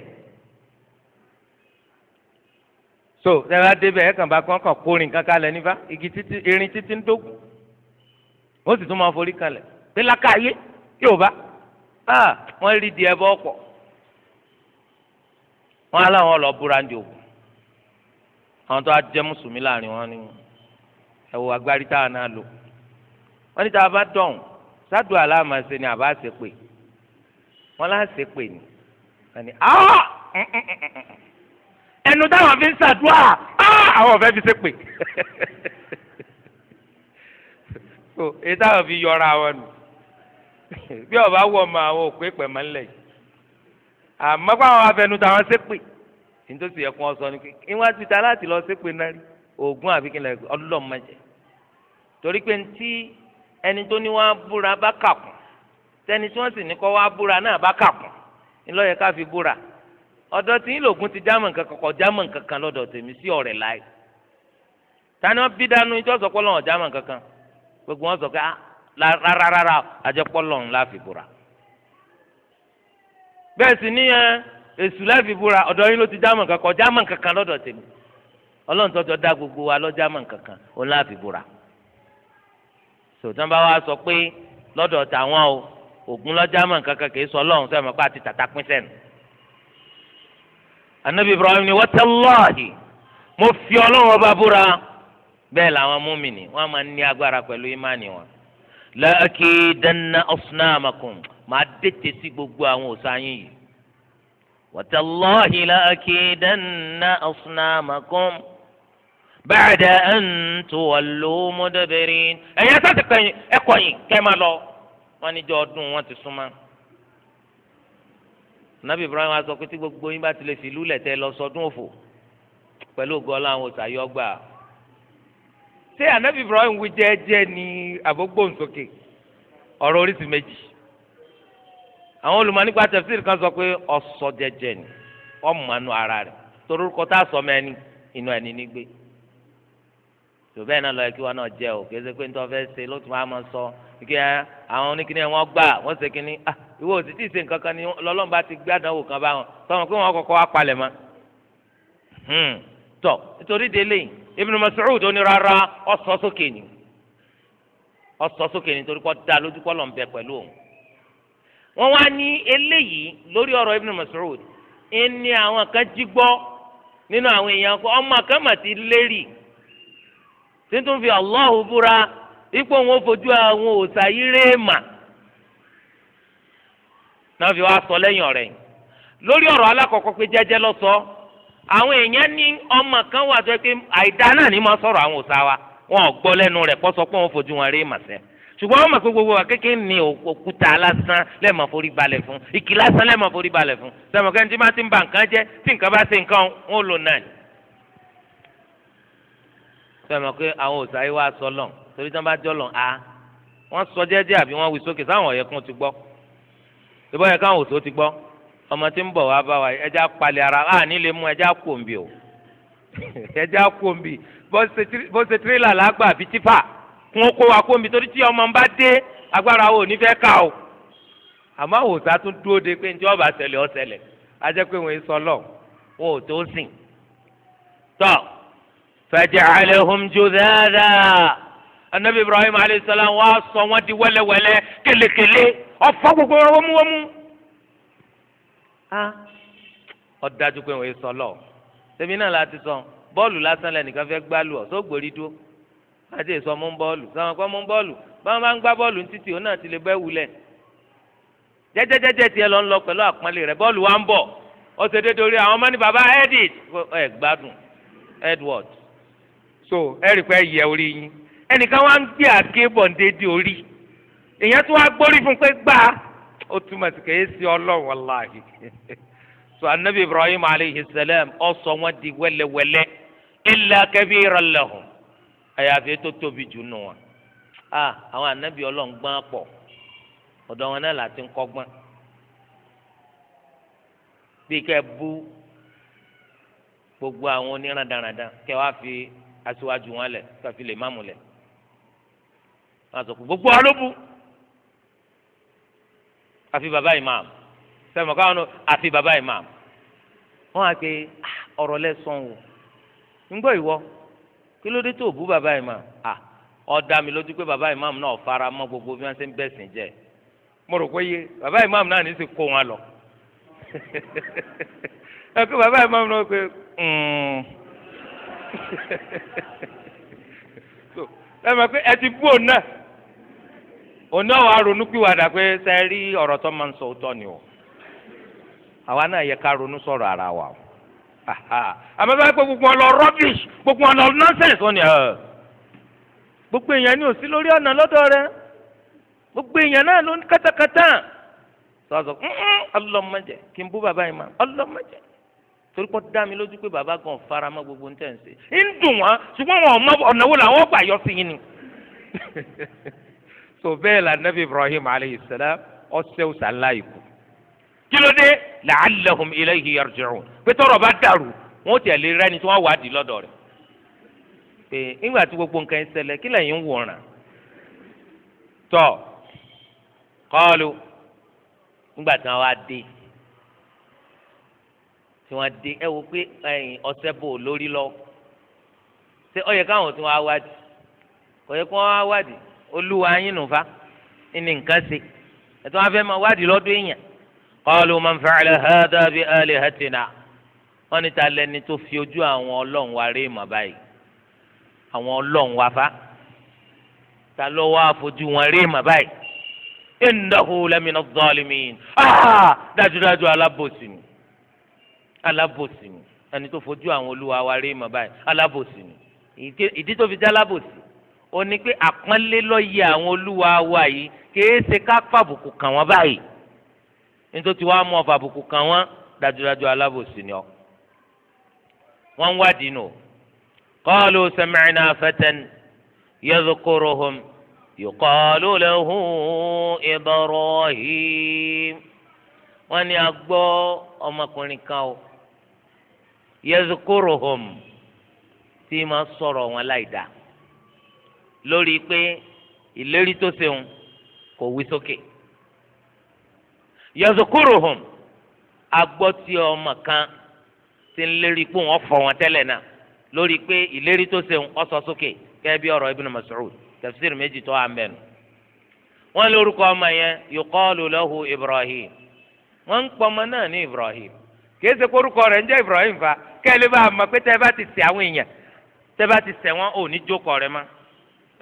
so ṣẹlá débẹ̀ ẹ kàn bá kàn kàn kórìn kankan lẹ nífà igi títí irin títí ń dógùn wọ́n sì tún máa forí kalẹ̀ pé lákàáyé yóò bá a ah, wọ́n rí di ẹbọ ọ̀pọ̀ wọ́n aláwọn lọ búra ń di àwọn tó a jẹ́ mùsùlùmí láàrin wọn ni ẹ wo agbárí tá a náà lò wọ́n ní tá a bá dọ̀hùn sádùn aláàmásẹ ni àbá ṣe pé wọ́n láṣẹ pé ni ẹni ẹnu táwọn fi ń ṣàdúrà àwọn ọ̀fẹ́ fi ṣépè so èyí táwọn fi yọra wọn nù bí ọba wọ ọmọ àwọn òkú ìpè máa ń lẹ̀ yìí àmọ́ pé àwọn afẹnu táwọn ṣépè nítòsí ẹ̀kún ọ̀sán ni pé ìwọ́n ti ta láti lọ ṣépè náà rí oògùn àbíkínlẹ̀ ọlọ́mọdé torí pé ntí ẹni tó ní wọ́n á búra bá kàkùn tẹni tí wọ́n sì ní kọ́ wọ́n á búra náà bá kàkùn ńlọ yẹ ká fi búra ọ̀dọ̀ tí ńlọgùn ti jámọ́ kankan kọ̀kọ́ jámọ́ kankan kan lọ́dọ̀ tèmi sí ọ̀rẹ́ láì tani wọn bí dánú ìjọ sọ pọlọ ọjà mọ kankan gbogbo wọn sọ pé ah, rárára àjẹ pọlọ ńlá fi búra bẹ́ẹ̀ sì ní eh, èsù láfi búra ọ̀dọ̀ yín ló ti jámọ́ kankan ọjà mọ kankan lọ́dọ̀ tèmi Ọlọ́run tọjọ dá gbogbo wa lọjà mọ kankan ó ńlá fi búra sọtàn bá wa sọ pé lọ́dọ̀ tàwọn o ògùn lọ́jà mọ̀ nǹkan kan kìí sọ ọlọ́run sẹ́yìn mọ̀ pé àti tàtà pín sẹ́nu. anabi ibrahim ni watallahi mo fi ọlọ́run ọba búra bẹ́ẹ̀ làwọn múmìnì wọ́n máa ní agbára pẹ̀lú ìmánì wọn. la akidanna asnamakum máa dètè sí gbogbo àwọn òòṣà yìí. watallahi la akidanna asnamakum ba'da an tuwallu mudbirin. ẹ̀yin ẹ̀ sọ́ọ̀tì kẹ́yìn ẹ̀ kọ́yìn kẹ́ máa lọ wọn níjọ ọdún wọn ti súnmọ́ nàbí ibrahim wa sọ pé tí gbogbo yín bá ti lè fi ìlú lẹ̀tẹ̀ lọ sọdún òfò pẹ̀lú ògo ọlọ́run òsàyọ́ gbà ṣé ànábì ibrahim wí jẹ́ẹ́jẹ́ ní àbógbòǹsókè ọ̀rọ̀ oríṣi méjì àwọn olùmọ̀ nípa tẹ̀síìrì kan sọ pé ọ̀sọ̀ jẹ́jẹ́ ni ọ̀mọ̀nù ara rẹ̀ torúkọ tá a sọ mẹ́ni inú ẹni nígbé tòbẹ́ẹ̀ náà lọ́ọ́ kí wọn náà jẹ́ ò kí ẹ ṣe pé nítorí fẹ́ ṣe ló tún wá máa sọ ike àwọn oníkíní wọn gbà wọn ṣe kíní ah ìwọ ò sì tí ì ṣe nǹkan kan ni lọlọ́mùbá ti gbàdánwò kan bá wọn sọmọ pé wọn kọ́kọ́ wá palẹ̀ mọ́ hmm, tọ nítorí délé Ibn Mas'ud ó ní rárá ọsọ sókè ni ọsọ sókè ni torí kọ́ da lójú kọ́ lọ́n bẹ pẹ̀lú òun wọn wá ní eléyìí lórí ọ̀rọ̀ Ibn Mas'ud ẹni àwọn kan jí gbọ́ nínú àwọn èèyàn ọmọ kan mà ti lérì tuntun fi Allahu búra ipò wọn fojú àwọn òòṣà yìí réèmà náà fi wá sọ lẹ́yìn ọ̀rẹ́ yìí lórí ọ̀rọ̀ alákọ̀ọ́kọ́ pé jẹ́jẹ́ lọ sọ àwọn èèyàn ní ọmọ kan wà tó pé àìdá náà ní máa sọ̀rọ̀ àwọn òòṣà wa wọn ò gbọ́ lẹ́nu rẹ̀ kọ́ pé wọn fojú wọn réèmà sẹ́yìn ṣùgbọ́n wọ́n mọ̀ pé gbogbo wa kékeré ni òkúta lásán lẹ́ẹ̀mọ̀ forí balẹ̀ fún ìkì lásán lẹ́ẹ̀mọ̀ forí balẹ̀ fún sẹ́mọ̀kẹ́ tí máa ti ń ba nǹkan jẹ́ tí nǹkan bá ṣe nǹkan ó lò náà ni. sẹ́mọ̀kẹ́ àwọn òṣàyí wa sọ lọ́n torí tí wọ́n a wọ́n sọ jẹ́jẹ́ àbí wọ́n wí sókè sáwọn ọ̀yẹ́kùn ti gbọ́ ìbọn yẹ káwọn òṣò ti gbọ́ ọmọ tí ń bọ̀ wá bá wa ẹja palẹ̀ ara a nílé mú ẹja kú o ẹja kú bó ṣe tirẹ́là lágbà àbí tífà kún kó wa kó torí tí ọmọ bá dé agbára wo ní ká o àmọ́ àwòsá tún dúró de pé njẹ́ ọba ṣẹlẹ̀ ọ̀ṣẹlẹ̀ ajẹ́ pé wọ́n sọ lọ wọn ò tó sìn tọ́ faj'alhum judhadha anabi ibrahim aleyhisselam wá sọ wọn di wẹ́lẹ́wẹ́lẹ́ kélekèlé ọ̀fọ̀ gbogbo wọn wọ́múwọ́mú. Ah, ó dájú pé òun sọ lọ ṣebí náà láti sọ bọ́ọ̀lù lásán lẹ́nìkan fẹ́ gbálù ọ̀ sógbòrí dúró láti sọ mú bọ́ọ̀lù sọ̀rọ̀ kọ́ mú bọ́ọ̀lù báwọn bá ń gbá bọ́ọ̀lù títì òun náà ti lè bẹ́ wulẹ̀ jẹ́jẹ́jẹ́jẹ́ tiẹ̀ lọ ń lọ pẹ̀lú àpọ́nlé rẹ̀ bọ́ọ̀lù wa ń bọ̀ ó ṣe àwọn ọmọ ní baba edit ẹ gbádùn Edward so ẹ rí orí yín ẹnìkan wá ń gbé àgé bọ̀ǹde di orí èèyàn tó wá gbórí fún pé gbà á ó túmọ̀ sí kèé sí ọlọ́run wàláhì so anabi ibrahim aleyhi salam ọsọ wọn di wẹlẹwẹlẹ illa kabira lahum àyàfi tó tóbi jù nù wọn a àwọn anabi ọlọ́run gbọ́n pọ̀ ọ̀dọ̀ wọn náà láti ń kọ́gbọ́n bí kẹ́ bú gbogbo àwọn onírandarandan kẹ́ wá fi aṣíwájú wọn lẹ̀ kẹ́ fi lè má mu lẹ̀ wọn sọ pé gbogbo wa ló bu àfi bàbá imam sẹ́mi káwọn nù àfi bàbá imam wọn á pe ah, ọ̀rọ̀ lẹ́sàn o ń gbọ́ ìwọ kí ló dé tó bú bàbá imam à ah, ọ̀dà mi lójú pé bàbá imam náà fara mọ́ gbogbo bí wọ́n ṣe ń bẹ̀sìn jẹ́ mo rò pé yé bàbá imam náà ní í sì kó wọn lọ ẹ pé bàbá imam náà pé hmm. ẹ mọ̀ pé ẹ ti bú òun náà òní ọ̀wá ronúpìwàdà pé ṣe rí ọ̀rọ̀ tó máa ń sọ òótọ́ ni o àwa náà yẹ ká ronú sọ̀rọ̀ ara wa o àmọ́ bá gbogbo wọn lọ rubbish gbogbo wọn lọ nonsense wọn ni gbogbo èèyàn ni ò sí lórí ọ̀nà lọ́dọ̀ rẹ gbogbo èèyàn náà ló ní kátàkátà sọ̀sọ̀ ọlọ́mọdé kí n bú bàbá yìí ma ọlọ́mọdé torí pé dá mi lójú pé bàbá gan fara mọ́ gbogbo ń tẹ̀ ń ṣe ń dùn wọn ṣùgbọ́n wọn ọ̀nà wo làwọn gbà yọ sí yín ni. so bẹ́ẹ̀ la nabi ibrahim alayhi salam ọsẹ ọsà ńlá ikú kí ilayhi bá dàrú wọn ti àlè rẹni tí wọn wà á di gbogbo nǹkan ń ṣẹlẹ̀ kí lẹ́yìn ń wòran tọ qalu nígbà tí wọn wá dé tí wọn dé ẹ wo pé ọsẹ bò lórí lọ yẹ káwọn tí wọn olúwa yín nùfà ní nǹkan ṣe ẹ̀tọ́ wọn fẹ́ máa wádìí lọ́dún èèyàn qalu man fa'ala hadha bi alihatina wọ́n ní ta lẹni tó fi ojú àwọn ọlọ́run wa rí ìmọ̀ báyìí àwọn ọlọ́run wa fa ta ló wá fojú wọn rí ìmọ̀ báyìz innahu lamina zalimin dájúdájú alábòsí ni alábòsí ni ẹni tó fojú àwọn olúwa wa rí ìmọ̀ báyìí alábòsí ni ìdí tó fi dá alábòsí ó ní pé àpọ́nlé lọ́yẹ àwọn olúwa wa yìí kìí ṣe ká fàbùkù kàn wọ́n báyìí nítorí tí wàá mọ fàbùkù kàn wọ́n dájúdájú alábòsí ni ọ. wọ́n ń wádìí nù qalu sami'na fatan yadhkuruhum yuqalu lahu Ibrahim wọ́n ní a ọmọkùnrin kan o yadhkuruhum tí ma sọ̀rọ̀ wọn láì dáa. lórí pé ìlérí tó seun kò wí sókè ọmọ kan ti ń lérí pé wọ́n fọ wọn tẹ́lẹ̀ náà lórí pé ìlérí tó seun sọ sókè kẹ́ ọrọ Ibn Mas'ud tafsir méjì tó wà mẹ́nu wọ́n lórúkọ ọmọ yẹn yuqalu Ibrahim wọ́n ń pọ ọmọ Ibrahim kìí ṣe rẹ̀ ń Ibrahim fa bá a mọ̀ pé tẹ́ bá ti àwọn èèyàn tẹ́ bá ti ò ní jókòó rẹ̀ mọ́.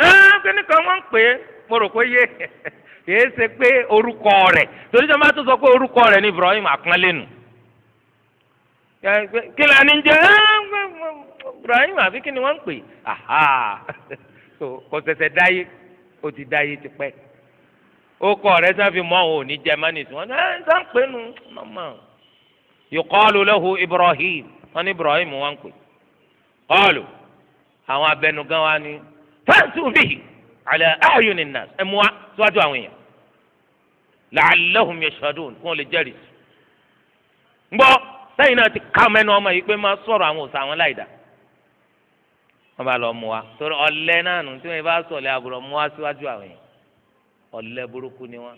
ẹ́ẹ́ ah, ni kan wọ́n ń pè é mo rò pé yé kìí ṣe pé orúkọ rẹ̀ torí sọ ma tó sọ pé orúkọ rẹ̀ ní Ibrahim àpọ́nlẹ́nu kí la ní jẹ́ ah, Ibrahim àfi kí ni wọ́n ń Aha, kò ṣẹ̀ṣẹ̀ dáyé ó ti dáyé ti pẹ́ ó kọ́ rẹ̀ sáfi mọ́ òun ò ní jẹ́ mánì tí wọ́n ní ẹ́ ah, sá ń pè nu mọ́mọ́ yuqalu lahu Ibrahim wọ́n ní Ibrahim wọ́n ń pè kọ́ọ̀lù àwọn abẹnugan wa ni fẹ́ẹ̀tù bíi àlẹ́ ààyò ní nàá ẹ̀ mú wa síwájú àwọn èèyàn làálẹ́hùn yẹ̀ṣọ́dún kí wọ́n lè jẹ́rìí sí. ń gbọ́ sẹ́yìn náà ti ká mẹ́nu ọmọ yìí pé máa sọ̀rọ̀ àwọn òòsàn àwọn láìda wọ́n bá lọ mú wa torí ọ̀lẹ náà nù tí wọ́n bá sọ̀lẹ̀ àbúrò mú wa síwájú àwọn èèyàn ọ̀lẹ burúkú ni wọ́n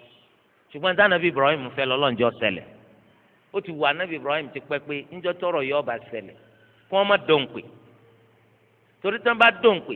ṣùgbọ́n tí anabi ibrahim fẹ́ lọ́lọ́njọ́ ṣẹlẹ̀ ó ti wù anabi ibrahim ti pẹ́ pé ńjọ́ tọrọ yóò bá ṣẹlẹ̀ kí wọ́n má dòǹpè torí tí wọ́n bá dòǹpè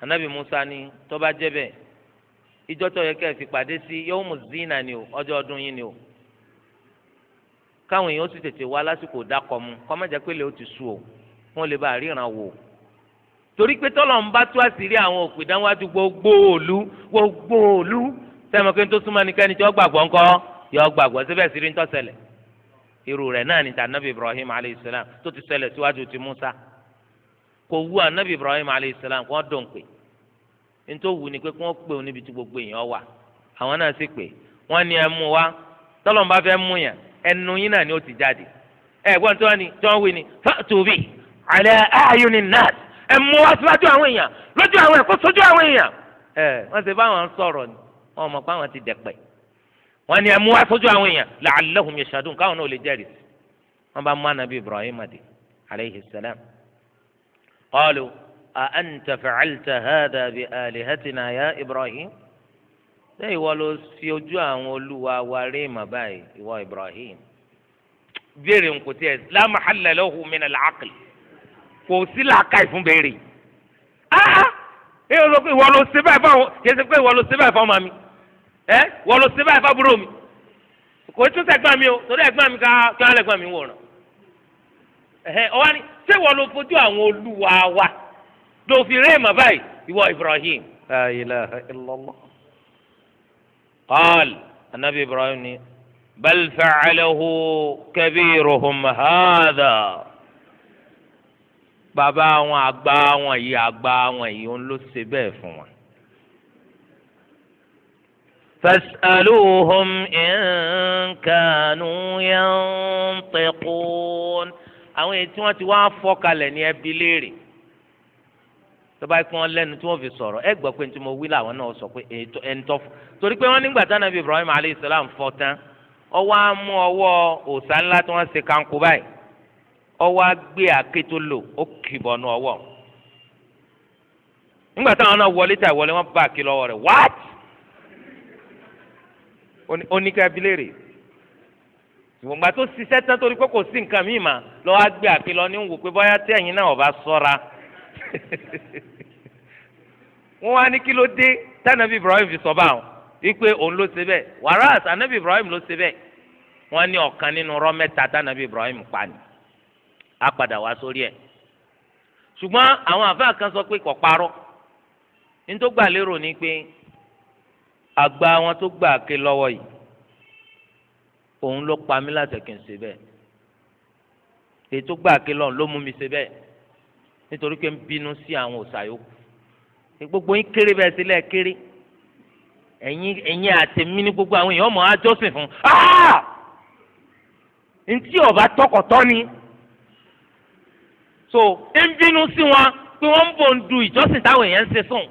anabi musa ni tọba bá jẹ́ bẹ́ẹ̀ yẹ kẹ́ ẹ fi pàdé sí yawmu zina ni o ọjọ́ ọdún yìí ni o káwọn èèyàn ó sì tètè wá lásìkò dákọ̀ mu kọ́mọ́jà pé lè ti sú o wọ́n lè bá ríran wò torí pé tọ́lọ̀ ń bá tú àṣírí àwọn òpìdánwájú gbogbo òlu gbogbo òlu sẹ́mi pé tó súnmọ́ nìkan ni tí wọ́n gbàgbọ́ ńkọ́ yọ gbàgbọ́ síbẹ̀ sírí ń tó ṣẹlẹ̀ irú rẹ̀ náà ni tànàbí Ibrahim alayhisselam tó ti ṣẹlẹ̀ síwájú ti Musa. kò wú anabi ibrahim alayhi salam kò wọ́n dùn pé nítorí wù ní pé kí pè ó níbi tí gbogbo èèyàn wà àwọn náà sì pé wọn ní ẹ mú wa tọ́lọ́mùbá fẹ́ mú yàn ẹnu yín náà ni ó ti jáde ẹ̀gbọ́n tí wọ́n ní tí wọ́n wí ni fàtúbì àlẹ́ ààyùnì ẹ mú wa síwájú àwọn èèyàn lójú àwọn ẹ̀kọ́ sójú àwọn èèyàn ẹ wọ́n ti sọ̀rọ̀ ni wọ́n mọ̀ pé àwọn ti wọ́n ẹ mú wa sójú àwọn èèyàn قالوا أأنت فعلت هذا بآلهتنا يا إبراهيم ṣé ìwọ ló fi ojú àwọn olúwa wa rí mà báyìí ìwọ Ibrahim béèrè ń kò tiẹ̀ la mahalla lahu min al-aql kò sí làákàyè fún béèrè ìwọ ló ìwọ ló ṣe báyìí fáwọn kì í ṣe pé ìwọ ló ṣe báyìí fáwọn màmí ẹ ìwọ ló ṣe báyìí fábúrò mi kò tún sẹ́gbọ́n mi o torí ẹ̀gbọ́n mi ká kí wọ́n lẹ́gbọ́n mi wòran ọ̀hún ṣé wọ́n ló fojú àwọn olúwa wa ló fi réèmọ̀ báyìí ìwọ Ibrahim. la ilaha illallah. qaal anabi Ibrahim ni bal fa'alahu kabiruhum hadha bàbá wọn àgbà wọn yìí àgbà wọn yìí wọn ló ṣe bẹ́ẹ̀ fún wọn. فاسألوهم إن كانوا ينطقون àwọn èyí tí wọ́n ti wá fọ́ kalẹ̀ ní ẹbí léèrè tó bá kí wọ́n lẹ́nu tí wọ́n fi sọ̀rọ̀ ẹ gbọ́ pé tí mo wí làwọn náà sọ pé ẹni tó fọ́ torí pé wọ́n nígbà táwọn ẹbí Ibrahim alayhi salam fọ́ tán ọwọ́ á mú ọwọ́ òòsà ńlá tí wọ́n ṣe kanko báyìí ọwọ́ á gbé àké lò ó kìbọ̀ nù ọwọ́ nígbà táwọn náà wọlé tà wọlé wọ́n bá àké rẹ̀ wáàtì oníkẹ́ abilérè ìwòǹgbà tó ṣiṣẹ́ tán torí pé kò sí nǹkan míì mà lọ́wọ́ á gbé àpè lọ ní wò pé bóyá tí ẹ̀yin náà ọba sọ́ra wọ́n wá ní kí ló dé tànàbí Ibrahim fi sọ báwọn wípé òun ló ṣe bẹ́ẹ̀ wàrà tànàbí Ibrahim ló ṣe bẹ́ẹ̀ wọ́n ní ọ̀kan nínú rọ́ mẹ́ta Ibrahim pa ni á padà wá sórí ẹ̀ ṣùgbọ́n àwọn àfáà kan sọ pé kò parọ́ nítorí gbà lérò ni pé àgbà wọn tó gbà ké lọ́wọ́ yìí òun ló pa mí láti kí n ṣe bẹ́ẹ̀ ètò gbà kí lọ́n ló mú mi ṣe bẹ́ẹ̀ nítorí pé ń bínú sí àwọn òòṣà yòókù gbogbo yín kéré bẹ́ẹ̀ sílẹ̀ kéré ẹ̀yin ẹ̀yin àtẹ̀mí ní gbogbo àwọn èèyàn ọmọ ajọ́sìn fún ntí ọba tọkọtọ ni so ń bínú sí wọn pé wọ́n ń bọ̀ ń du ìjọsìn táwọn èèyàn ń ṣe sùn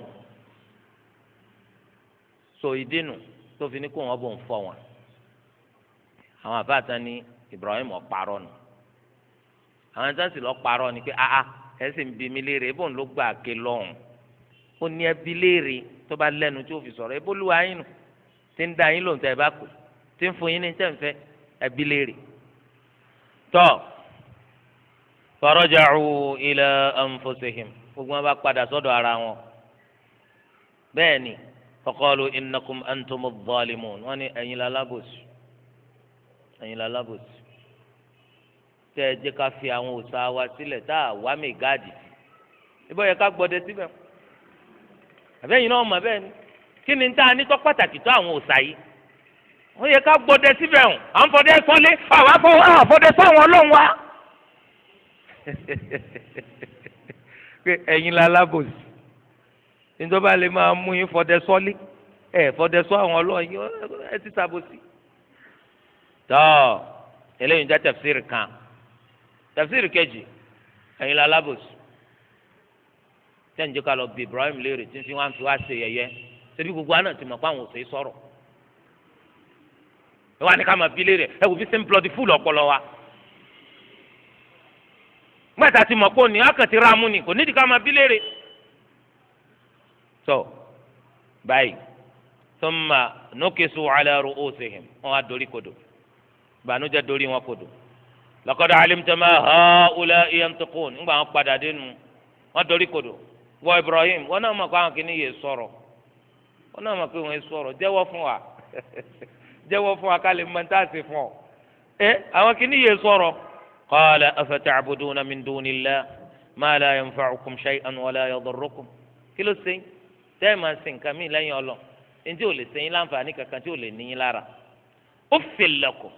so ìdínú tó fi ní kó wọn bọ̀ ń fọ wọn àwọn àfáàtà ní Ibrahim ọ̀parọ́ nù àwọn sáǹsì lọ parọ́ ni pé aa ẹ̀sìn ń bi mí léèrè ebó ń ló gbà ké lọ́hùn ó ní ẹbí léèrè tó bá lẹ́nu tí ó fi sọ̀rọ̀ ebó lù ayín nù tí ń da yín lòun tẹ̀ bá kù tí ń fún yín ní tẹ̀ǹfẹ́ ẹbí léèrè. tọ́ faraja'u ila anfusihim gbogbo wọn bá padà sọ́dọ̀ ara wọn bẹ́ẹ̀ ni faqalu innakum antumudh-dhalimun wọ́n ní ẹ̀yin lálábòsí ẹ̀yin lalábòsí tẹ́ ẹ jẹ́ ká fi àwọn òòṣà wa sílẹ̀ tá a wá mi gáàdì sí ibà yẹ ká gbọ́dẹ síbẹ̀ àbẹ́yìn náà mọ̀ bẹ́ẹ̀ ni kí ni tá a ní pàtàkì tó àwọn òòṣà yìí ó yẹ ká gbọ́dẹ síbẹ̀ hàn à ń fọdẹ sọlé àwa fọ àfọdẹ sáwọn ọlọ́run wa ẹ̀yin lalábòsí níjọba lè máa mú yín fọdẹ sọlé ẹ fọdẹ sọ àwọn ọlọ́run yín ẹ ti ṣàbòsí tọ́ eléyìí ń jẹ́ tafsiri kan tafsiri kejì ẹ̀yin la alábòsù tẹ́ǹjẹ́ ká lọ bí Ibrahim léèrè tí ń fi wọ́n fi wá ṣe yẹ̀yẹ́ ṣebí gbogbo àná ti mọ̀ pé àwọn òṣèré sọ̀rọ̀ ẹ wá ní ká máa fi léèrè ẹ wò fi ṣe ń plọ́dì fúlù ọpọlọ wa gbàtà ti mọ̀ pé òní akàtì ra amúni kò nídìí ká máa bí léèrè. tó báyìí thumma nukisu ala ru'usihim wọn á dorí kodò ìbànújẹ́ dorí wọn kodò laqad alimta ma haula'i yantiqun ńgbà wọn padà dénú wọn dorí kodò wọ Ibrahim wọn náà mọ̀ pé àwọn kìíní yé sọ̀rọ̀ wọn náà mọ̀ pé wọn yé sọ̀rọ̀ jẹ́wọ́ fún wa jẹ́wọ́ fún wa ká lè mọ̀ tá a fún ọ ẹ àwọn kìíní yé sọ̀rọ̀ qala afata'buduna min dunillah ma la yanfa'ukum shay'an wa la yadurrukum kí ló sẹ́yìn tẹ́ ẹ máa sin nǹkan mí lẹ́yìn ọlọ ntí ò lè sẹ́yìn láǹfààní kankan tí ò lè níyìn lára uffil lakum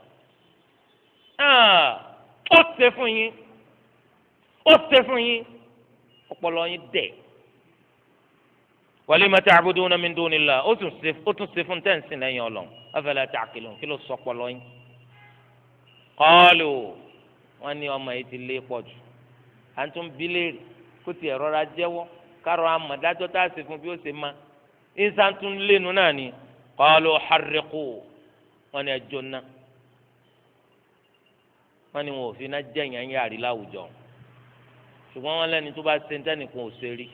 Ah, ó ṣe fún yín ó ṣe fún yín ọpọlọ yín dẹ̀ walima ta'buduna min dunillah ó tún ṣe fún tẹ́ǹsì lẹ́yìn ọlọ́run afala ta'qilun kí ló sọ ọpọlọ yín qalu wọn ní ọmọ yìí ti lé pọ̀ jù à ń tún bí léèrè kó tiẹ̀ rọra jẹ́wọ́ kárọ̀ amọ̀dájọ́ tá a ṣe fún bí ó ṣe máa ìsàntún lẹ́nu náà ni qalu harriqu wọn ní ẹjọ́ náà wọ́n ní wọn ò fi iná jẹ̀yàn yàrí láwùjọ ṣùgbọ́n wọ́n lẹ́ni tó bá ṣe ń tẹ́nìkan ò ṣe rí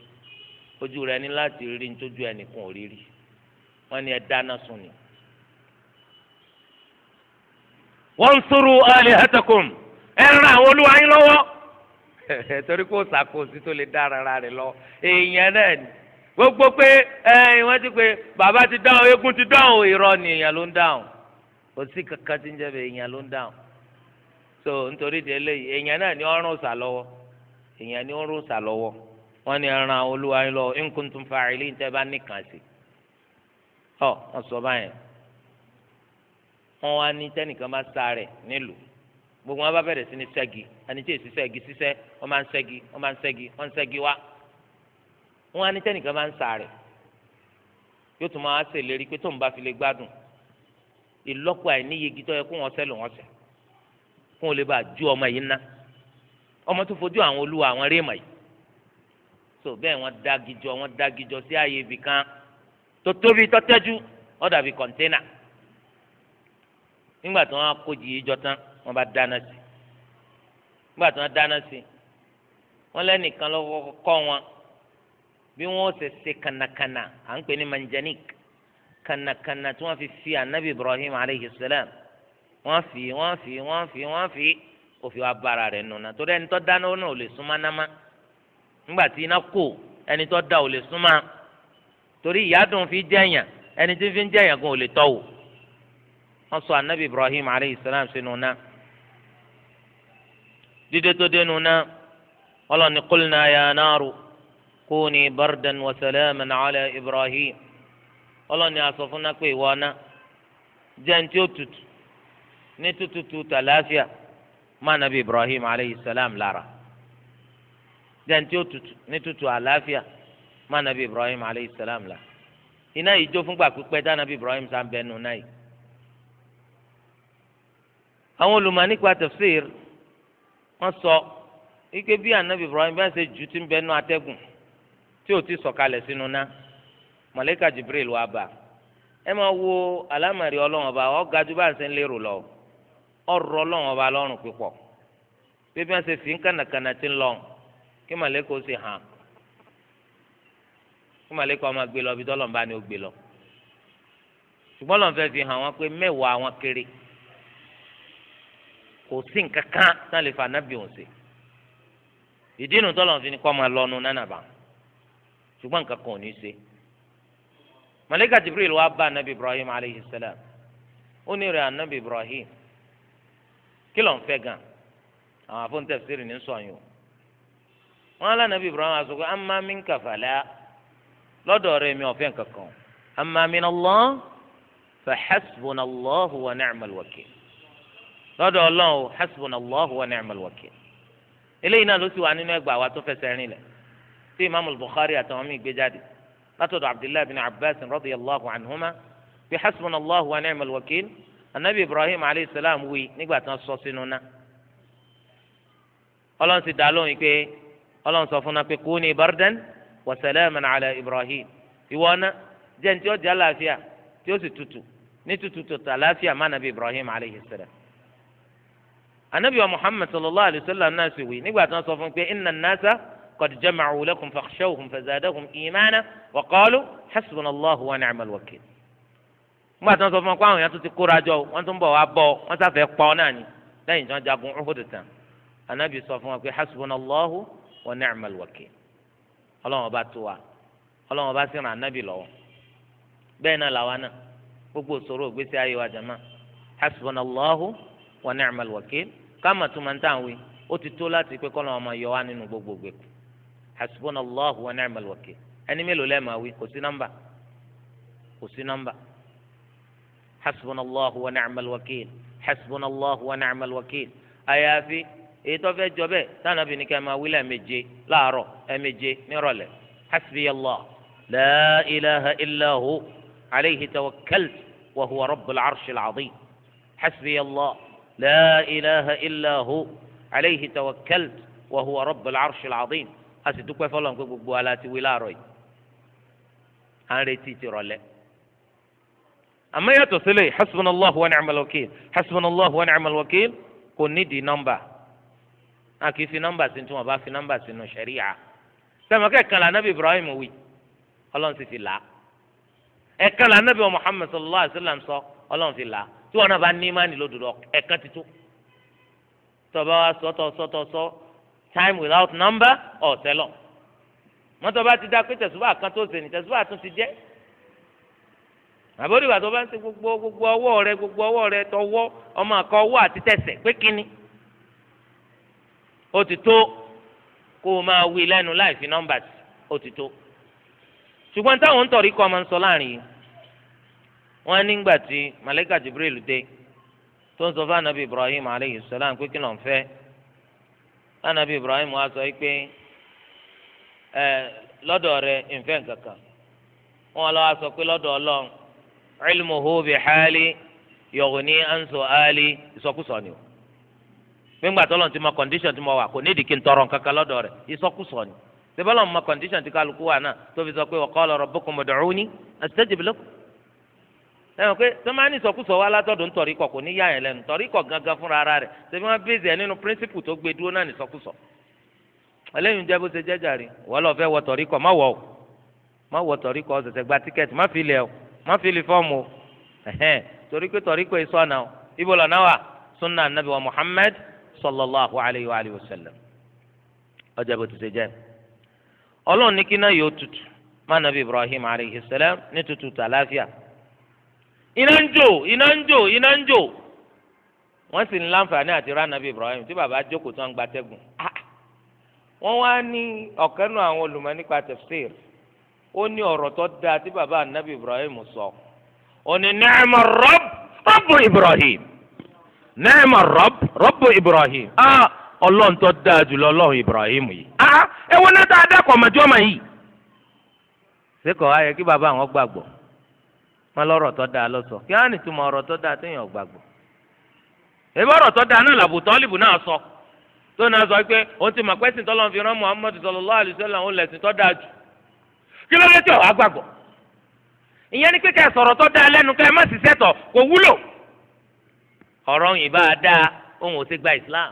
ojú rẹ̀ ní láti rí ní tójú ẹnìkan ò rí rí wọ́n ní ẹ dáná sun ni. wansuru alihatakum ẹ ran àwọn olúwa yín lọ́wọ́ torí kó ṣàkóso tó lè dá ara rẹ̀ lọ èèyàn náà ni gbogbo pé ẹ wọ́n ti pé bàbá ti dáhùn eégún ti dáhùn irọ́ ni èèyàn ló ń dáhùn kò sí kankan tí ń jẹ́ bẹ́ẹ̀ èèyàn ló ń dáhùn so nítorí di eléyìí èèyàn náà ni ó sà lọ́wọ́ èèyàn ni ó sà lọ́wọ́ wọ́n ní ẹran olúwa yín lọ bá nìkan sí ọ wọ́n sọ báyẹn wá ní bá nílùú gbogbo wọn bá bẹ̀rẹ̀ sí ní sẹ́gi ẹni tí èsì ma sísẹ́ máa ń máa ń ń wá wá ní bá ń yóò tún máa ṣèlérí pé tóun bá fi lè gbádùn ìlọ́pọ̀ wọn sẹ́ lò kó lè bá ju ọmọ yìí ná ọmọ tó fojú àwọn olúwa àwọn réèmà yìí so bẹ́ẹ̀ wọ́n dágijọ́ wọ́n dágijọ́ sí ààyè ibì kan tó tóbi tó tẹ́jú ó dàbí kọ̀ńténà nígbà tí wọ́n kó jì í jọ tán wọ́n bá dáná sí nígbà tí wọ́n dáná sí wọ́n lẹ́nìkan lọ́wọ́ kọ́ wọn bí wọ́n ṣe ṣe kànàkànà à ń pè ní manjanik kànàkànà tí wọ́n fi fi anabi Ibrahim aleyhi salam wọ́n fi wọ́n fi wọ́n fi wọ́n fi òfin wa bára rẹ̀ nù náà torí ẹni tó dáná náà ò lè súnmọ́ náà má nígbà tí iná kò ẹni tó dá ò lè súnmọ́ torí ìyádùn fi jẹ̀yàn ẹni tí fi ń jẹ̀yàn gan ò lè tọ́wò wọ́n sọ anabi ibrahim aleyhi salam sínú náà dídé tó dénú náà ọlọ́ni qulna ya naru kuni bardan wa salaman ala ibrahim ọlọ́ni àsọfúnná pé ìwọ náà jẹ́ ní ó tutù ní tututu tàlàáfíà máa nàbí ibrahim aleyhi salam lára jẹ́ntì òtútù ní tutu àlàáfíà máa nàbí ibrahim aleyhi salam lára iná yìí jó fúngbà pípẹ́ dá nàbí ibrahim sáńbẹ́ nù náà yìí. àwọn olùmọ̀ nípa tafsir wọ́n sọ ike bí anabi ibrahim bá ṣe jù tí ń bẹ́ẹ̀ nù atẹ́gùn tí ò ti sọ̀kalẹ̀ sínú náà màlẹ́kà jibril wà bá ẹ máa wo alámàrí ọlọ́run ọba ọ̀gájú bá ń ṣe ń lérò lọ́wọ́ ọ̀rọ̀ Ọlọ́run ọba lọ́rùn pípọ̀ bí wọ́n ṣe fi ń kànàkànà ti ń lọ kí màlẹ́kọ̀ọ́ sì hàn kí màlẹ́kọ̀ọ́ máa gbé lọ bí tọ́lọ̀ ń bá ní ó gbé lọ ṣùgbọ́n lọ́n fẹ́ fi hàn wọ́n pé mẹ́wàá wọn kéré kò sí nǹkan kan tán lè fa nábì òun ṣe ìdí inú tọ́lọ̀ fi ni kọ́ máa lọ́nu nánàbà ṣùgbọ́n nǹkan kan ò ní ṣe màlẹ́kà Jibril wá bá anabi Ibrahim alayhi salam ó ní rẹ̀ anabi Ibrahim kí ló ń fẹ́ gan àwọn afọ́ntẹ́ fìsírì ní sọ̀yìn o wọn alánàbí ibrahim asọ̀kọ amma minka fala lọ́dọ̀ rẹ̀ mi ọ̀fẹ́ kankan amma minallah fa hasbunallahu wa ni'mal wakil lọ́dọ̀ ọlọ́run hasbunallahu wa ni'mal wakil eléyìí náà ló sì wà nínú ẹgbàá wa tó fẹsẹ̀ rìn lẹ̀ tí imaamu bukhari àtàwọn míì gbé jáde látọ̀dọ̀ abdullahi bin abbas radiyallahu anhuma bi hasbunallahu wa ni'mal wakil anabi ibrahim alayhi salam wí nígbà tí wọ́n sọ sínú ná ọlọ́run sì dá lóhùn pé ọlọ́run sọ fún wa pé kúni bardan wa salaman ala ibrahim ìwọ ná jẹ́ ní tí ó jẹ́ àlàáfíà tí ó sì tutù ní tutù tó tà àlàáfíà má anabi ibrahim alayhi salam anabi wa muhammad sallallahu alayhi wa sallam náà sì wí nígbà tí wọ́n sọ fún pé inna nasa qad jama'u lakum fakhshawhum fazadahum imana wa qalu hasbunallahu wa ni'mal nígbà tí wọ́n sọ fún wọn pé àwọn èèyàn tó ti kóra jọ wọ́n tún bọ̀ wá bọ̀ wọ́n sáfẹ́ pọ́ náà ni tí jagun Uhud tán anabi sọ fún wọn pé wa ni'mal wakil ọlọ́wọ́n tó wa sì ràn anabi náà làwa gbogbo soro ògbésí ayé wa jama hasbunallahu wa ni'mal káàmà tó máa ń tàn wí ó ti tó láti pé ọmọ yọ wá nínú gbogbo gbèkú wa ni'mal hasbuna allah wa ni'mal wakil hasbuna allah wa ni'mal wakil àyàfi èyí tó fẹ́ jọ bẹ́ẹ̀ sànàbì ní ká máa wílẹ̀ méje láàárọ̀ ẹ̀méje nírọ̀lẹ́ hasbi allah la ilaha illa hu alayhi tawakkalt wa huwa rabbul arshil azim hasbi allah la ilaha illa hu alayhi tawakkalt wa huwa rabbul arshil azim a sì dúpẹ́ fọlọ́n pé gbogbo ala ti wí láàárọ̀ yìí à ń retí ti rọ̀lẹ́. àmọ́ yàtọ̀ sílẹ̀ hasbunallahu wa ni'mal wakil hasbunallahu wa ni'mal wakil kò nídìí nọ́mbà a kì í fi nọ́mbà sí tí wọ́n bá fi nọ́mbà sínú ṣẹ̀ríà sẹ́mi kẹ́kẹ́ la nabi ibrahim wí ọlọ́run sì fi là á ẹ̀ka la nabi muhammad sallallahu alayhi wa sallam sọ ọlọ́run fi là á tí wọn náà bá ní imáàní lódodo ẹ̀ka ti tó tọba wa sọ tọ sọ time without number ọ̀sẹ̀ lọ mọ́tò bá ti dá pé tẹ̀sùbà kan tó ṣe ní tẹ̀sùbà tún ti jẹ́ àbórí ìgbà tó bá ń ṣe gbogbo gbogbo ọwọ́ rẹ gbogbo ọwọ́ rẹ tọwọ́ ọmọ àkọ ọwọ́ àti tẹsẹ̀ pé kínní ó ti tó kó o máa wí lẹ́nu láì nọ́mbà sí ó ti tó ṣùgbọ́n táwọn ń tọ̀rí kọ́ ọmọ ń sọ láàrin yìí wọ́n nígbà tí malika jibril dé tó ń sọ fún anabi ibrahim aleyhi salam pé kí ló ń fẹ́ anabi ibrahim wa sọ pé ẹ lọ́dọ̀ rẹ ìfẹ́ nǹkan kan wọ́n lọ́wọ́ sọ pé lọ́dọ̀ ọlọ́run ilmuhu bi hali yughni an su'ali ìsọkúsọ ni o gbẹngbà tọlọ ti mọ kọndíṣọ̀n ti mọ wà kò nídìí kí n tọrọ nǹkankan lọ́dọ̀ rẹ̀ ìsọkúsọ ni sẹbẹlọ mọ kọndíṣọ̀n ti kálukú wà náà tó fi sọ pé wa qala rabbukum ud'uni astajib lakum ẹnìkan pé tó máa ní ìsọkúsọ wa látọ̀dọ̀ ńtọ̀rí kọ̀ kò ní yá yẹn lẹ́nu tọ̀rí kọ̀ gangan fúnra ara rẹ̀ ṣebí wọ́n bèèzì ẹ̀ nínú píríncípù tó gbé dúró náà ní ìsọkúsọ. ọlẹ́yìn jẹ́ bó ṣe jẹ́jà rí wọ́n lọ fẹ́ wọ tọ̀rí kọ̀ má wọ̀ ọ́ má wọ tọ̀rí kọ̀ ọ̀sẹ̀sẹ̀ gba tíkẹ́ẹ̀tì má fi lẹ̀ ọ́ ma fi lè fọ́ọ̀mù o torí pé torí pé sọ́nà o ibo lọ́nà wa sunna anabi wa muhammad sallallahu alayhi wa alihi wa sallam ọjà bó ti ṣe jẹ́ ọlọ́run ní kí náà yóò tutù má nàbí ibrahim alayhi salam ní tutù tàlàáfíà iná ń jò iná ń jò iná ń jò wọ́n sì ń láǹfààní àti rá nàbí ibrahim tí baba jókòó tó ń gbatẹ́gùn ah, wọ́n wá ní ọ̀kẹ́nu àwọn olùmọ̀ nípa tafsir ó ní ọ̀rọ̀ tó dáa tí bàbá anabi ibrahim sọ ó ní ni'ma rabb ibrahim ibrahim ah ọlọ́run tó dáa jùlọ ọlọ́run ibrahim yìí ah ẹ wọ́n náà dáadáa kọ̀ ọmọdé ọmọ yìí ṣé ayẹ kí bàbá àwọn gbàgbọ́ wọn lọ́rọ̀ tó dáa lọ́sọ̀ kí á nìtumọ̀ ọ̀rọ̀ tó dáa téèyàn gbàgbọ́ èyí bọ́rọ̀ tó dáa náà làbù tọ́lìbù náà sọ tó náà sọ pé ti mọ̀ pẹ́sìn tọ́lọ́run kí ló dé tí ọ̀hún agbàgbọ́ ìyẹn ni kíkẹ́ sọ̀rọ̀ tó dáa lẹ́nu kẹ́ ẹ má sì sẹ́tọ̀ kò wúlò ọ̀rọ̀ yìí bá dáa òun ò ti gba Islam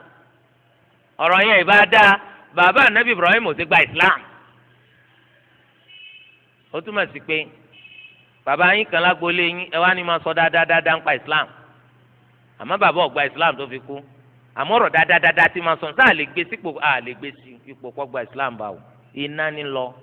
ọ̀rọ̀ yẹn ìbá dáa bàbá anabi Ibrahim ò ti gba Islam ó túmọ̀ sí pé bàbá yín kan lágboolé yín ẹ wá ní máa sọ dáadáa dáadáa ń pa Islam àmọ́ bàbá ò Islam tó fi kú àmọ́ ọ̀rọ̀ dáadáa dáadáa ti máa sọ sáà lè gbé sípò à gbé sí kọ́ gba Islam báwo iná ní lọ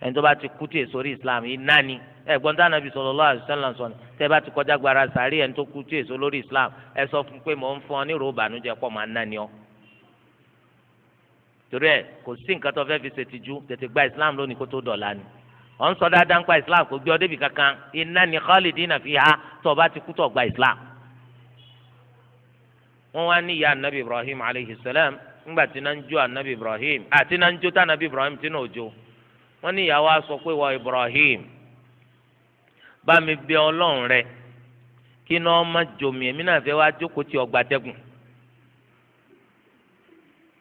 ẹni tó bá ti kú tí èso rí islam yìí náà ni ẹ̀gbọ́n tí anabi sallallahu alaihi wasallam sọ ni tẹ́ bá ti kọjá gbára sàárì ẹni tó kú èso lórí islam ẹ sọ fún pé mò ń fún ọ ní rògbà nújẹ pọ máa náà ọ. torí ẹ kò sí nǹkan tó fẹ́ tètè gba islam lónìí kó tó dọ̀la ni ọ̀n sọ dáadáa ń islam kò gbé ọ débi kankan iná ni fi ha tó ti kú gba islam. ní ìyá wọ́n ní ìyàwó á pé wọ Ibrahim bá mi bẹ̀ Ọlọ́run rẹ kí náà má jomi èmi náà fẹ́ wá jókòó tí ọgbà dẹ́gùn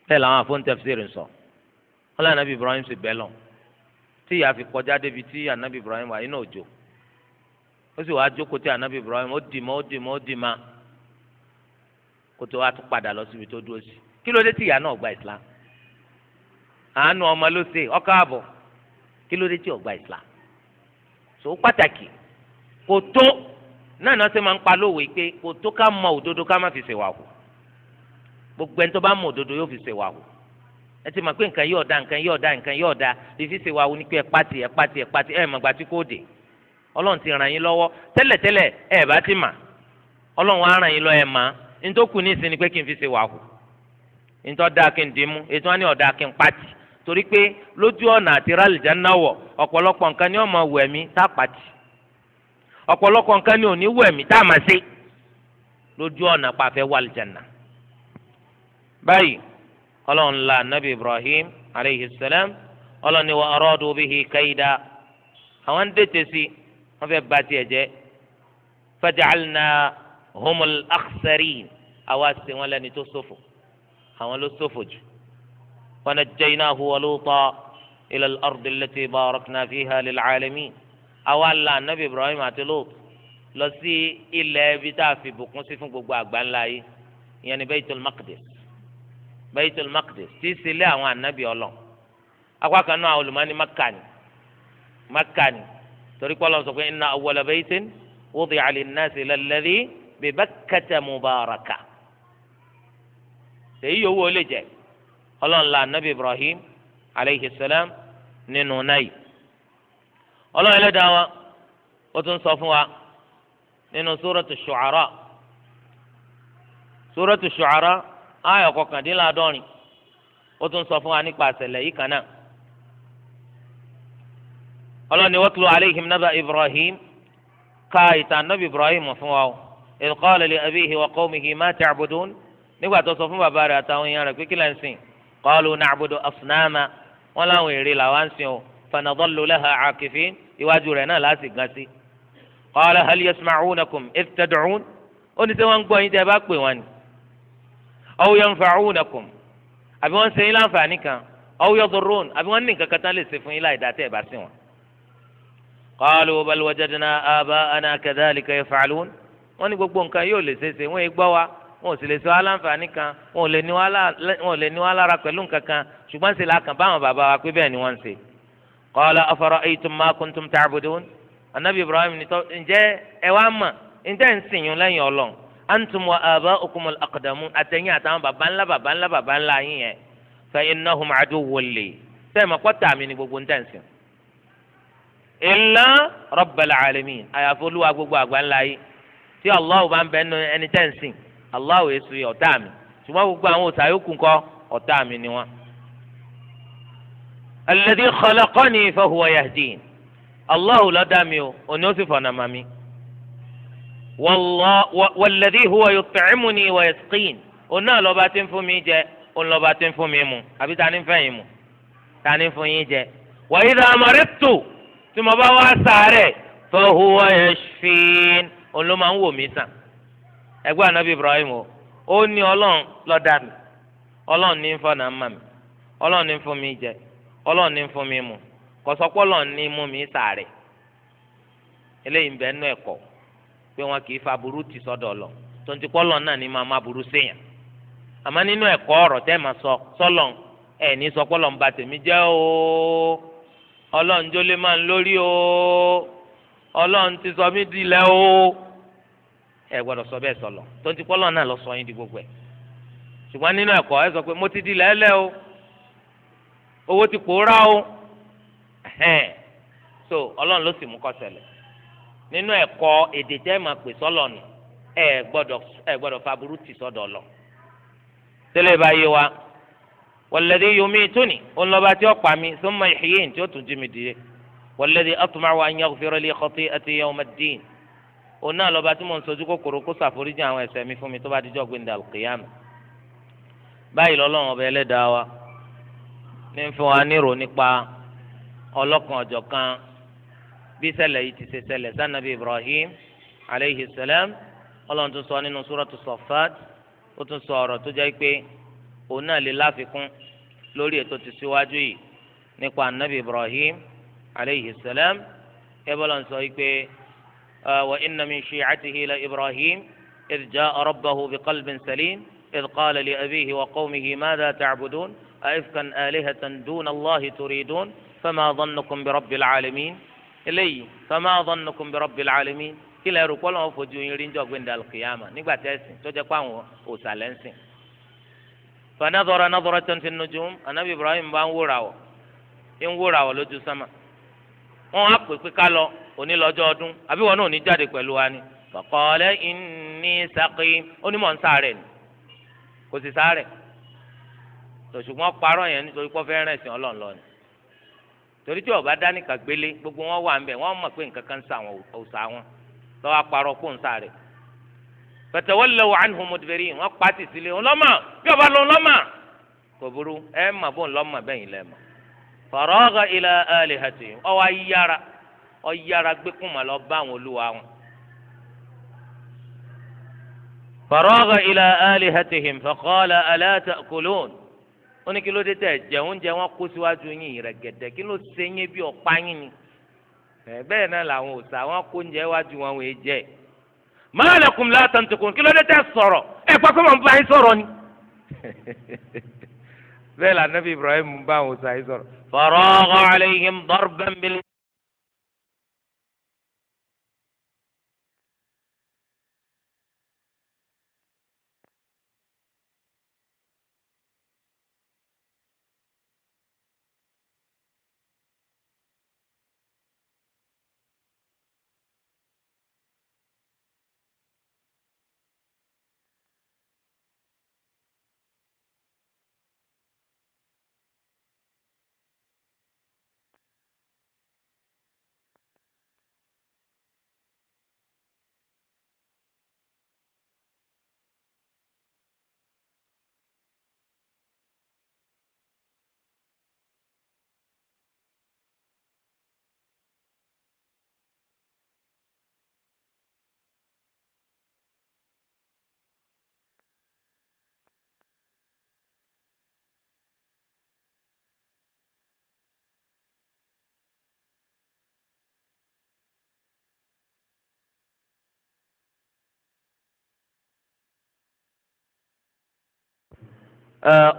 bẹ́ẹ̀ làwọn afọ́ntẹ́fẹ́sì rẹ̀ sọ wọ́n lé anabi Ibrahim sì bẹ́ẹ̀ lọ tí ìyá fi kọjá débi tí anabi Ibrahim wà iná òjò ó sì wá jókòó tí anabi Ibrahim ó dì mọ́ ó dì mọ́ ó dì má kótó wa tún padà lọ síbi tó dúró sí kí ló dé tí ìyá náà gba Islam àánú ọmọ ló ṣe ọkọ àbọ̀ kí ló dé tí ọgbà islam so pàtàkì kò tó náà náà ṣe máa ń pa lóòwe pé kò tó ká mọ òdodo ká má fi ṣèwà hù gbogbo ẹni tó bá mọ òdodo yóò fi ṣèwà hù ẹ ti mọ̀ pé nǹkan yóò da nǹkan yóò da nǹkan yóò da fífi ṣèwà hù ni pé ẹ pàtì ẹ pàtì ti ràn yín tẹlẹ tẹlẹ ẹ bá ti mà lọ ẹ mà ní ìsinmi pé kí n fi kí n torí pé lójú ọ̀nà àti rálìjà náà wọ̀ ọ̀pọ̀lọpọ̀ nǹkan ni ọmọ wù ẹ̀mí tá a pàtì ọ̀pọ̀lọpọ̀ nǹkan ni òní wù ẹ̀mí tá a mà ṣe lójú ọ̀nà pàfẹ́ wà lìjànà. báyìí ọlọ́run la nabi ibrahim aleyhi salam ọlọ́run ni wọ́n aradu bihi kaida àwọn ń dètè sí wọ́n fẹ́ ba tiẹ̀ jẹ́ faj'alna humul akhsarin àwa sì wọ́n lẹ́ni tó ṣòfò àwọn ló ṣòfò jù. ونجيناه ولوطا إلى الأرض التي باركنا فيها للعالمين أولا النبي إبراهيم أتلوط لسي إلا بتافي بقنصف بقبع لاي إيه. يعني بيت المقدس بيت المقدس تيسي لا وان النبي الله أقوى كانوا أول ماني مكاني مكاني تريك والله سبحانه إن أول بيت وضع للناس للذي ببكة مباركة سيئو ولجأ ọlọ́run la anabi ibrahim aleyhi salam nínú náyì ọlọ́run ẹlẹ́dàá wa ó tún sọ fún wa nínú sóràtù ṣùcárà sóràtù ṣùcárà ayọ̀ kọkàndínláàdọ́rin ó tún sọ fún wa nípa àṣẹlẹ̀ yìí kan náà ọlọ́run ni watlu alayhim naba ibrahim ka ìtàn anabi ibrahim fún wa o idh qala li abihi wa qawmihi ma ta'budun nígbà tó sọ fún bàbá rẹ̀ àtàwọn èèyàn rẹ̀ pé kí lẹ́yìn sìn qalu na'budu asnama wọn láwọn èrè làwọn ń sìn o fanadallu laha akifin iwájú rẹ̀ náà láti gan sí. qala hal yasma'unakum idh tad'un ó ní sẹ́ wọ́n ń gbọ́ yín tẹ́ ẹ bá pè wọ́n ni. aw yanfa'unakum àbí wọ́n ń ṣe yín láǹfààní kan aw yadurrun àbí wọ́n ní nǹkan kan tán lè ṣe fún yín láì dá tẹ́ ẹ bá sìn wọ́n. qalu bal wajadna aba'ana kadhalika yaf'alun wọ́n ní gbogbo nǹkan yóò lè ṣeéṣe wọ́n yìí gbọ́ wa wọn ò sì lè sọ aláǹfààní kan wọn ò lè ní wá lára pẹ̀lú nǹkan kan ṣùgbọ́n sì la kàn báwọn bàbá wa pé bẹ́ẹ̀ ni wọ́n ń ṣe. qala afara'aytum ma kuntum ta'budun anabi ibrahim ni tọ́ ǹjẹ́ ẹ wá mọ̀ ǹjẹ́ ń sìn yín lẹ́yìn ọlọ́run antum wa aba'ukum al-aqdamun àtẹ̀yìn àtàwọn bàbá ńlá bàbá ńlá bàbá ńlá yín yẹn fa aláwọ̀ èso ọ̀tá mi ṣùgbọ́n gbogbo àwọn òòṣà yòókù kọ́ ọ̀tá mi ni wọ́n. alladhi khalaqani fahuwa yahdin aláwọ̀ ló dá mi o òní ó sì fọ̀nà mà mí. walladhi huwa yut'imuni wa yasqin òun náà lọ́ba tí ń fún mi jẹ òun lọ́ba tí ń fún mi mu àbí ta ni ń fẹ́ yín mu ta ni ń fún yín jẹ. wa idha maridtu tí mo bá wá sàárẹ̀ fahuwa yashfin òun ló máa ń wò mí sàn. ẹgbẹ́ anabi ibrahim o ó ní ọlọ́run lọ́dà mi ọlọ́run ní fọ́nà mà mí ọlọ́run ní fún mi jẹ ọlọ́run ní fún mi mu kọ̀sọ́pọ̀ ọlọ́run ní mú mi sàárẹ̀ eléyìí ń nú ẹ̀kọ́ pé wọn kì fa burú ti sọ́dọ̀ náà ní máa má burú séèyàn àmọ́ nínú ẹ̀kọ́ ọ̀rọ̀ tẹ́ sọ ẹ̀ ní o ọlọ́run ẹ gbọ́dọ̀ sọ bẹ́ẹ̀ sọlọ tó ń ti kọ́ lọ́nà lọ sọ yín di gbogbo ẹ̀ ṣùgbọ́n nínú ẹ̀kọ́ ẹ sọ pé mo ti di lẹ́lẹ́ o owó ti pòórá o ẹ̀hẹ́n so ọlọ́run ló sì mú kó ṣẹlẹ̀ nínú ẹ̀kọ́ èdè tẹ́ máa pè sọ́lọ̀nù ẹ gbọ́dọ̀ ẹ gbọ́dọ̀ faburú ti sọ́dọ̀ lọ tẹ́lẹ̀ bá yé wa walladhi yumituni ńlọba tí ó pa mi summa yuhyin tí ó tún jí mi dìde walladhi atma'u an yaghfira li khati'ati yawma ad-din òun náà lọ́ba tí mo ń sojú kòkòrò kó ṣàforíjì àwọn ẹ̀ṣẹ̀ mi fún mi tó bá dijọ́ gbé ndàlù kìyàmù báyìí lọ́lọ́run ọba ẹlẹ́dàá wa ní fún wa nírò nípa ọlọ́kan ọ̀jọ̀kan bí ṣẹlẹ̀ yìí ti ṣe ṣẹlẹ̀ sanabi Ibrahim aleyhi salam ọlọ́run tún sọ nínú súrọ́tù sọ̀fàt ó tún sọ ọ̀rọ̀ tó jẹ́ pé òun náà lè láfikún lórí ètò ti síwájú yìí nípa anabi Ibrahim aleyhi salam ẹ bọ́lá ń sọ yìí pé. آه، وإن من شيعته لإبراهيم إذ جاء ربه بقلب سليم إذ قال لأبيه وقومه ماذا تعبدون أئفكا آلهة دون الله تريدون فما ظنكم برب العالمين إلي فما ظنكم برب العالمين كلا إلى ركول وفجو يرينجو عند القيامة فنظر نظرة في النجوم النبي إبراهيم بان وراو إن وراو لجو سما وعقو يقول òní ọdụn ọdún àbí wọn náà ní jáde pẹ̀lú wa ni faqala inni saqim ó ń sáré ni kò sì sáré parọ́ yẹn nítorí sí ọlọ́run torí tí ọba gbogbo wọn wà ń wọn mọ̀ pé nǹkan kan ń sa àwọn òòsà wọn lọ́wọ́ parọ́ kó ń sáré fatawallaw anhu mudbirin wọn pàtì sílé wọn bí ọba lọ kò burú ẹ mà bó ọ̀yára gbé kùmà lọ bá àwọn olúwa wọn. faragha ila alihatihim faqala ala ta'kulun ó ní kí ló dé tẹ̀ jẹ oúnjẹ wọn kó síwájú yín ìrẹ̀gẹ̀dẹ̀ kí ló ṣe yín bí ọ̀pá yín ni bẹ́ẹ̀ náà làwọn òòsà wọn kó oúnjẹ wájú wọn wòye jẹ́ ma lakum la tantiqun kí ló dé tẹ̀ sọ̀rọ̀ ẹ̀ pàkó mọ̀ bá yín sọ̀rọ̀ ni bẹ́ẹ̀ la nabi ibrahim bá àwọn òòsà yín sọ̀rọ̀ faragha alayhim darban bil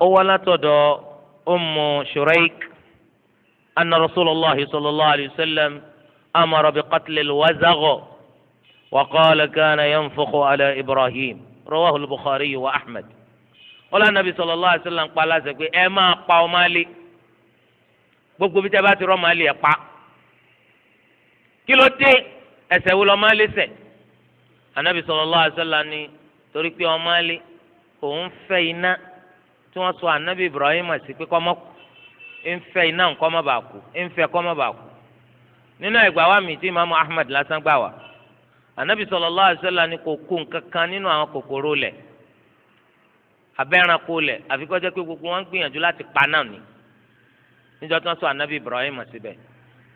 ó wá látọ̀dọ̀ Ummu Shuraik anna Rasulullah sallallahu alayhi wa sallam amara bi qatli al-wazagh wa qala kana yanfukhu ala Ibrahim rawahu al-Bukhari wa Ahmad wọ́n nàbí sallallahu alayhi wa sallam pa aláṣẹ pé ẹ máa pa ọmọ alẹ́ gbogbo bí tẹ́ bá ti rọ́ ọmọ alẹ́ ẹ̀ pa kí ló dé anabi sallallahu alayhi wa sallam ni torí pé ọmọ alẹ́ òun fẹ́ iná tí wọ́n sọ anabi ibrahim sí pé kọ́mọ́ ńfẹ́ iná kọ́mọ́ bá kú ńfẹ́ kọ́mọ́ bá kú nínú ẹgbà wa mi tí imaamu ahmed lásán gbà wá anabi sallallahu alaihi wasallam ni kò kú nkankan nínú àwọn kòkòrò lẹ̀ abẹ́ranko lẹ̀ àfi kọ́jọ́ pé gbogbo wọn gbìyànjú láti pa náà ni níjọ́ tí wọ́n sọ anabi ibrahim síbẹ̀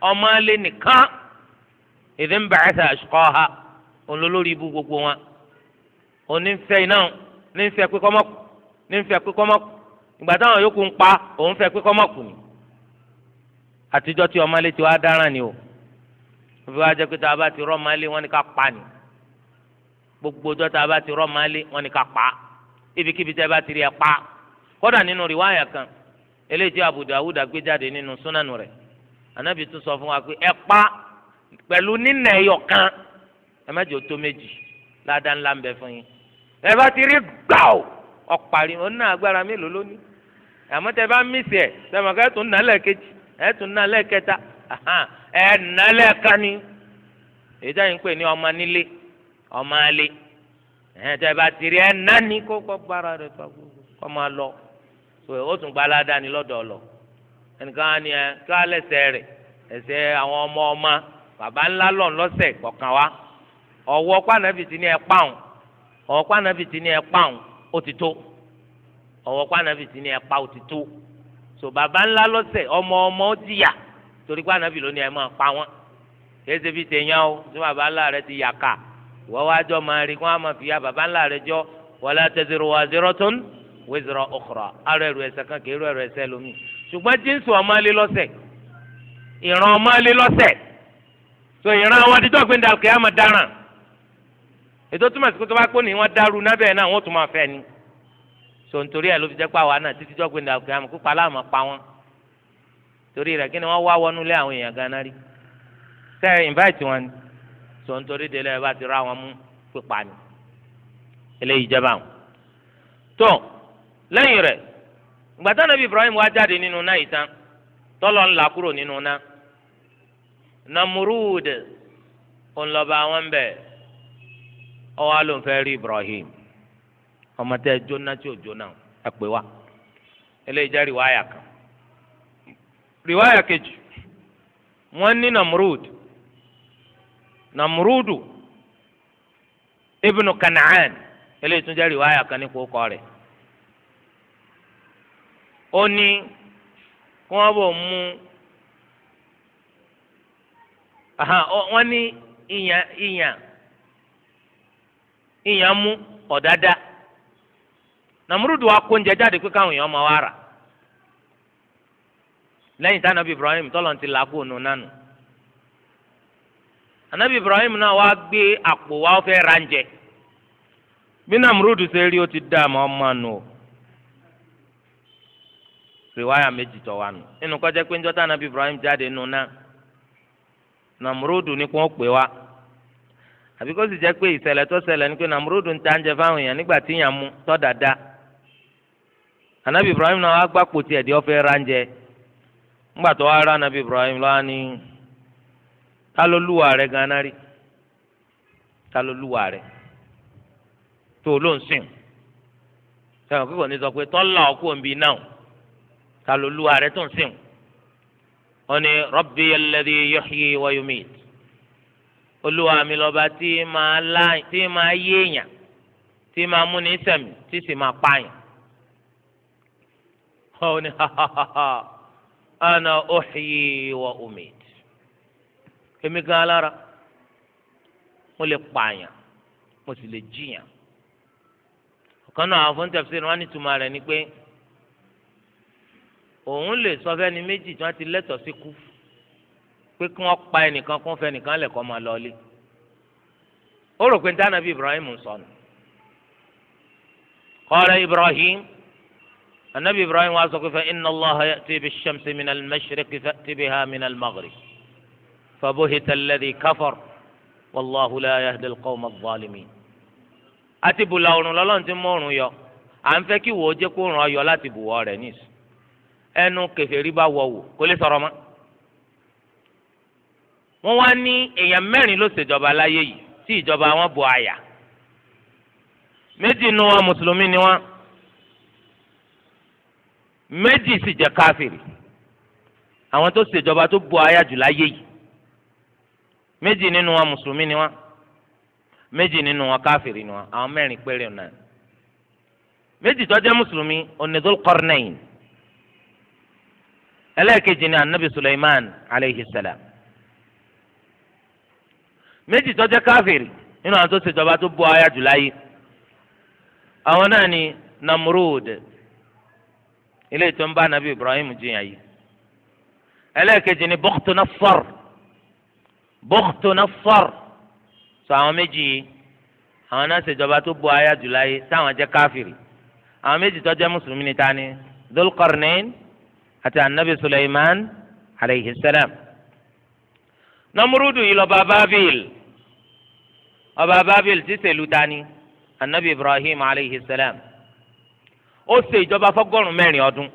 ọmọ alẹ́ nìkan idh inba'atha ashqaha olólórí ibú gbogbo wọn onífẹ́ iná onífẹ́ pé kọ́mọ́kù ní ń fẹ́ pé kọ́mọ́kù ìgbà táwọn yòókù ń pa òun fẹ́ pé kọ́mọ́kù ni àtijọ́ tí ọmọ ilé ti wá dáràn ni o òfin wa jẹ́ pé tá a bá ti rọ́ ọmọ ilé wọn ni ká pa ni gbogbo ọjọ́ tá a bá ti rọ́ ọmọ ilé wọn ni ká pa ibikíbi tá a bá ti rí ẹ pa kódà nínú rìwáyà kan eléyìí tí Abu Dawud gbé jáde nínú súnánù rẹ̀ Ànábì tún sọ fún wa pé ẹ pa pẹ̀lú nínà ẹyọ kan ẹ má jẹ́ ó tó méjì ládàá ńlá ń bẹ fún yín ẹ bá ti rí gbáò. ọ̀parí òun náà agbára mélòó lónìí àmọ́ tẹ bá mísì ẹ̀ sẹ́wọ̀n kẹ́ tún nálẹ̀ kejì ẹ̀ tún nálẹ̀ kẹta nálẹ̀ kání èyí pè ní ọmọ nílé ọmọ tẹ bá nání kó kọ́ gbára kọ́ lọ ó tún gba ni lọ́dọ̀ ẹnìkan á ní ẹ kí wàá lẹ́sẹ̀ rẹ̀ ẹsẹ̀ àwọn ọmọ ọmọ bàbá ńlá lọ́sẹ̀ kọ̀ọ̀kan wa ọ̀wọ́ kwanabi ẹ kwanabi ó ti tó ọwọ́ kwanabi ti ní ẹpa ó ti tó so baba ńlá lọ́sẹ̀ ọmọ ọmọ ó jìyà torí kwanabi ló ní ẹ máa pa wọn kéésì fi tèèyàn o tí baba ńlá rẹ ti yà ká ìwọ wá jọ máa rí kí wọn máa fi ya baba ńlá rẹ jọ wala taziru waziratun wizra ukhra arọ ẹrù ẹsẹ kan kì í rọ ẹrù ẹsẹ lómi ṣùgbọ́n jíǹsì ọmọ alẹ́ lọ́sẹ̀ ìran ọmọ alẹ́ lọ́sẹ̀ so ìran àwọn adijọ́ gbẹ̀ndàkẹ́ àmọ̀ ètò túmọ̀ sí pé tó bá pé ní wọ́n dárú nábẹ́ náà wọ́n tún máa fẹ́ ni so nítorí ẹ̀ ló fi jẹ́ pé àwa náà títí jọ́gbìn ní àgbẹ̀ àmọ́ pípa aláàmọ́ pa wọ́n torí rẹ̀ kí ni wọ́n wá wọnú lé àwọn èèyàn gan rí tẹ́ invite wọn ni so nítorí délé ẹ bá ti rá wọn mú pípa ni eléyìí jẹba wọn. tó lẹ́yìn rẹ̀ gbàtà nàbí Ibrahim wá jáde nínú náà yìí tán ńlá kúrò nínú náà Namurud ńlọba wọn bẹ́ẹ̀ ọwọ́ ló ń fẹ́ rí Ibrahim ọmọ tẹ́ jóná tí ò jóná ẹ pè wá eléyìí jẹ́ rìwáyà kan rìwáyà kejì wọ́n ní Namrud Namrudu ibnu Kanaan eléyìí tún jẹ́ rìwáyà kan ní kókó rẹ̀ ó ní kí wọ́n bò mú wọ́n ní ìyàn ìyàn ìyàn mú ọ̀dádá nàmúrúdù wa kó oúnjẹ jáde pé káwọn èèyàn máa wá rà lẹ́yìn tá nàbí Ibrahim tọ́lọ̀ ti làákù ònú nánu ànábì Ibrahim náà wá gbé àpò wa ó fẹ́ ra ń jẹ bí nàmúrúdù ṣe rí ó ti dá àmọ́ ọmọ nù rìwáyà méjì tọ̀ wá nù nínú kọjá pé ń jọ́tà nàbí Ibrahim jáde nù náà nàmúrúdù ni kò ń pè wá àbí kó sì jẹ́ pé ìṣẹ̀lẹ̀ tó ṣẹlẹ̀ ni pé nàmúrúdù ń ta oúnjẹ fáwọn èèyàn nígbà tí yàn mú tọ́ dáadáa anabi ibrahim náà wá gbà kpò tiẹ̀ di ọ̀fẹ́ ránjẹ ńgbà tó wá rà anabi ibrahim lọ́wọ́ ni ta ló lúwa rẹ̀ gan-an rí ta ló lúwa rẹ̀ tó ló ń sìn sẹ́wọ̀n kíkọ́ ní sọ pé tọ́lá ọkú òǹbí náà ta ló lúwa rẹ̀ tó ń sìn ó ní rabbi alladhi yuhyi wa yumit olúwa mi lọ́ba tí máa lá tí máa yé èèyàn tí máa mú ní sẹ̀mí tí sì máa pààyàn. ó ní ana uhyi wa umid èmi gan alára mo lè pààyàn mo sì lè jiyàn. ọ̀kan náà àwọn fún tafsir wọn ní tùmọ̀ rẹ̀ ni pé òun lè sọ fẹ́ni méjì tí wọ́n ti lẹ́tọ̀ọ́ sí kú pé kí wọ́n pa ẹnìkan kó fẹ́ nìkan lẹ̀kọ́ máa lọ ilé ó rò pé dáná bí Ibrahim ń sọnù qala Ibrahim anabi Ibrahim wa sọ pé fa inna Allaha ya'ti bish-shamsi min al-mashriqi fa'ti biha min al-maghrib fa buhita alladhi kafar wallahu la yahdi al-qawma adh-dhalimin àti bùlà òrùn lọ́lọ́run ti mú òrùn yọ à ń fẹ́ kí wò ó jẹ́ kó òrùn ọyọ láti bùwọ́ rẹ̀ níìsín ẹnu kẹfẹ́ rí bá wọ̀ wò kó sọ̀rọ̀ mọ́ wọ́n wá ní èèyàn mẹ́rin ló ṣèjọba láyé yìí tí ìjọba wọn bò àyà méjì nu wọn mùsùlùmí ni wọn méjì sì jẹ́ káfìrì àwọn tó ṣèjọba tó bò àyà jù láyé yìí méjì nínú wọn mùsùlùmí ni wọn méjì nínú wọn káfìrì ni wọn àwọn mẹ́rin péré náà méjì tó jẹ́ mùsùlùmí onidul qarnayn ẹlẹ́ẹ̀kejì ni anabi suleiman aleyhi salam méjì tó jẹ́ káfíìrì nínú àwọn tó ṣèjọba tó bọ́ aya jù láyé àwọn náà ni namrud ilé tó ń bá nabi ibrahim jiyàn yìí ẹlẹ́ẹ̀kejì ni bukhtu nassar bukhtu nassar sọ àwọn méjì yìí àwọn náà ṣèjọba tó bọ́ aya jù láyé táwọn jẹ́ káfíìrì àwọn méjì tó jẹ́ mùsùlùmí ni ta ni dulqarnain àti anabi suleiman aleyhi salam nọmúrúdù yìí lọ́ba bábìl ọba bábìl ti ṣèlú dání anabi ibrahim aleyhi salam ó ṣe ìjọba fọ́gọ́rùn mẹ́rin ọdún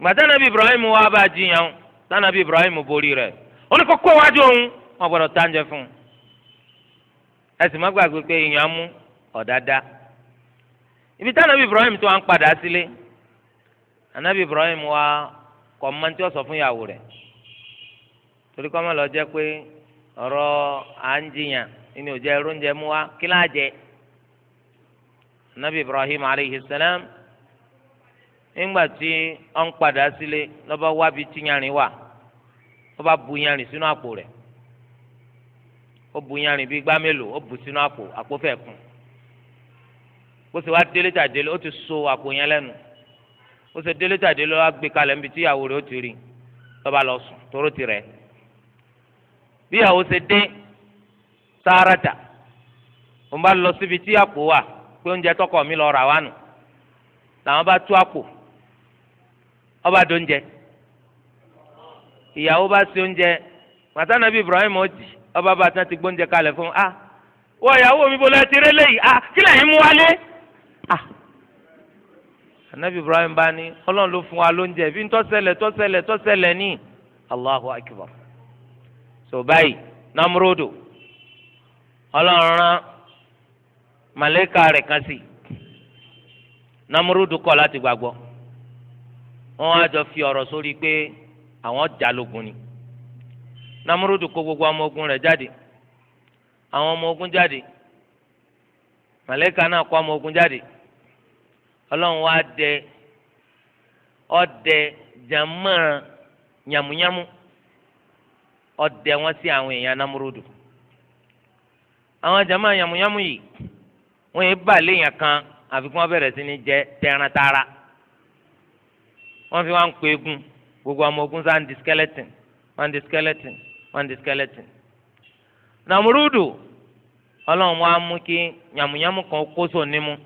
gbàtà nàbí ibrahim wà bá jiyàn tànàbí ibrahim borí rẹ̀ oníkókó wájú òun wọn gbọ́dọ̀ tánjẹ fún un ẹsìn má gbàgbé pé ìyàn mú ọ̀dádá ibi tànàbí ibrahim tó wà ń padà sílé anabi ibrahim wà kọ́ mọ́ntí ọ̀sọ̀ fún ìyàwó rẹ̀ torí kọ́ mọ́ lọ jẹ́ pé ọ̀rọ̀ à ń jiyàn nínú òjò ẹrú mú wa kí láà jẹ anabi ibrahim aleyhi salam nígbà tí ó ń padà sílé lọ́ba wábi tí yanrìn wà lọ́ba bu yanrìn sínú àpò rẹ̀ ó bu yanrìn bíi gbá mélòó ó bu sínú àpò àpò fẹ̀ kùn bó ṣe wá délé tàdélé ó ti so àpò yẹn lẹ́nu ó ṣe délé tàdélé ó wá gbé kalẹ̀ níbi tí ìyàwó rẹ̀ ó ti rí lọ́ba lọ sùn tóró ti rẹ̀ ẹ́ bí ìyàwó ṣe dé sáárátà mo bá lọ síbi tí àpò wà pé oúnjẹ tọkọ mi lọ rà wá nù làwọn bá tú àpò ọba dóúnjẹ ìyàwó bá ṣe oúnjẹ màtánà bí Ibrahim ọjì ọba bá tán ti gbóúnjẹ kalẹ̀ fún ah wọ ìyàwó mi bọ́lá ti rélé yìí ah kí lẹ́yìn mú wálé ah anabi Ibrahim bá ní ọlọ́run ló fún wa lóúnjẹ bí ń tọ́sẹ̀lẹ̀ tọ́sẹ̀lẹ̀ tọ́sẹ̀lẹ̀ ní Allahu Akbar. so báyìí namurodo ọlọ́run rán màlẹ́kà kan si namurodo kọ láti gbàgbọ́ wọ́n á jọ fi ọrọ sórí pé àwọn jalógun ni namurodo kó gbogbo ọmọ ogun rẹ jáde àwọn ọmọ ogun jáde màlẹ́kà náà kó ọmọ ogun jáde ọlọ́run wá dẹ ọdẹ jàmọ́ yàmúyàmú. Yamu ọdẹ wọn sí àwọn èèyàn namurudu àwọn jama yamuyamu yìí wọn yìí bá léèyàn kan àfi kí sí ní jẹ tẹran tara wọn fi wọn pe egun gbogbo àwọn ogun sáà ń di skeleton wọn di skeleton wọn di skeleton namurudu Ọlọ́run wa mú kí yamuyamu kan kó sọ nímú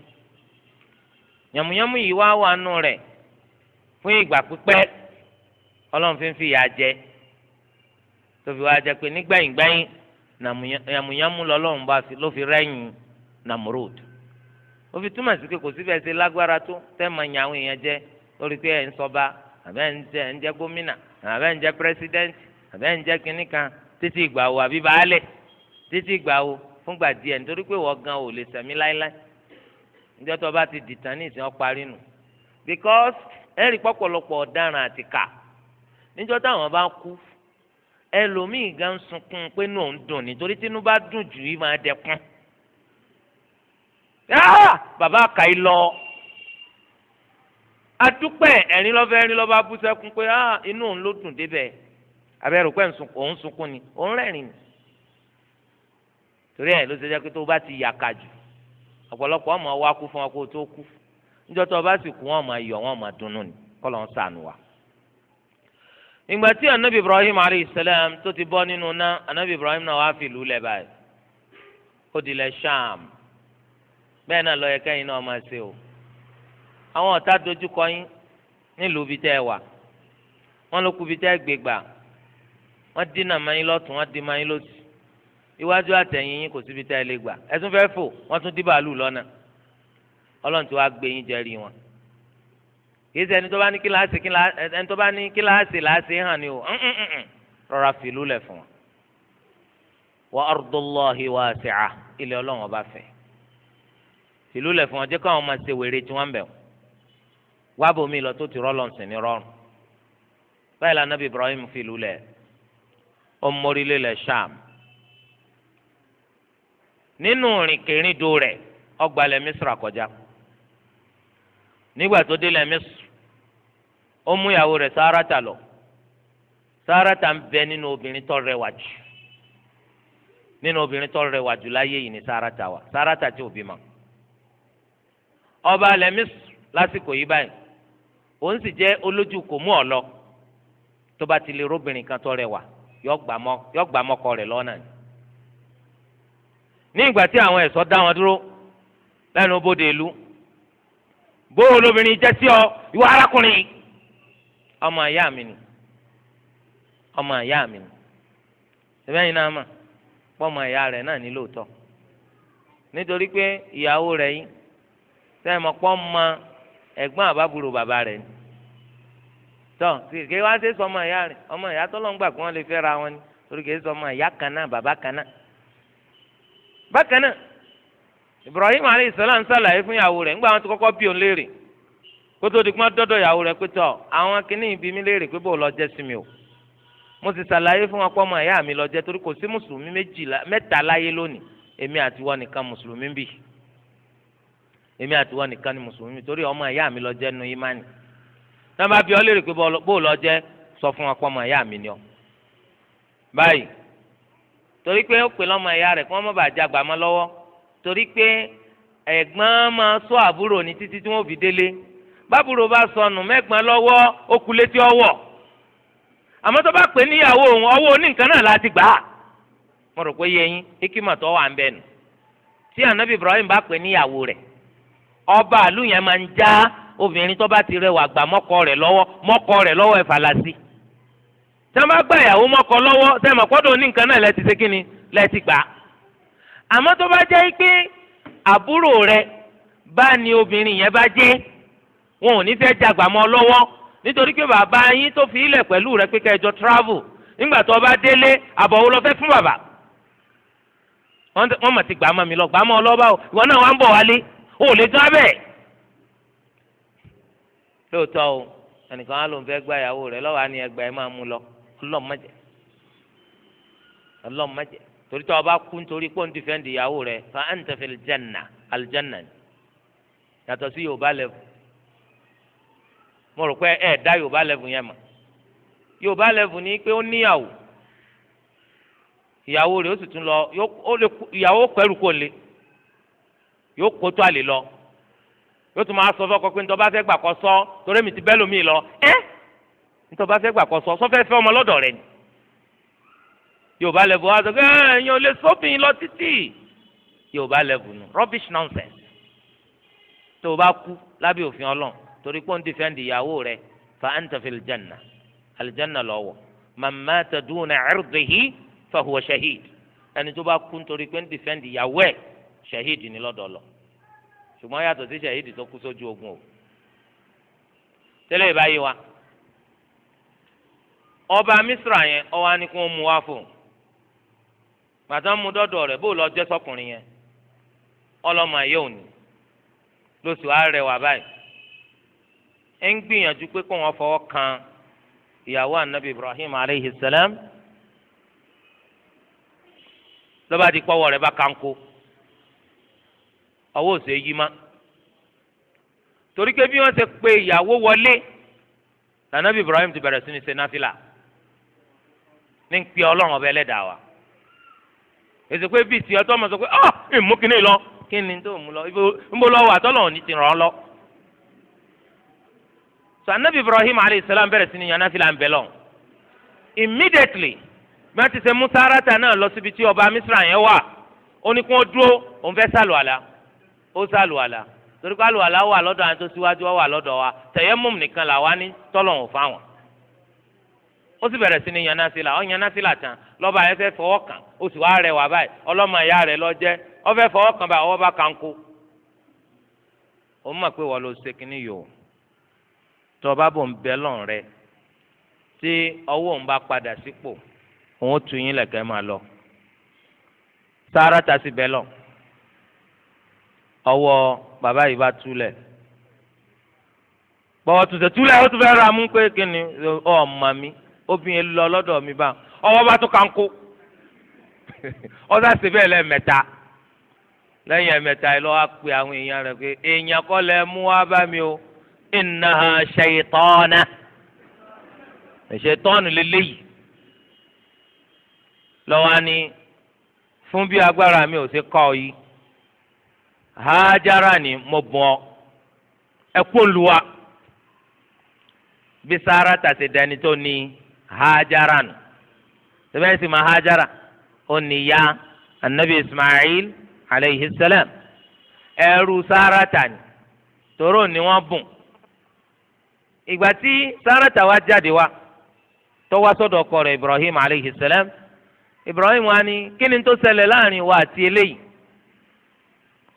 yamuyamu yìí wá wà nù rẹ̀ fún ìgbà pípẹ́ Ọlọ́run fi ń fi ìyà jẹ tóbi wá jẹ pé nígbàyìngbàyìn yàmùyàmù lọ́lọ́run bá ló fi rẹ́yìn namrud ó fi túmọ̀ sí pé kò síbẹ̀ ṣe lágbára tó tẹ́ máa yan àwọn èèyàn jẹ lórí pé ẹ̀ ń sọba àbẹ́ ń jẹ ń jẹ gómìnà àbẹ́ ń jẹ pírẹsidẹ́ǹtì àbẹ́ ń jẹ kínní kan títí ìgbà wo àbí baálẹ̀ títí ìgbà wo fúngbà díẹ̀ nítorí pé wọ́n gan ò lè sẹ̀mí láéláé níjọ́ tó bá ti dìtàn ní ìsìn ọparí nù because ẹ̀rí pọ̀pọ̀lọpọ̀ ọ̀daràn àtìkà níjọ́ táwọn bá kú ẹlòmíì gan sunkún pé inú òun dùn nítorí tínú bá dùn jù yìí máa dẹkun bàbá àkàí lọ adúpẹ́ ẹ̀rín lọ́fẹ́ ẹ̀rín lọ́ba bú sẹ́kún pé inú òun ló dùn débẹ̀ abẹ́rù pé òun sunkún ni òun rẹ́rìn ni torí ẹ̀ ló ṣe jẹ́ pé tó bá ti yàkà jù ọ̀pọ̀lọpọ̀ ọmọ wa kú fún wa kó tó kú níjọ́ tó o bá sì kú wọn máa yọ̀ wọn máa dunnú ni kọ́ ló ń sànù wa ìgbà tí anabi ibrahim aleyhisselam tó ti bọ́ nínú ná anabi ibrahim náà wàá fi ìlú lẹ̀ báyìí ó di lẹ̀ sham bẹ́ẹ̀ náà lọ́ọ́ yẹ kẹ́yìn náà máa ṣe o àwọn ọ̀tá dojú kọ yín nílùú bíi tẹ́ ẹ wà wọ́n ló kú bíi tẹ́ ẹ gbé gbà wọ́n dínà máa yín lọ́tún wọ́n dín máa yín lọ́sì iwájú àtẹ̀yìn yín kò síbi tẹ́ ẹ lè gbà ẹ tún fẹ́ fò wọ́n tún dí bàálù lọ́nà ọlọ́run ti wá gbé yín jẹ́rìí wọn kì í ṣe ẹni tó bá ní kíláàsì ẹni tó bá ní kíláàsì láàsì hàn ni o mm, mm, mm, rọra fìlú lẹ̀ fún wa. wa ardullahi wasi'a ilẹ̀ ọlọ́run ọba fẹ̀ fìlú lẹ̀ fún wa jẹ́ káwọn máa ṣe wèrè tí wọ́n ń bẹ̀ wọ́n wá bomi lọ tó ti rọ́lọ́ sìn ní rọrùn báyìí la Nabi Ibrahim fìlú lẹ̀ ọmọrílẹ̀ lẹ̀ Sham nínú rìnkèrìndò rẹ̀ ọgbà lẹ̀ Misra kọjá nígbà tó dé lẹ̀ ó mú ìyàwó rẹ̀ sáràtà lọ sáràtà ń bẹ nínú obìnrin tó rẹwà jù nínú obìnrin tó rẹwà jù láyé yìí ni sáràtà wà sáràtà tí ò bímọ ọba alẹ́ mísù lásìkò yìí báyìí òun sì jẹ́ olójú kò mú ọ lọ tó bá ti lè yọ gbà mọ́kọ rẹ̀ lọ́nà ni ìgbà tí àwọn dá wọn dúró lẹ́nu ìlú jẹ́ ọ arákùnrin ọmọ ìyá mi nù ọmọ ìyá mi nù ṣẹbẹ́yìn náà mà pọ́mọ ìyá rẹ̀ náà ní lóòótọ́ nítorí pé ìyàwó rẹ̀ yìí sẹ́yìn mọ́ pọ́mọ ẹ̀gbọ́n bàbá rẹ̀ ni tọ́ kìkì wá sí sọmọ ìyá rẹ̀ ọmọ ìyá ń gbà kí wọ́n lè fẹ́ ra wọn ni torí sọmọ ìyá kan náà bàbá kan náà bákan náà Ibrahim alayhi fún ìyàwó rẹ̀ ńgbà wọn ti kọ́kọ́ bí òun kótó di kuma dọdọ yàwó rẹ pé tọ àwọn kìnnìún ibi mi léèrè pé bó lọ jẹ sí mi o mo sì ṣàlàyé fún wọn pé ọmọ ẹ̀yà mi lọ jẹ torí kò sí mùsùlùmí méjìlá mẹ́ta láyé lónìí èmi àti wọn nìkan mùsùlùmí bì èmi àti wọn nìkan ni mùsùlùmí torí ọmọ ẹ̀yà mi lọ jẹ nu imani náà bá bí ọ léèrè pé bó lọ jẹ sọ fún wọn pé ọmọ ẹ̀yà mi ni ọ báyìí torí pé ó pè lọ́mọ ẹ̀yà rẹ̀ kí wọ́n má bàa jagbà mọ́ bábùrò bá sọnù mẹ́gbọ́n lọ́wọ́ ó ọwọ́ àmọ́ tó bá pè níyàwó òun ọwọ́ náà láti gbà á mo rò pé yẹyin nù tí anabi Ibrahim bá pè níyàwó rẹ̀ ọba àlù yẹn máa ń já obìnrin tó bá ti rẹwà gbà mọ́kọ rẹ̀ lọ́wọ́ mọ́kọ rẹ̀ lọ́wọ́ tí wọ́n bá gbà ìyàwó mọ́kọ lọ́wọ́ náà lẹ́ti ṣe lẹ́ti gbà á àmọ́ tó yẹn bá wọn ò ní fẹ́ jàgbà mọ́ lọ́wọ́ nítorí pé bàbá yín tó fi ilẹ̀ pẹ̀lú rẹ pé kẹjọ travel nígbà tó bá délé àbọ̀wò lọ fẹ́ fún bàbá wọ́n mà ti gbà mọ́ mi lọ gbà mọ́ ọlọ́ba o ìwọ náà wà ń bọ̀ wálé o ò lè tọ́ abẹ́ lóòótọ́ o ẹnìkan á ló ń fẹ́ gba ìyàwó rẹ lọ́wọ́ á ní ẹgbà ẹ máa mú lọ ọlọ́mọdé ọlọ́mọdé torí tí wọ́n bá kú nítorí pé ó ń dìfẹ́ǹdì ìyàwó rẹ fa anta fil janna aljanna yàtọ̀ sí yorùbá lẹ́fù mo rò pé ẹ dá yorùbá level yẹn mọ̀ yorùbá level ni pé ó níyàwó ìyàwó rẹ̀ ó sì tún lọ ìyàwó pẹ̀lú kò le yóò kó tó àlè lọ yóò tún máa sọ fọkọ pé nítorí bá fẹ́ gbà kọ sọ torí mi ti bẹ́ lómi lọ ẹ́ nítorí bá fẹ́ gbà kọ sọ sọfẹ́ fẹ́ ọmọ lọ́dọ̀ rẹ̀ ni yorùbá level wa sọ pé ẹ̀yin ò lè sófin lọ títì yorùbá level nù rubbish nonsense tó o bá kú lábẹ́ òfin ọlọ́run torí pé ó ń dìfẹ́ǹdì ìyàwó rẹ̀ fa anta fil janna aljanna lọ wọ̀ man mata duna irdihi fa huwa shahid ẹni tó bá kú nítorí pé ń dìfẹ́ǹdì ìyàwó ẹ̀ shahid ni lọ́dọ̀ lọ ṣùgbọ́n yàtọ̀ sí shahid tó kú sójú ogun o tẹ́lẹ̀ ìbáyé wa ọba misra yẹn ó wá ní wá fún gbàtà mú dọ́dọ̀ rẹ̀ bó lọ jẹ́ sọkùnrin yẹn ọlọ́mọ ayé òní lóṣù àárẹ̀ wà báyìí ń gbìyànjú pé kó wọn fọwọ́ kan ìyàwó anabi ibrahim aleyhi salam lọ́ba di pọ́wọ́ rẹ̀ bá kanko ọwọ́ òsè yí torí bí wọ́n ṣe pé ìyàwó wọlé anabi ibrahim ti bẹ̀rẹ̀ sí ní ní pí ọlọ́run ọba ẹlẹ́dàá wa èsì pé bíi ah, kínní lọ kí ni lọ ibo ní ti lọ. so anabi ibrahim alayhi salam bẹ̀rẹ̀ sí ni yan nafila ń bẹ lọ immediately bí wọ́n ti ṣe musa arata náà lọ síbi tí ọba misra yẹn wà ó ní kí wọ́n dúró òun fẹ́ sàlùwàlà ó sàlùwàlà torí pé àlùwàlà wà lọ́dọ̀ àwọn tó síwájú wà lọ́dọ̀ wa tẹ̀yẹ́mùm nìkan là wá ní tọ́lọ̀hún fáwọn ó sì bẹ̀rẹ̀ sí ni yan nafila ó yan nafila tán lọ́ba yẹn fẹ́ fọwọ́ kàn ó sì wá rẹ̀ wá báyìí ọlọ́mọ ìyá rẹ̀ lọ jẹ́ ó fẹ́ fọwọ́ kàn báyìí ọwọ́ bá kanko òun mọ̀ pé wọ́n tọba bò ń bẹ lọ́n rẹ tí ọwọ́ òun bá padà sípò òun tún yín lẹ̀kẹ́ máa lọ sáárà ta sí bẹ́ẹ̀ lọ ọwọ́ bàbá yìí bá túlẹ̀ bọ́wọ́ tún ṣe túlẹ̀ ó tún fẹ́ ra mú pé kí ni ọmọ mi obìnrin lọ lọ́dọ̀ mi bá ọwọ́ bá tún kankó ọ̀sán sì bẹ́ẹ̀ lẹ́yìn ẹ̀mẹ́ta ẹ lọ́wọ́ á pe àwọn èèyàn rẹ̀ pé èèyàn kọ́ lẹ mú wá bá mi o ìnáha ṣèyítọ́nà ṣèyítọ́nù lélẹ́yìí lọ́wọ́ ni fún bí agbára mi ò ṣe kọ́ ọ yìí hájára ni mo bọ̀ ẹ kó luwa bí sára tàṣẹ dání tó ní hájára nù sẹ́fẹ́ sì máa hájára ó ní ya anabi ismail aleyhi salam ẹrú sára tani tóró ni wọ́n bùn ìgbà tí Sárátà wá jáde wá tó wá sọ́dọ̀ ọkọ rẹ̀ Ibrahim aleyhi salam Ibrahim wá ní kí ni tó ṣẹlẹ̀ láàrin wa àti eléyìí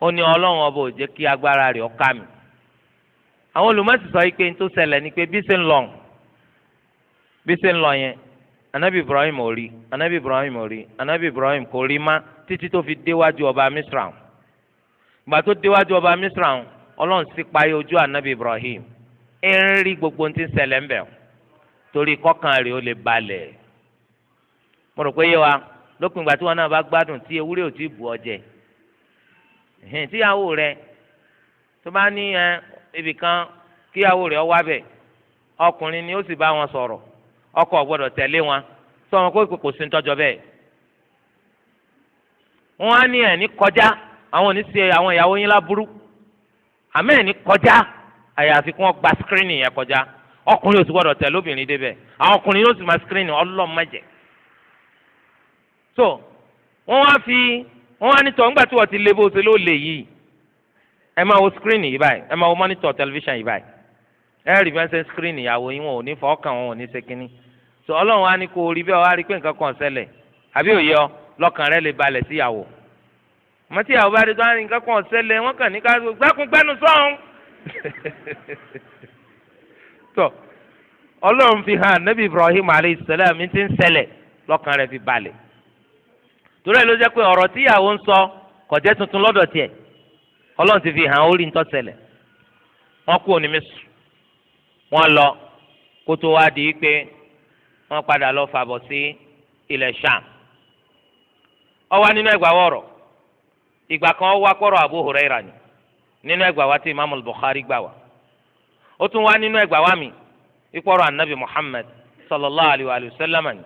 ó ní Ọlọ́run ọba ò jẹ́ kí agbára rẹ̀ ọ̀ka mi àwọn olùmọ̀sí sọ yìí pé ní tó ṣẹlẹ̀ ni pé bí ṣe ń lọ bí ṣe ń lọ yẹn anabi Ibrahim ò rí anabi Ibrahim ò rí anabi Ibrahim kò rí má títí tó fi déwájú ọba Misra ìgbà tó déwájú ọba Misra Ọlọ́run sì payé ojú anabi Ibrahim ń rí gbogbo ohun tí ń ṣẹlẹ̀ ń bẹ̀ torí kọ́kàn rẹ̀ ó lè balẹ̀ mo rò pé yé wa lópin ìgbà tí wọn náà bá gbádùn tí ewúrẹ́ ò tí ì bù ọ jẹ ẹ̀hìn tíyàwó rẹ̀ tó bá ní ẹ ibìkan kíyàwó rẹ̀ ọ wá bẹ̀ ọkùnrin ni ó sì bá wọn sọ̀rọ̀ ọkọ gbọ́dọ̀ tẹ̀lé wọn sọ wọn kó kò sí tọjọ bẹ́ẹ̀ wọn á ní ẹ ní kọjá àwọn ò ní ṣe àwọn ìyàwó yín láburú àmẹ ẹ ní kọjá àyàfi kí wọ́n gba skírínì yẹn kọjá ọkùnrin ò sì gbọ́dọ̀ tẹ̀ lóbìnrin débẹ̀ àwọn ọkùnrin yóò sì máa skírínì ọlọ́mọdé so wọ́n wá fi wọ́n wá nítọ̀ ńgbà tí wọ́n ti lé bó ṣe ló lè yìí ẹ máa wo skírínì yìí báyìí ẹ máa wo mọ́nítọ̀ tẹlifíṣàn yìí báyìí ẹ rí bẹ́ẹ̀ ṣe skírínì ìyàwó yín wọn ò ní fọ́ọ̀kàn wọn ò ní ṣe kínní so ọlọ́run wá ní kó o rí bẹ́ẹ̀ wá rí pé nǹkan kan ṣẹlẹ̀ àbí òye ọ lọ́kàn rẹ lè balẹ̀ síyàwó mọ́tíyàwó bá rí tó wá ní nǹkan kan ṣẹlẹ̀ wọ́n kàn ní ká gbákùn gbẹ́nu sọ́hún tọ ọlọ́run fi hàn nabi ibrahim alayhi salam ti ń ṣẹlẹ̀ lọ́kàn rẹ̀ fi balẹ̀ torí ẹ̀ ló jẹ́ pé ọ̀rọ̀ tíyàwó ń sọ kò jẹ́ tuntun lọ́dọ̀ tiẹ̀ ọlọ́run ti fi hàn ó rí ń tó ṣẹlẹ̀ wọ́n kú òní mẹ́sù wọ́n lọ kó tó wá di pé wọ́n padà lọ fàbọ̀ sí ilẹ̀ sham Ọ wà nínú ẹgbàá wọ̀rọ̀ ìgbà kan ó wá kọ́rọ̀ Abu Hurairah nínú ẹgbàá wa tí imaamu bukhari gbà wá ó tún wá nínú ẹgbàá wa mi ìkpọ́rọ̀ anabi muhammad sallallahu alayhi wa sallam ni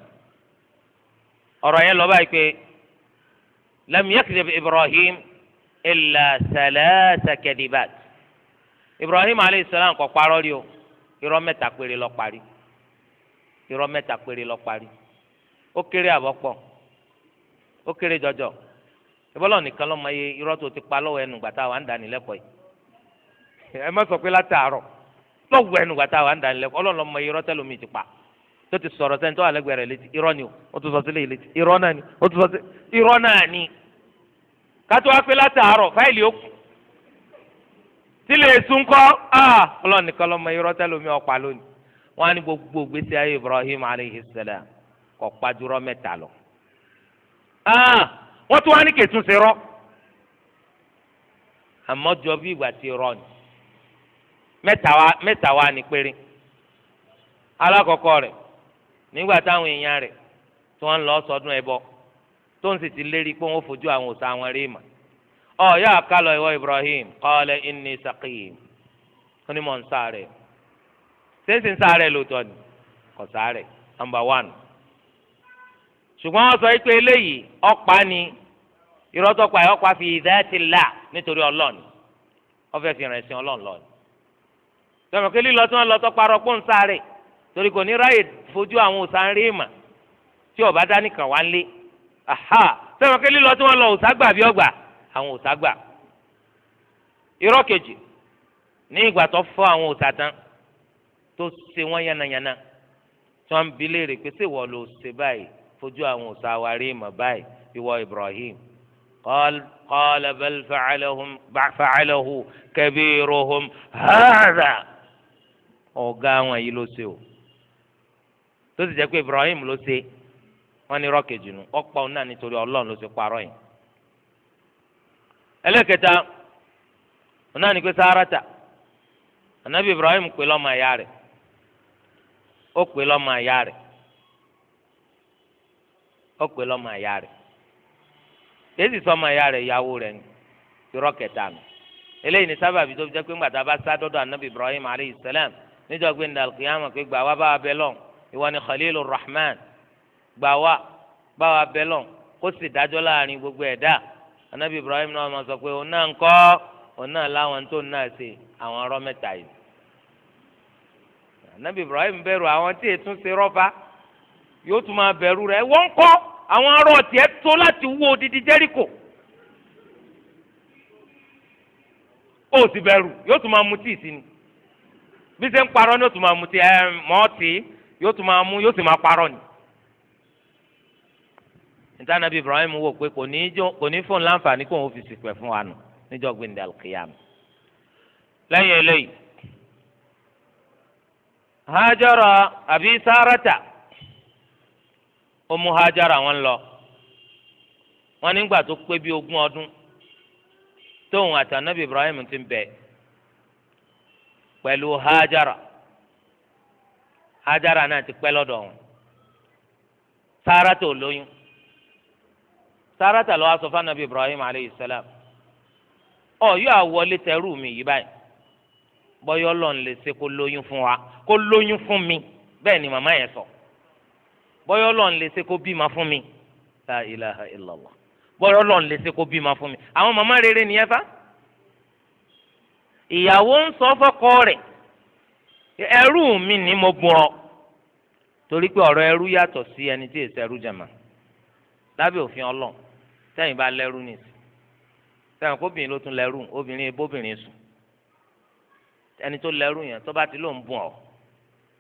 ọ̀rọ̀ yẹn lọ́ba yìí pé lam yakdib ibrahim illa salasa kadibat ibrahim alayhi salam kò parọ́ rí o irọ́ mẹ́ta péré ló parí irọ́ mẹ́ta péré ló parí ó kéré àbọ̀pọ̀ ó kéré jọjọ ìbọ́lọ̀ nìkan lọ́mọ yẹ irọ́ tó ti pa lọ́wọ́ ẹnu gbàtà wà ń dánilẹ́kọ̀ọ́ yìí ẹ má sọ pé látàárọ̀ lọ́wọ́ ẹnu gbàtà wà ń dánilẹ́kọ̀ọ́ ọlọ́lọ́ mọ irọ́ tẹ́lómi ti pa tó ti sọ̀rọ̀ sẹ́ni tó wà lẹ́gbẹ̀ẹ́ rẹ̀ létí irọ́ ni o ó tún sọ sílẹ̀ létí irọ́ náà ni ó tún sọ sí irọ́ náà ni kátó wá pé látàárọ̀ fáìlì ó kù sílẹ̀ èsùn kọ́ ah, ọlọ́run nìkan lọ́mọ irọ́ Ibrahim alayhi salam kọ̀ pàjùrọ̀ mẹ́ta lọ ah, wọ́n tún wá ní kẹ̀tún sí rọ́ bí ìgbà rọ ni mẹ́ta wá ní péré alákọ̀ọ́kọ́ rẹ̀ nígbà táwọn èèyàn rẹ̀ tí wọ́n ń lọ sọdún ẹbọ tó ń sì ti lérí pé wọ́n fojú àwọn òòṣà wọn rí mà ọ yà ìwọ Ibrahim qala onímọ̀ ṣé ń lóòótọ́ ni ṣùgbọ́n wọ́n sọ yi eléyìí ni ìrọ́tọ́pá ẹ̀ ọ̀pá fi ìdáyàtì là nítorí ọlọ́ọ̀ni ọ̀fẹ́ fi rìn lọ́ọ̀ni. kí lọ pọ́n sáré torí kò ní ráyè fojú àwọn òsàn rí ìmà tí ọ̀bá dání kàn wá lé sọ̀rọ̀ kí lílọ tí wọ́n lọ bí ọgbà àwọn irọ́ kejì ní ìgbà ṣe wọ́n yánnayànna tí wọ́n ń fojú àwọn òòṣà mọ̀ báyìí ìwọ Ibrahim qala bal fa'alahu kabiruhum hadha ọ̀gá àwọn yìí ló ṣe o tó ti jẹ́ pé Ibrahim ló ṣe wọ́n ní rọ́kèjì nù ọ̀pọ̀ náà nítorí Ọlọ́run ló ṣe parọ́ yìí ẹlẹ́kẹta ọ̀nà ni pé anabi Ibrahim pè lọ́mọ ẹ̀yà rẹ̀ ó pè lọ́mọ ẹ̀yà rẹ̀ ọ̀pẹ lọ́mọ ẹ̀yà rẹ̀ èsì sọmọ ẹ̀yà rẹ̀ ìyàwó rẹ̀ ni irọ́ kẹta nù eléyìí ni sábàbí tó fi jẹ́ pé ńgbàtà bá sá dọ́dọ̀ anabi ibrahim aleyhi salam níjọ́ pé ndàlùkìyàmọ̀ pé gbà wá bá wa bẹ́lọ̀ ìwọ ni khalilu rahman gbà wá bá wa bẹ́lọ̀ kó sì dájọ́ láàrin gbogbo ẹ̀dá anabi ibrahim náà ma sọ pé òun náà ń kọ́ òun náà láwọn tó ń náà ṣe àwọn ọ̀rọ̀ mẹ́ta yìí anabi ibrahim bẹ̀rù àwọn tí ètún ṣe rọ́fà yóò tún máa bẹ̀rù rẹ̀ wọ́n kọ́ àwọn arọ ọ̀tí ẹ̀ tó láti odidi jẹ́ríkò ó ti bẹ̀rù yóò tún máa muti sí ni bí ṣe ń parọ́ ni o tún máa muti ẹ̀ yóò tún máa mu yóò sì máa parọ́ ni. níta Ibrahim wò pé kò ní fóun láǹfààní kóun fi sìpẹ̀ fún wa nù níjọ́ gbẹ̀ndẹ̀ eléyìí hajara ó mú hajara wọn lọ wọn nígbà tó pé bí ogún ọdún tóun àti anabi ibrahim ti ń bẹ pẹ̀lú hajara hajara náà ti pẹ́ lọ́dọ̀ wọn sárátà olóyún sárátà lọ́wọ́ sọ fún anabi ibrahim aleyhi salam ọ yóò àwọlé tẹrù mi yìí báyìí bọ́yọ́ lọ́n lè ṣe kó lóyún fún wa kó lóyún fún mi bẹ́ẹ̀ ni màmá yẹn sọ. So bọ́yọ́ lọ́n lè ṣe kó bímọ fún mi la ilaha illallah bọ́yọ́ lọ́n lè ṣe kó bímọ fún mi àwọn màmá rere nìyẹn fa ìyàwó ń sọ fọ́kọ rẹ̀ ẹrú mi ni mo bùn ọ torí pé ọ̀rọ̀ ẹrú yàtọ̀ sí ẹni tí èsì ẹrú jàmà lábẹ́ òfin ọlọ́n sẹ́yìn bá lẹ́rú nìsí sẹ́yìn kóbìnrin ló tún lẹ́rú obìnrin ebóbìnrin sùn ẹni tó lẹ́rú yẹn tó bá ti lóun bùn ọ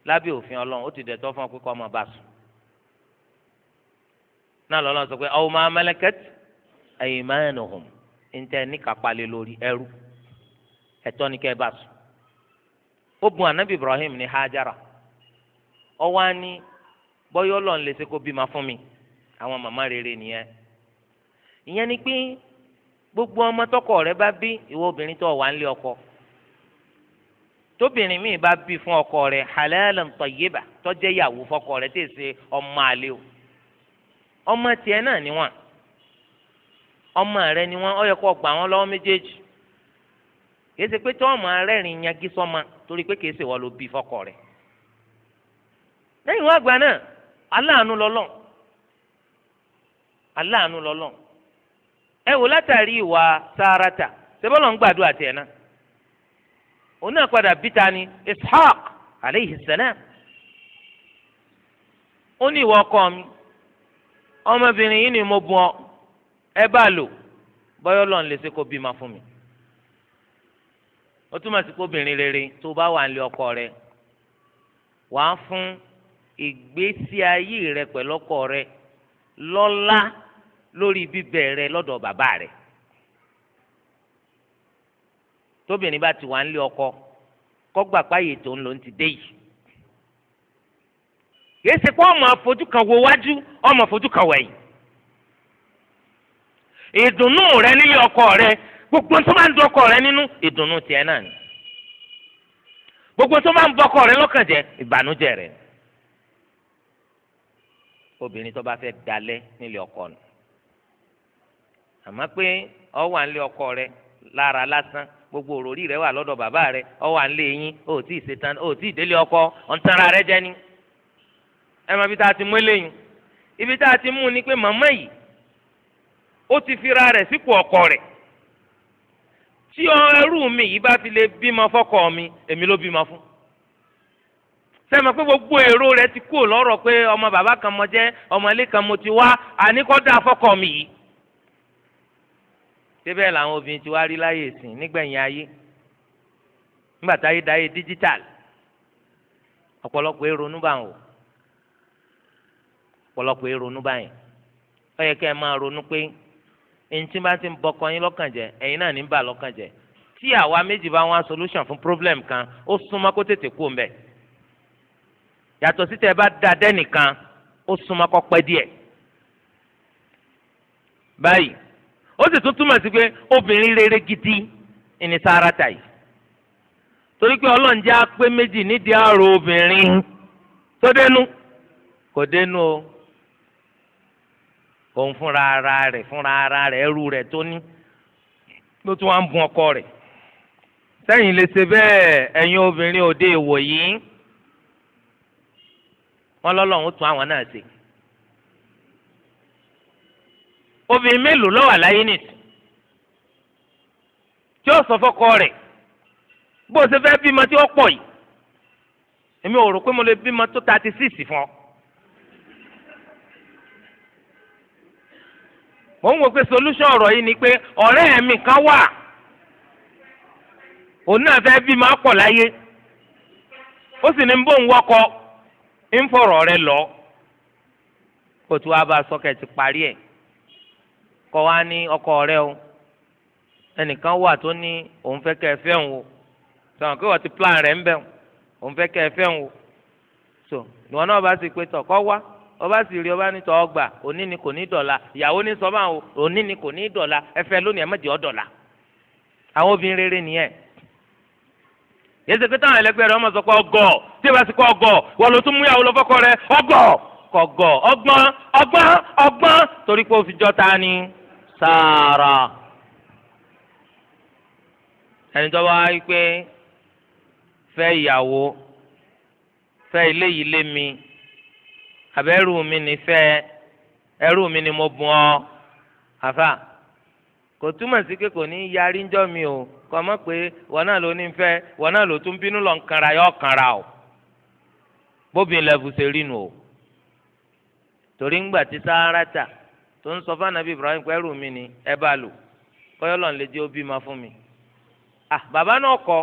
lábẹ́ òfin ọlọ́n ó ti dẹ̀ tọ́ fún ọ pé kó ọmọ bá sùn náà lọ́lọ́ sọ pé aw ma malakat aymanuhum ntẹ ní kápálẹ̀ lórí ẹrú ẹ̀tọ́ ni kẹ́ bá sùn. ó bùn anabi ibrahim ní hajara ọwọ́ á ní bọ́yọ́ lọ́n lè ṣe kó bímọ fún mi àwọn màmá rere nìyẹn. ìyẹn ni pé gbogbo ọmọ tọkọ rẹ bá bí ìwọ obìnrin tó wà nílé ọkọ tóbìnrin míì bá bí fún ọkọ rẹ halalan tayyiba tó jẹ́ ìyàwó fọkọ rẹ tèsè ọmọ àlè o. ọmọ tiẹ̀ náà ni wọ́n ọmọ rẹ ni wọ́n ó yẹ kó gbà wọ́n lọ́wọ́ méjèèjì kìí ṣe pé tí ọmọ rẹ rìn yangí sọ́mọ torí pé kìí ṣe ló bí fọ́kọ rẹ̀ lẹ́yìn wọ́n àgbà náà aláàánú lọlọ, aláàánú lọ́lọ́ ẹ wò látàrí ìwà sáárátà sẹ́bọ́lọ́ ń gbàdúrà tiẹ̀ náà òun náà padà bí ta ni Ishaq aleyhi salam ó ní ìwọ ọkọ mi ọmọbìnrin yìí ni mo bùn ọ ẹ bá lò bọ́yọ̀ lọ́n lè ṣe kó bímọ fún mi ó túmọ̀ sí kó obìnrin rere tó bá wà nílé ọkọ rẹ wàá fún ìgbésí ayé rẹ pẹ̀lú ọkọ rẹ lọ́lá lórí bíbẹ̀ rẹ lọ́dọ̀ bàbá rẹ tóbìnrin bá ti wà nílé ọkọ kọ́gbà páyé tó ń lò ń ti dé yìí kìí ṣe pé ọmọ àfojú kan wo wájú ọmọ àfojú kan wẹ̀yìn ìdùnnú rẹ nílé ọkọ rẹ gbogbo tó máa ń ọkọ rẹ nínú ìdùnnú tiẹ̀ náà ni gbogbo tó máa ń ọkọ rẹ lọ́kàn jẹ́ ìbànújẹ́ rẹ obìnrin tó bá fẹ́ dalẹ̀ nílé ọkọ nù àmọ́ pé ọ wà nílé ọkọ rẹ lára lásán gbogbo òròrí rẹ wà lọ́dọ̀ bàbá rẹ ọ wà nílé yín o ò tí ì ṣetán o ọkọ ọ̀ ń tanra rẹ jẹ ni. ẹ mọ ibi tá a ti mú eléyìí ibi tá a ti mú ni pé màmá yìí ó ti fira rẹ̀ sípò ọkọ rẹ̀ tí ẹrú mi yìí bá fi lè bímọ fọ́kọ mi èmi ló bímọ fún sẹ́mi pé gbogbo èrò rẹ̀ ti kú lọ́rọ̀ pé ọmọ bàbá kan mo jẹ́ ọmọ ilé kan mo ti wá àníkọ́dá fọ́kọ mi yìí débẹ̀ làwọn obìnrin ti wá rí láyè sìn nígbẹ̀yìn ayé nígbà táyé dáyé díjítàlì ọ̀pọ̀lọpọ̀ èrò nígbà pọ̀lọpọ̀ e báyìí ó yẹ kẹ́ ẹ máa ronú pé ẹni bá ti ń bọkọ yín lọ́kàn jẹ́ ẹ̀yin náà ní tí àwa méjì bá wá solution fún problem kan ó súnmọ́ kó tètè kú mbẹ̀ yàtọ̀ sí tẹ́ bá da dẹ́nìkan ó súnmọ́ kó pẹ́ díẹ̀ báyìí ó sì gidi yìí torí pé méjì nídìí àrò obìnrin tó òun fúnra ara rẹ fúnra ara rẹ ẹrú rẹ tó ní ló tún wá ń bun ọkọ rẹ sẹ́yìn lè ṣe bẹẹ ẹyin obìnrin òde ìwò yìí wọ́n lọ́lọ́run tún àwọn náà ṣe obìnrin mélòó ló wà láyé nìtú tí ó sọ fọ́kọ rẹ̀ bó o ṣe fẹ́ bímọ tí ó pọ yìí èmi ò rò pé mo lè bímọ tó thirty six fún ọ. mò ń wò pé solution ọ̀rọ̀ yìí ni pé ọ̀rẹ́ mi kan wà òun náà fẹ́ bí máa pọ̀ láyé ó sì ní bóun wọkọ ń fọ̀rọ̀ rẹ lọ kó tí wàá bá sọ́kẹ̀tì parí ẹ̀ kọ́ wa ní ọkọ rẹ o ẹnìkan wà tó ní òun fẹ́ kẹ́ ẹ fẹ́ o sọ̀rọ̀ pé wọ́n ti plan rẹ̀ ń bẹ̀ òun fẹ́ kẹ́ ẹ fẹ́ o so ìwọ náà bá sì pé tọ̀ kọ́ wá. ọba sì rí ọba nítọ́ ọgbà òní ni kò ní dọ̀la ìyàwó ní sọ báwo òní ni kò ní dọ̀la ẹfẹ lónìí ẹ má jẹ́ ọ dọ̀la àwọn obìnrin rere nìyẹn yẹsẹ pé táwọn ẹlẹgbẹ́ rẹ ọmọ sọ pé ọgọ tí ìbá sì kọ ọgọ wọn ló tún mú ìyàwó lọ fọkọ rẹ ọgọ kọgọ ọgbọn, ọgbọn, ọgbọn, torí pé ó fi ni sáárà ẹni tó bá wáyé pé fẹ ìyàwó fẹ́ ilé yìí lé mi abẹ́rù mi ní fẹ́ ẹrù mi ni mo bùn ọ́ àfà kò túmọ̀ sí pé kò ní yarí ń jọ mi o kò mọ̀ pé wọn náà ló ní fẹ́ wọn náà ló tún bínú lọ ń yọ kanra o bóbin lẹ́bù ṣe rí nu o torí ń gbà tí sáárátà tó ń sọ fánàbí Ibrahim pẹ́rù mi ni ẹ bá lò kọ́yọ́lọ́ ń lè jẹ́ ó bímọ fún mi ah bàbá náà kọ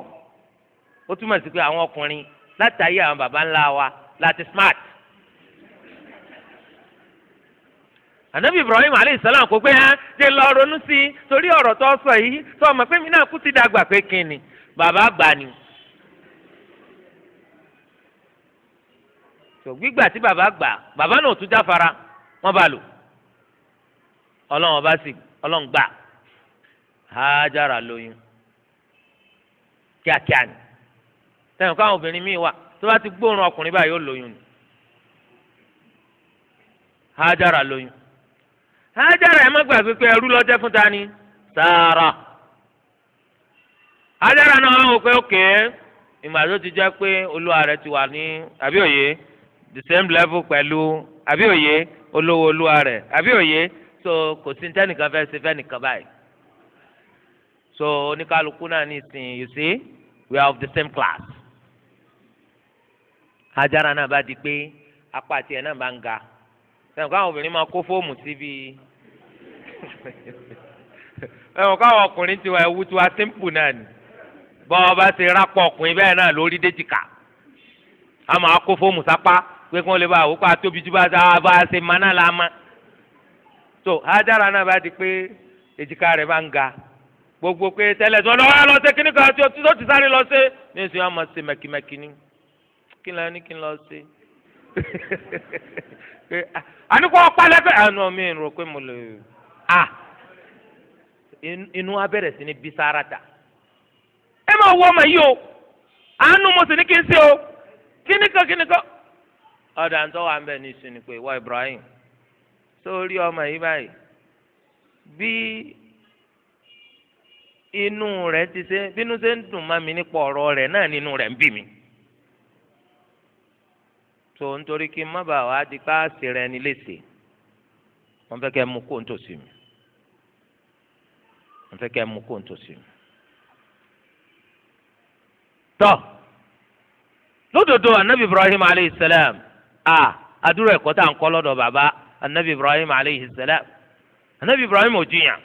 ó túmọ̀ sí pé àwọn ọkùnrin látàyè àwọn bàbá ńlá wa láti smart ànábì ibrahim aleyhisselam kò pé hàn ṣe lọ ronú sí i torí ọ̀rọ̀ tó sọ yìí tó ọmọ pé mi náà kú ti dàgbà pé kí ni bàbá gbà ni. tó gbígbà tí bàbá gbà bàbá náà tún jáfara wọn bá lò ọlọ́run ọba sì ọlọ́run gbà hájára lóyún kíákíá ni tẹ̀wọ̀n káwọn obìnrin míì wà tó bá ti gbóòórùn ọkùnrin báyìí ó lóyún ni hájára lóyún Hajara ẹ má gbàgbé pé ẹrú lọ́jẹ́ fún ta ni Sárà Hajara náà wọ́n wò pé òkè ìgbà tó ti jẹ́ pé olúwa rẹ̀ ti wà ní àbíòye the same level pẹ̀lú àbíòye olówó olúwa rẹ̀ àbíòye so kò sí tẹ́nìkan fẹ́ ṣe fẹ́nìkan báyìí so oníkálukú náà ní ìsìn you see we are of the same class Hajara náà bá di pé apá tiẹ̀ náà bá ń ga sẹ́wọ̀n káwọn obìnrin máa kó fóòmù síbi ẹ̀wọ̀n káwọn ọkùnrin tiwa ẹ̀wù tiwa símpù náà ni bọ́ ọba ti rápọ̀ ọkùnrin bẹ́ẹ̀ náà lórí déjìká a máa kó fóòmù sápá pé kí wọ́n lè bá àwòkọ́ àtóbi jù bá a bá a ṣe máa náà la ma tó Hajara náà bá di pé èjìká rẹ̀ bá ń ga gbogbo pé tẹ́lẹ̀ tó lọ́wọ́ lọ sí kíní kan tí ó ti sáré lọ sí ní ìsìn ọmọ sí mẹ́kímẹ́kí ni kí ló ní kí pé àní kò palẹ̀ pé àná mi rò pé mo lè à ah, inú abẹ́rẹ́ sí ni bisarata ẹ máa wọ ọmọ yìí o àánú mo sì ní kí n ṣe o ọ̀dà ni pé Ibrahim sórí ọmọ yìí báyìí bí inú ti ṣe bínú ṣe ń dùn mi nípa ọ̀rọ̀ rẹ̀ náà so nítorí kí n má bàa wá di pa àṣìrẹ ni léṣe wọ́n fẹ́ kẹ́ mú kó nítòsí mi wọ́n fẹ́ kẹ́ mú kó nítòsí mi tọ́ lódodo anabi ibrahim aleyhi a àdúrà ẹ̀kọ́ tá à ń kọ́ lọ́dọ̀ bàbá anabi ibrahim aleyhi salam anabi ibrahim ò jiyàn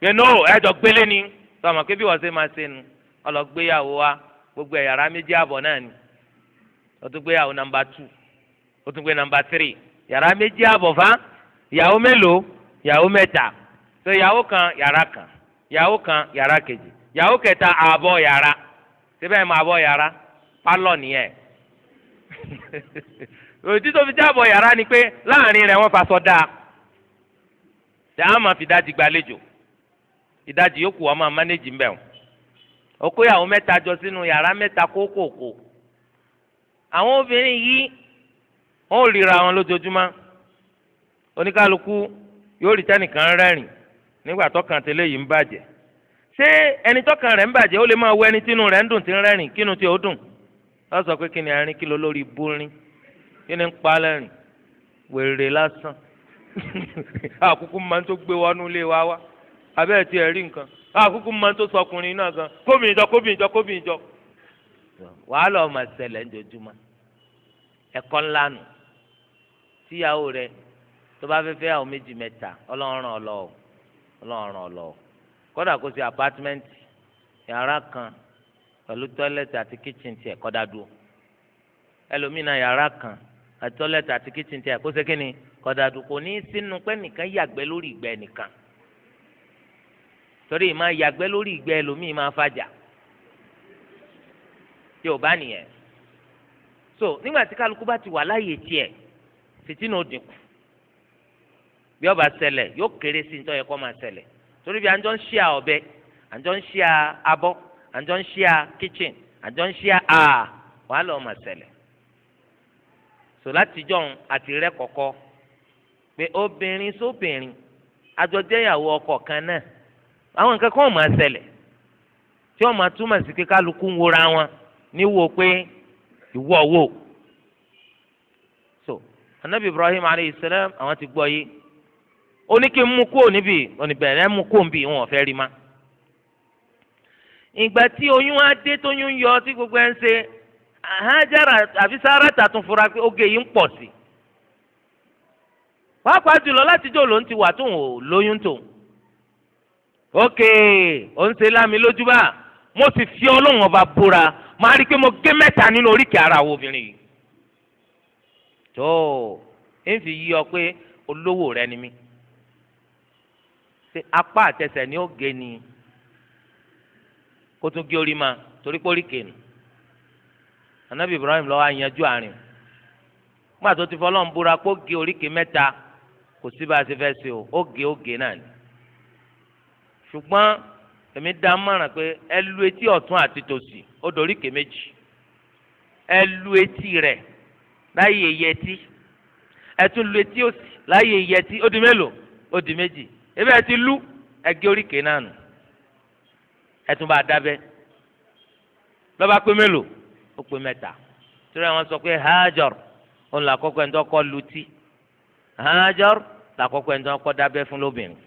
pé no ẹjọ gbélé ni tọmọ pé bí wọ́n ṣe máa ṣe nu ọlọgbéyàwó wa gbogbo ẹ̀yàrá méjì àbọ̀ náà ni ó tún gbéyàwó nàmbà tù ó tún gbé nàmbà tírì yàrá méjì àbọ̀ fá mélòó ìyàwó mẹ́ta kan yàrá kan ìyàwó kan yàrá kejì ìyàwó kẹta àbọ̀ yàrá síbẹ̀ mọ àbọ̀ yàrá pálọ̀ nìyẹn òtí tó fi jábọ̀ yàrá ni pé láàrin rẹ̀ wọ́n dáa tẹ àmọ́ fi ìdajì gbàlejò ìdajì yòókù ọmọ manéjì ń bẹ̀ wọ́n ó kó mẹ́ta jọ sínú yàrá àwọn obìnrin yìí wọn ò ríra wọn lójoojúmọ́ oníkálukú yóò rí tẹnìkan rẹ́rìn nígbà tọkàn tẹ́lẹ̀ yìí ń bàjẹ́ ṣé ẹni tọkàn rẹ̀ ń bàjẹ́ ó lè máa wọ ẹni tínú rẹ̀ ń dùn tí ń rẹ́rìn kínú tí ó dùn ó sọ pé kí ni àárín kí ló lórí búrin kí ni ń pa lẹ́rìn wèrè lásán àkúkú máa ń tó gbé wọnú ilé wa wá abẹ́ẹ̀ tí ẹ̀ rí nǹkan àkúkú máa ń tó sọkùnrin náà gan kóbìnrin jọ kóbìnrin jọ kóbìnrin jọ wàhálà ọmọ ìṣẹ̀lẹ̀ ń ẹ̀kọ́ ńlá nù tíyàwó rẹ tó bá fẹ́ fẹ́ àwọn méjì mẹ́ta ọlọ́run ọlọ́ ọlọ́run ọlọ́ kó yàrá kan pẹ̀lú tọ́lẹ̀tì àti kíchìn tiẹ kọ́dà dúró ẹlòmínà yàrá kan àti tọ́lẹ̀tì àti kíchìn tiẹ kó ni dúró kò ní í sínú pé nìkan yàgbẹ́ lórí nìkan torí ìmọ̀ lórí ẹlòmíì so nígbà tí kálukú bá ti wà láàyè tiẹ̀ fìtínà ó dínkù bí ó bá ṣẹlẹ̀ yóò kéré sí nítorí ẹ̀kọ́ máa ṣẹlẹ̀ torí bí àjọ ń ṣí à ọ̀bẹ àjọ ń ṣí à abọ́ àjọ ń ṣí à kitchen àjọ ń ṣí à à wàhálà ó máa ṣẹlẹ̀ so láti jọ̀hún àti rẹ́ kọ̀kọ́ pé obìnrin sóbìnrin àjọ jẹ́yàwó ọkọ kan náà àwọn nǹkan kan ó máa ṣẹlẹ̀ tí wọ́n máa túmọ̀ sí pé kálukú ń wora wọn níwò pé ìwọ wo so anabi ibrahim aleyhi salam àwọn ti gbọ́ yìí ó ní kí n mú kúrò níbí oníbẹ̀rẹ̀ mú kúrò níbí wọn ò fẹ́ rí ma ìgbà tí oyún á dé tóyún yọ tí gbogbo ẹ ń ṣe Hajara àfi Sárátà tún fura pé oge yìí ń pọ̀ sí pàápàá jùlọ látijọ́ ló ń ti wà tóun ò lóyún tóun ókè ó ń ṣe lámi lójú bá mo sì fi ọlọ́run ọba búra máa rí i pé mo gé mẹ́ta nínú oríkèé ara àwọn obìnrin yìí tó ń fi yí ọ pé olówó rẹ ni mí ṣe apá àtẹsẹ̀ ni ó gé ni kó tún gé orí ma torí pé oríkèé nù anabi Ibrahim lọ́wọ́ àyànjú àárín gbà tó ti fọlọ́n búra kó gé oríkèé mẹ́ta kò sí bá a ṣe fẹ́ ṣe o ó gé ó gé náà ni ṣùgbọ́n èmi dá mọ̀ràn pé ẹ lu etí ọ̀tún àti tòsì ó dorí ké méjì ẹ lu etí rẹ̀ láyé yẹtí ẹ tún lu etí òsì láyé yẹtí ó di mélòó ó di méjì ebi ẹ ti lu ẹ oríkèé náà nù ẹ bá dábẹ́ lọ́ba pé mélòó ó pé mẹ́ta torí àwọn sọ pé hajar òun làkọ́kọ́ ẹni tó kọ́ lutí hajar làkọ́kọ́ ẹni tó kọ́ dábẹ́ fún lóbìnrin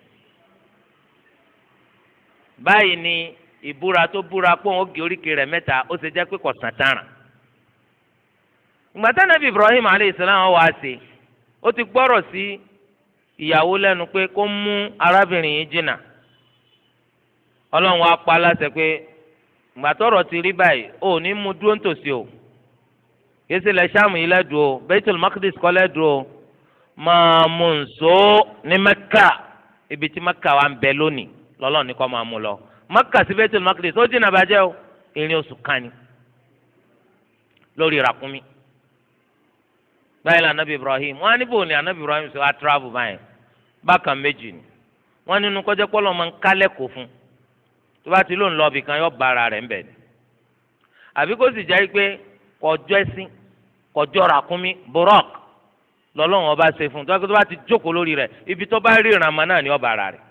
báyìí ni ìbúra tó búra pé òun gé oríkèé rẹ̀ mẹ́ta ó ṣe jẹ́ pé kò sàn ìgbà Ibrahim aleyhisselam wá sí ó ti gbọ́rọ̀ sí ìyàwó lẹ́nu pé kó mú arábìnrin yìí jìnnà ọlọ́run á pa láṣẹ pé ìgbà ti rí báyìí ò ní mú dúró nítòsí o yéésì lẹ Ṣáàmù yìí o Baitul Maqdis kọ́ o máa mú nsó ní ibi tí Mẹ́kà wà ń bẹ lọ́lọ́ ní kọ́ máa mú lọ Mẹ́kà sí Baitul Maqdis ó dínà bàjẹ́ o ìrìn oṣù kan ni lórí ràkúnmí báyìí la anabi Ibrahim wọn á níbo ni anabi Ibrahim sọ atravel báyìí bákan méjì ni wọn nínú kọjá pọlọ máa ń kálẹ̀ kó fún tó bá ti lóun lọ ibìkan yọ bára rẹ̀ ńbẹ̀ ni àbí kó sì jẹ́ pé kọjọ́ ẹ̀sìn kọjọ́ ràkúnmí buraq lọ́lọ́run ọba ṣe fún tó bá ti jókòó lórí rẹ̀ ibi tó bá rí ìrànmọ́ náà ni ọba ara rẹ̀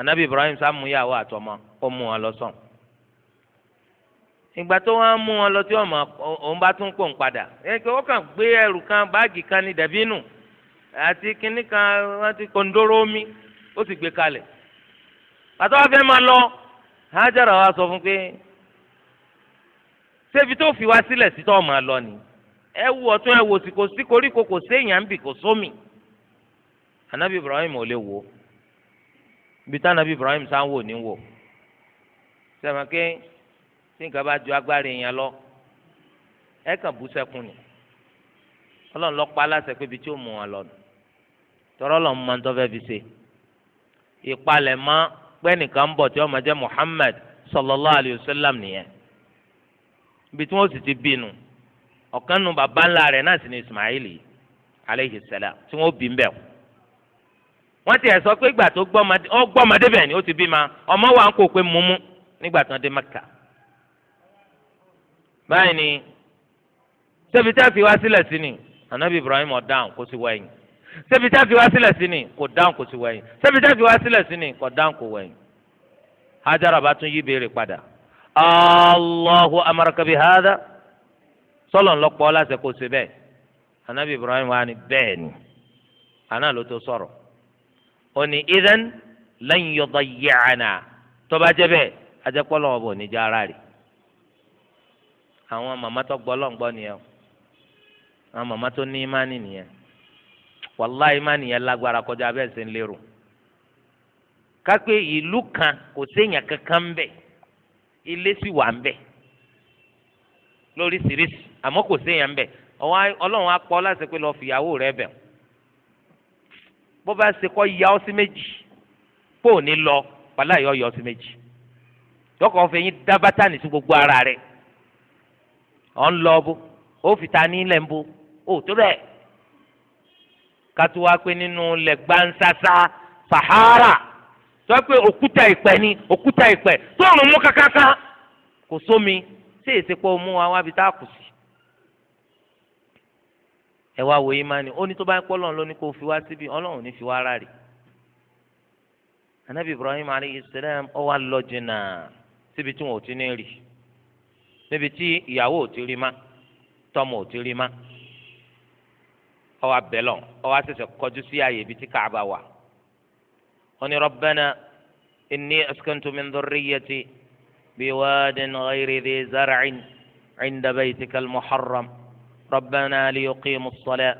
anabi ibrahim sàmúyàwó àtọmọ ó mú wọn lọ sàn ìgbà tó wọn mú wọn lọ tí ọmọ òun bá tún pò ń padà ẹgbẹ wọn kàn gbé ẹrù kan báàgì kan ní dàbínù àti kinní kan wọn ti kòńdóró omi ó sì gbé kalẹ̀ pàtó wọn fẹ́ máa lọ hájára wa sọ fún pé ṣébi tó fi wá sílẹ̀ sí tó máa lọ ni ẹ wù ọ̀tún ẹ wò sí koríko kò séèyàn ń bì kò sómi anabi ibrahim ò lè wò ó. Bita tánabi Ibrahim sáwò ní wò sẹ́mi ké tí nǹkan bá ju agbára èèyàn lọ ẹ kàn bú sẹ́kùn ni ọlọ́run lọ pa aláṣẹ pé ibi tí ó mú wọn lọ tọrọ lọ mọ ní tọ́fẹ́ fi ṣe ìpalẹ̀ mọ́ pẹ́nìkan ń bọ̀ tí ọmọ jẹ́ Muhammad sallallahu alayhi sallam nìyẹn ibi tí wọ́n sì ti bínú ọ̀kan nu bàbá ńlá rẹ̀ náà sì ni Ismaili alayhi salam tí wọ́n bí ń bẹ̀ wọ́n. wọ́n ti ẹ̀ sọ pé ìgbà tó gbọ́mọdé bẹ̀ ni ó ti bí ma ọmọ wa ń kó pé mumu nígbà tó ń dé maka báyìí ni tá fi wá sílẹ̀ sí ni anabi ibrahim ọ̀dáhùn kó sì wẹ̀yìn tá a fi wá sílẹ̀ sí ni kò dáhùn kó sì wẹ̀yìn tá a fi wá kò dáhùn kó bá tún yí béèrè padà allahu amarakabi hada sọlọ ńlọpọ ó idan lẹ́yìn yọ̀dọ̀ yẹ̀ẹ́nà tó bá jẹ́ bẹ́ẹ̀ ajẹ́pọ̀ ara rẹ̀ àwọn màmá tó gbọ́ lọ́ngbọ́ nìyẹn àwọn màmá tó ní ìmánì nìyẹn yẹn lágbára kọjá kápẹ́ kan kò séèyàn kankan bẹ ilé sì wà bẹ lóríṣiríṣi àmọ́ kò séèyàn ń bẹ ọlọ́run á pọ́ láti pé lọ́ọ́ fìyàwó bó bá ṣe kọ́ ya ọ́ sí méjì pò ní lọ pàlà yọ yọ ọ́ sí méjì yọkọ̀ fẹ́ yín dá bátànì sí gbogbo ara rẹ̀ ọ̀ ń lọ bó ó fi ta ní ilẹ̀ ń bó ó tó bẹ́ẹ̀ kátó wá pé nínú ilẹ̀ gbansasa sahara tó wá pé òkúta ìpẹ́ ni òkúta ìpẹ́ tó rùn mú kákáká kò sómi sí èsèpọ̀ mú wa wábi tá a kù sí ẹ wá wo imani ó ní tó bá ń pọ́lọ́n ló ní kó fi wá síbi ọlọ́run ní fi wá rárẹ̀ anabi ibrahim aleyhi salam ó wá lọ jìnnà síbi tí wọn ò ti ní rì níbi tí ìyàwó ò ti rí ma tọmọ ò ti rí ma ó wá bẹlọ ó wá ṣẹ̀ṣẹ̀ kọjú sí ààyè ibi tí káàbà wà ó ní rabbana inni askantu min dhurriyyati biwadin ghayri dhi zar'in 'inda baytikal muharram. ربنا ليقيموا الصلاة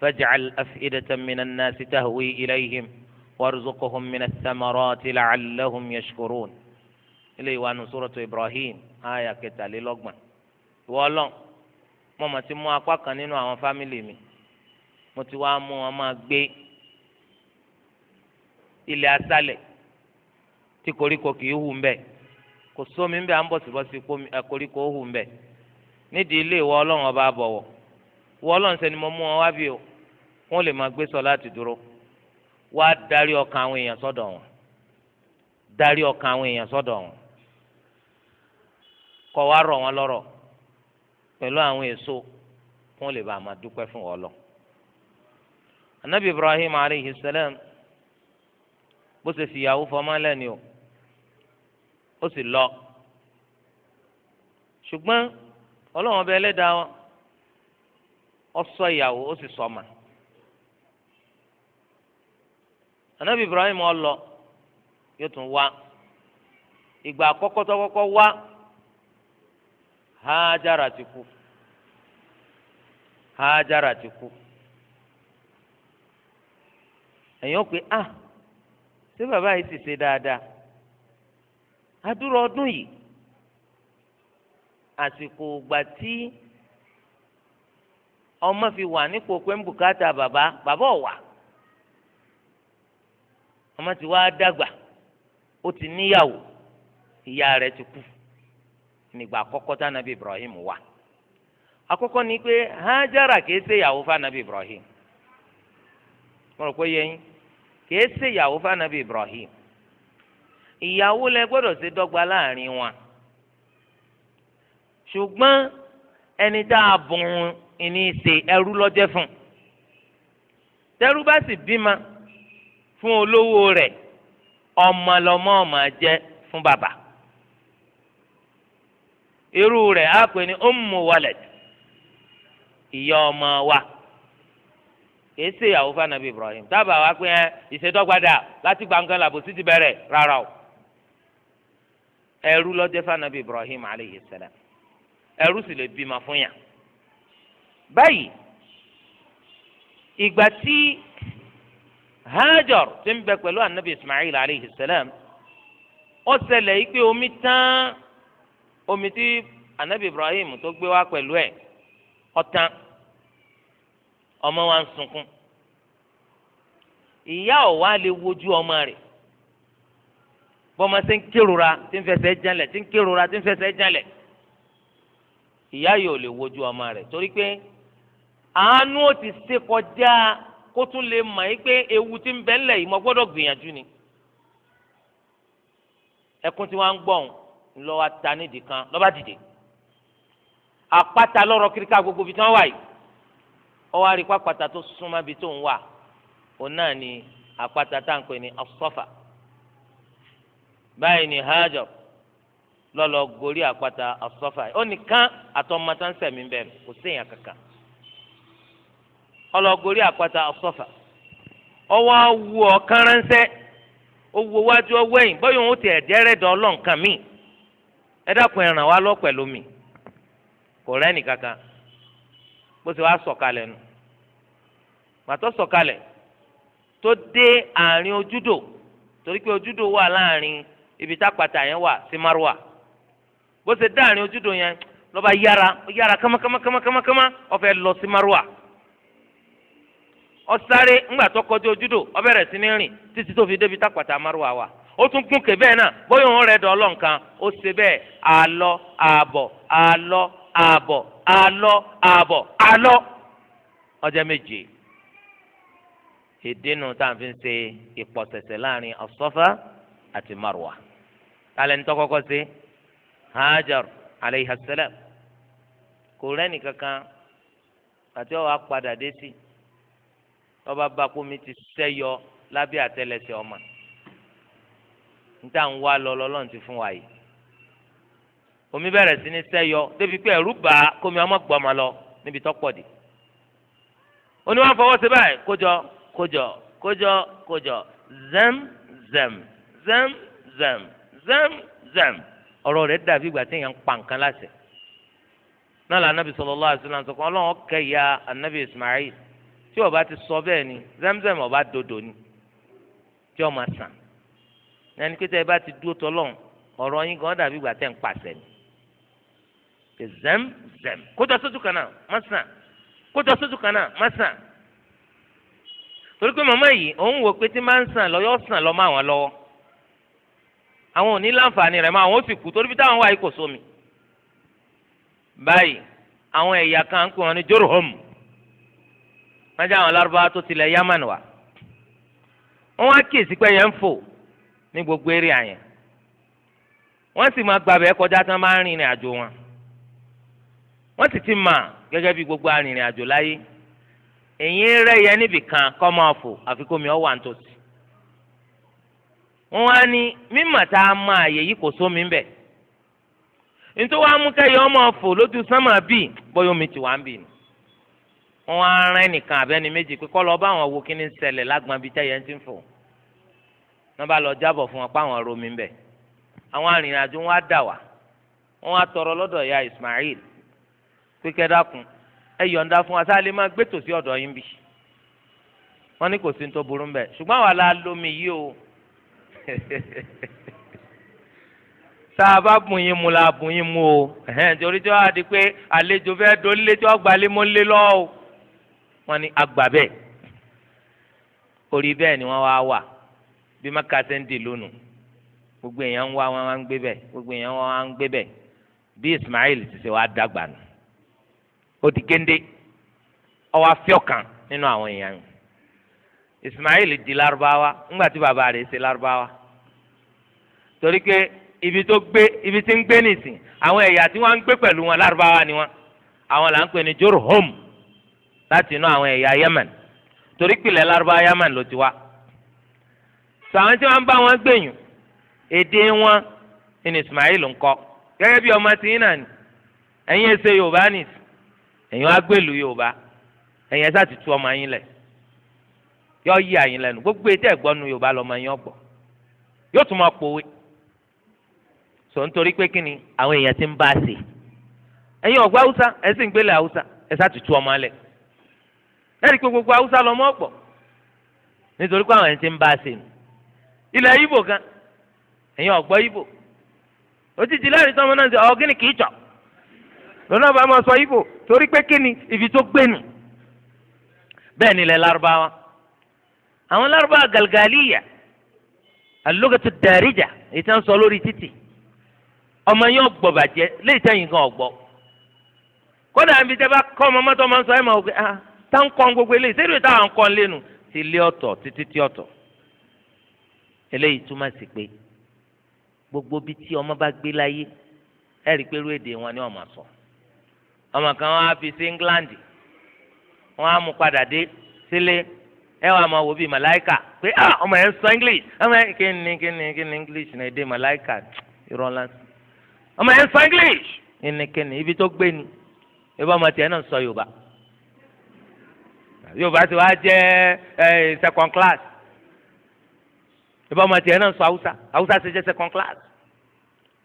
فاجعل أفئدة من الناس تهوي إليهم وارزقهم من الثمرات لعلهم يشكرون إلي وأن سورة إبراهيم آية كتالي لقمة ولون mo mà ti mú apá kan nínú àwọn fámìlì mi mo ti wá mú wọn máa gbé ilẹ̀ asálẹ̀ tí koríko kì í hù nídìí ilé ìwọ ọlọ́run ọba bọ̀wọ̀ ìwọ ọlọ́run sẹ́ni mo mú wọn wá bí o wọ́n lè máa gbé sọ láti dúró wá darí ọkàn àwọn èèyàn sọ́dọ̀ wọn darí ọkàn àwọn èèyàn sọ́dọ̀ wọn kọ́ wa rọ̀ wọn lọ́rọ̀ pẹ̀lú àwọn èso wọ́n lè bá a máa dúpẹ́ fún ọ lọ. anabi ibrahim aleyhi salam bó ṣe fìyàwó fọmọ lẹ́ni o ó sì lọ ṣùgbọ́n. ọlọ́wọ́n ọba ẹlẹ́dàá ọsọ ìyàwó ó sì sọ ọmọ anabi ibrahim ọlọ yóò tún wá ìgbà àkọ́kọ́ tó wa wá hájára ti kú hájára ti kú ẹ̀yin ó pé ah ṣé bàbá yìí ti ṣe dáadáa adúrò ọdún yìí àsìkò ìgbà tí ọmọ fi wà nípò pé ń bùkátà bàbá bàbá ọ̀wà ọmọ ti wá dàgbà ó ti níyàwó ìyá rẹ ti kú nígbà àkọ́kọ́ tá nàbí Ibrahim wà àkọ́kọ́ ni pé ka kìí ṣe ìyàwó fànàbí Ibrahim mo rò pé yẹn kìí ṣe ìyàwó Ibrahim ìyàwó lẹ ṣùgbọ́n ẹni tá a bùn ìní ṣe ẹrú lọ́jẹ́ fún un tẹ́rú bá sì bímọ fún olówó rẹ̀ ọmọ lọmọ ọmọ jẹ́ fún bàbá irú rẹ̀ á pè ní ummu walad ìyá ọmọ wa kìí ìyàwó fanabi Ibrahim dábàá wa pé ìṣèdọ́gbadà láti gbàngàn làbòsí ti bẹ̀rẹ̀ rárá o ẹrú ló fanabi Ibrahim aleyhi salam ẹrú sì lè bímọ fún yàn. báyìí ìgbà tí Hajar ti ń bẹ pẹ̀lú anabi Ismail alayhi salam ó ṣẹlẹ̀ yìí pé omi tán omi tí anabi Ibrahim tó gbé wá pẹ̀lú ẹ̀ ọ̀tán ọmọ wa ń sunkún ìyá ò lè wojú ọmọ rẹ̀ bọ́mọ ti ń kérora ti ń fẹsẹ̀ jálẹ̀ ti ń kérora ti ń fẹsẹ̀ jálẹ̀ ìyá yìí ò lè wojú ọmọ rẹ̀ torí pé àánú ò ti ṣe kọjá kó tún lè mọ̀ yí pé ewu ti ń bẹ ńlẹ̀ yìí mo gbọ́dọ̀ gbìyànjú ni ẹkún tí wọ́n ń gbọ̀n lọ́wọ́ ta nídìí kan lọ́ba dìde àpáta lọ́rọ̀ kíríkà gbogbo ibi tí wọ́n wà yìí ọwọ́ àríkọ́ àpáta tó súnmọ́ ibi tó ń wà òun náà ni àpáta tá à ń báyìí ni Hajar. lọlọ gorí àpáta asọfà ó nìkan àtọmọtánsẹmí bẹ̀rẹ̀ kò séèyàn kankan ọlọ gorí àpáta asọfà ọwọ́ awu ọ̀kan owó wájú mi lọ mi kò kankan wá nù tó dé àárín ojúdò torí pé ojúdò ibi yẹn wà sí bó ṣe dáàrin ojúdo yẹn lọ́ba yára yára kámákámákámákámá ọ̀fẹ́ lọ sí márùwà ọ̀sáré ńgbà tó kọjú ojúdo ọbẹ̀rẹ̀ sí ní rìn títí tó fi débi tápàtà márùwà wà ó tún gún kébẹ̀ náà bóyá òun rẹ̀ dọ̀ ọlọ́nkan ó ṣe bẹ́ẹ̀ àlọ àbọ̀ àlọ àbọ̀ àbọ̀ ọjọ́ méje ìdínú tá ń ṣe ìpọ̀sẹ̀sẹ̀ láàrin ọ̀sọ́fà àti hajar aleyhi salam kò rẹ́ni kankan àti ọ̀wá padà dé sí ọba bakomi ti sẹ́yọ lábẹ́ àtẹlẹsẹ̀ ọmọ níta ń wá lọ lọ́lọ́run ti fún wa yìí omi bẹ̀rẹ̀ sí ní sẹ́yọ débi pé ẹ̀rú bá kómi ọmọ gbọ́mọ lọ níbi tọ́pọ̀ dé oníwà fọwọ́ sí báyìí kójọ kójọ kójọ kójọ zẹ́m zẹ́m zẹ́m zẹ́m zẹ́m zẹ́m ọ̀rọ̀ rẹ̀ dàbí ìgbà tí èèyàn ń pa nǹkan láṣẹ náà la anabi sallallahu alaihi wasallam sọ pé Ọlọ́run kẹyà anabi Ismail tí ó bá ti sọ bẹ́ẹ̀ ni Zamzam ó bá dodo ni tí ó máa sàn yanni pété ẹ bá ti dúró tọlọ́n ọ̀rọ̀ yín gan dàbí ìgbà tẹ́ ń pàṣẹ ni ṣe Zamzam kójọ sójú kan náà má sàn kójọ sójú kan náà má sàn torí pé màmá yìí òun wò pé tí má ń sàn lọ yọ sàn lọ mọ àwọn lọ́wọ́ àwọn ò ní láǹfààní rẹ̀ mọ́ àwọn ó sì kú torí bí táwọn wà yìí kò sómi. báyìí àwọn ẹ̀yà kan ń pè wọn ní Jorhum wọ́n jẹ́ àwọn lárúbáwá tó tilẹ̀ Yaman wá. wọ́n wá kíyèsí pé yẹn ń fò ní gbogbo eré àyẹn. wọ́n sì máa gbàbẹ́ kọjá tán máa ń rìnrìn àjò wọn. wọ́n sì ti mà gẹ́gẹ́ bí gbogbo arìnrìn àjò láyé. èyí ń rẹ́yẹ níbì kan kọ́ máa fò àfikún mi ọ̀ wà nítòsí wọn ni ní mímọ̀ tá a mọ àyè yìí kò sómi ń bẹ nítorí wàá mú kẹyọ ọmọ ọfọ lójú sánmà bíi bóyá omi ti wà ń bì ní wọn á rán ẹnìkan àbẹni méjì pé kọ́ lọ bá wo kí ni ń ṣẹlẹ̀ lágbọn bíi tẹ́yẹ ń ti fò wọn bá lọ jábọ̀ fún wọn pé àwọn romi ń bẹ àwọn arìnrìnàjò wọn á dà wá wọn á tọrọ lọ́dọ̀ ya Ismail pípẹ́ dákun ẹ yọ̀ǹda fún wa sáálé máa gbé tòsí ọ̀dọ̀ yín bì wọ́n ní kò sí ní o tá a bá bùn yín mu la bùn yín mu o torí tí wọ́n á di pé àlejò fẹ́ dolílé tí wọ́n gba lémọ́lé lọ́wọ́ o wọ́n ní agbà bẹ́ẹ̀ orí bẹ́ẹ̀ ni wọ́n wá wà bí mákàtí ń di lónìí gbogbo èèyàn ń wá wọn wá ń gbé bẹ́ẹ̀ gbogbo èèyàn wọn wá ń gbé bẹ́ẹ̀ bí Ismail ti ṣe wá dàgbà nù ó di géńdé ó wá fíọ̀kan nínú àwọn èèyàn yìí Ismail di Lárúbáwá ńgbà tí bàbá rẹ̀ ṣe Lárúbáwá torí pé ibi tó gbé ibi tí ń gbé nìsín àwọn ẹ̀yà tí wọ́n ń gbé pẹ̀lú wọn Lárúbáwá ni wọ́n àwọn là ń pè ní Jurhum láti inú àwọn ẹ̀yà Yemen torí pìlẹ̀ Lárúbáwá Yemen ló ti wá sàwọn tí wọ́n bá wọn gbẹ̀yìn èdè wọn ní Ismail ń kọ́ gẹ́gẹ́ bí ọmọ tí yín náà ni ẹ̀yin ẹ̀sẹ̀ Yorùbá nìsín ẹ̀yin wá gbèlú Yorùbá ẹ̀yin ẹ̀sà ti tú ọmọ yín lẹ̀ yọ yí àyìn lẹ́nu gbogbo etí ẹ̀gbọ́nu yorùbá lọ́mọ yẹn ọ̀gbọ̀ yóò tún máa pòwe sọ nítorí pé kíni àwọn èèyàn ti ń bá a sè ẹ̀yin ọ̀gbọ́ haúsá ẹ̀ sì ń gbélé haúsá ẹ̀ sá tutù ọmọ alẹ̀ ẹ̀ pé gbogbo haúsá lọ́mọ ọ̀gbọ̀ nítorí pé àwọn èèyàn ti ń bá a sè nù ilẹ̀ ibo gan ẹ̀yin ọ̀gbọ́ ibo òtítì lẹ́rìí sọmọ náà ṣe ọ̀ kíni kì í tọ̀ lọ́nà bá máa sọ ibo torí pé kíni ibi tó gbénu bẹ́ẹ̀ ni ilẹ̀ lárúbáwá àwọn lárúbá galgaliya alógatu dàríjà èyí tí wọn sọ lórí títì ọmọ yẹn ọgbọ bàjẹ́ léyìí tẹ̀yìn kan ọgbọ kódà níbi tẹ bá kọ ọmọ mọtò ọmọ sọ ẹ mọ ọgbẹ ah tá ń kọ́ gbogbo eléyìí sẹ́dúró táwọn ń kọ́ lẹ́nu ti lé ọ̀tọ̀ títí tí ọ̀tọ̀ eléyìí túmọ̀ sí pé gbogbo bí tí ọmọ bá gbé láyé ẹ rí i pé irú wọn ni wọn máa sọ ọmọ kan wọn á fi sí England wọn á mú padà dé sílé ẹ wàá máa wo bíi màláìkà pé ah, ọmọ yẹn ń sọ english ọmọ yẹn kí ni kí ni kí ni english náà èdè Malaika. irọ́ lásán ọmọ yẹn ń sọ english ìnìkìnì ibi tó gbé ni ìbá ọmọ tiẹ̀ náà sọ yorùbá yorùbá ti wá jẹ́ second class ìbá ọmọ tiẹ̀ náà sọ haúsá haúsá ti jẹ́ second class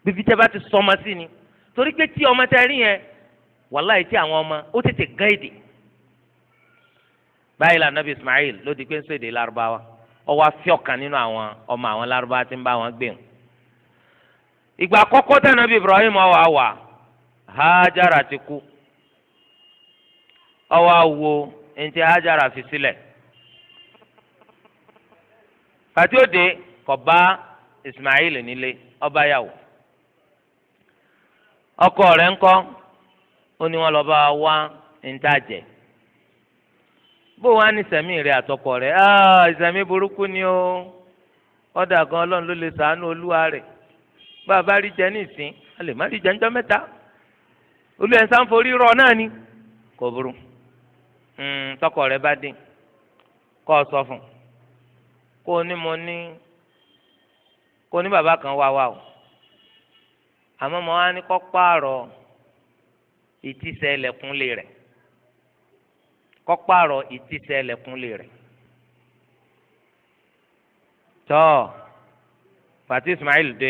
bíbí tẹ́ bá ti sọ ọmọ sí ni torí pé tí ọmọ tẹ́ rí yẹn wàláì tí àwọn ọmọ ó tètè gán èdè báyìí la nabi ismail ló di pé ń ṣèdè lárúbáwá ọwọ́ afẹ́ọ̀kan nínú àwọn ọmọ àwọn Larubawa ti ń bá wọn gbé wọn. ìgbà àkọ́kọ́ tá nabi ibrahim ọwọ́ àwà hajara ti kú ọwọ́ àwo ntí hajara fi sílẹ̀. pàtí òde kò bá ismail nílé ọba yàwó ọkọ rẹ̀ ńkọ́ ó ní wọn lọ bá wá bó wàá ní sẹ̀mí rẹ̀ àtọkọ rẹ̀ ìsẹ̀mí burúkú ni ó ọ̀dà kan ọlọ́run ló lè sàánú olúwa rẹ̀ bàbá rí jẹ ní ìsín a lè má rí jẹ níjọ́ mẹ́ta olú ẹ̀ sáǹforí rọ náà ni kò burú hmm, tọkọ rẹ̀ bá dín kọ́ ọ sọ fún kó o ní mo ní kó o ní bàbá kan wá wá o àmọ́ mo wá ní kọ́ pààrọ̀ ìtìsẹ̀ ilẹ̀kùnlé rẹ̀ kọ́pàrọ̀ ìtìsẹ̀ ẹlẹ́kúnlé rẹ̀ tọ́ fati Ismail dé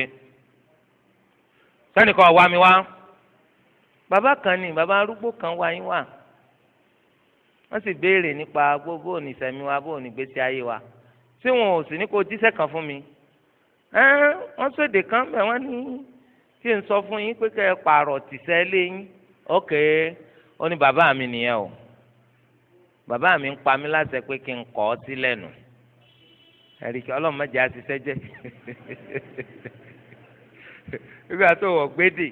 sẹ́nìkan wá mi wá bàbá kan ní bàbá arúgbó kan wá yín wá wọ́n sì béèrè nípa gbogbo onísẹ̀mí wa bó onígbésí ayé wa tí wọn ò sì ní kó jíṣẹ́ kan fún mi wọ́n sọ̀dẹ̀ kan bẹ̀ wọ́n ní tí n sọ fún yín pé kẹ́ ẹ pààrọ̀ tìṣẹ́ lé yín ókè ó ní bàbá mi nìyẹn o. bàbá mi n kọ́ ọ sí lẹ́nu ẹ̀ríkì ọlọ́run mẹ́jẹ àṣìṣẹ́ jẹ́ nígbà tó wọ̀ gbédè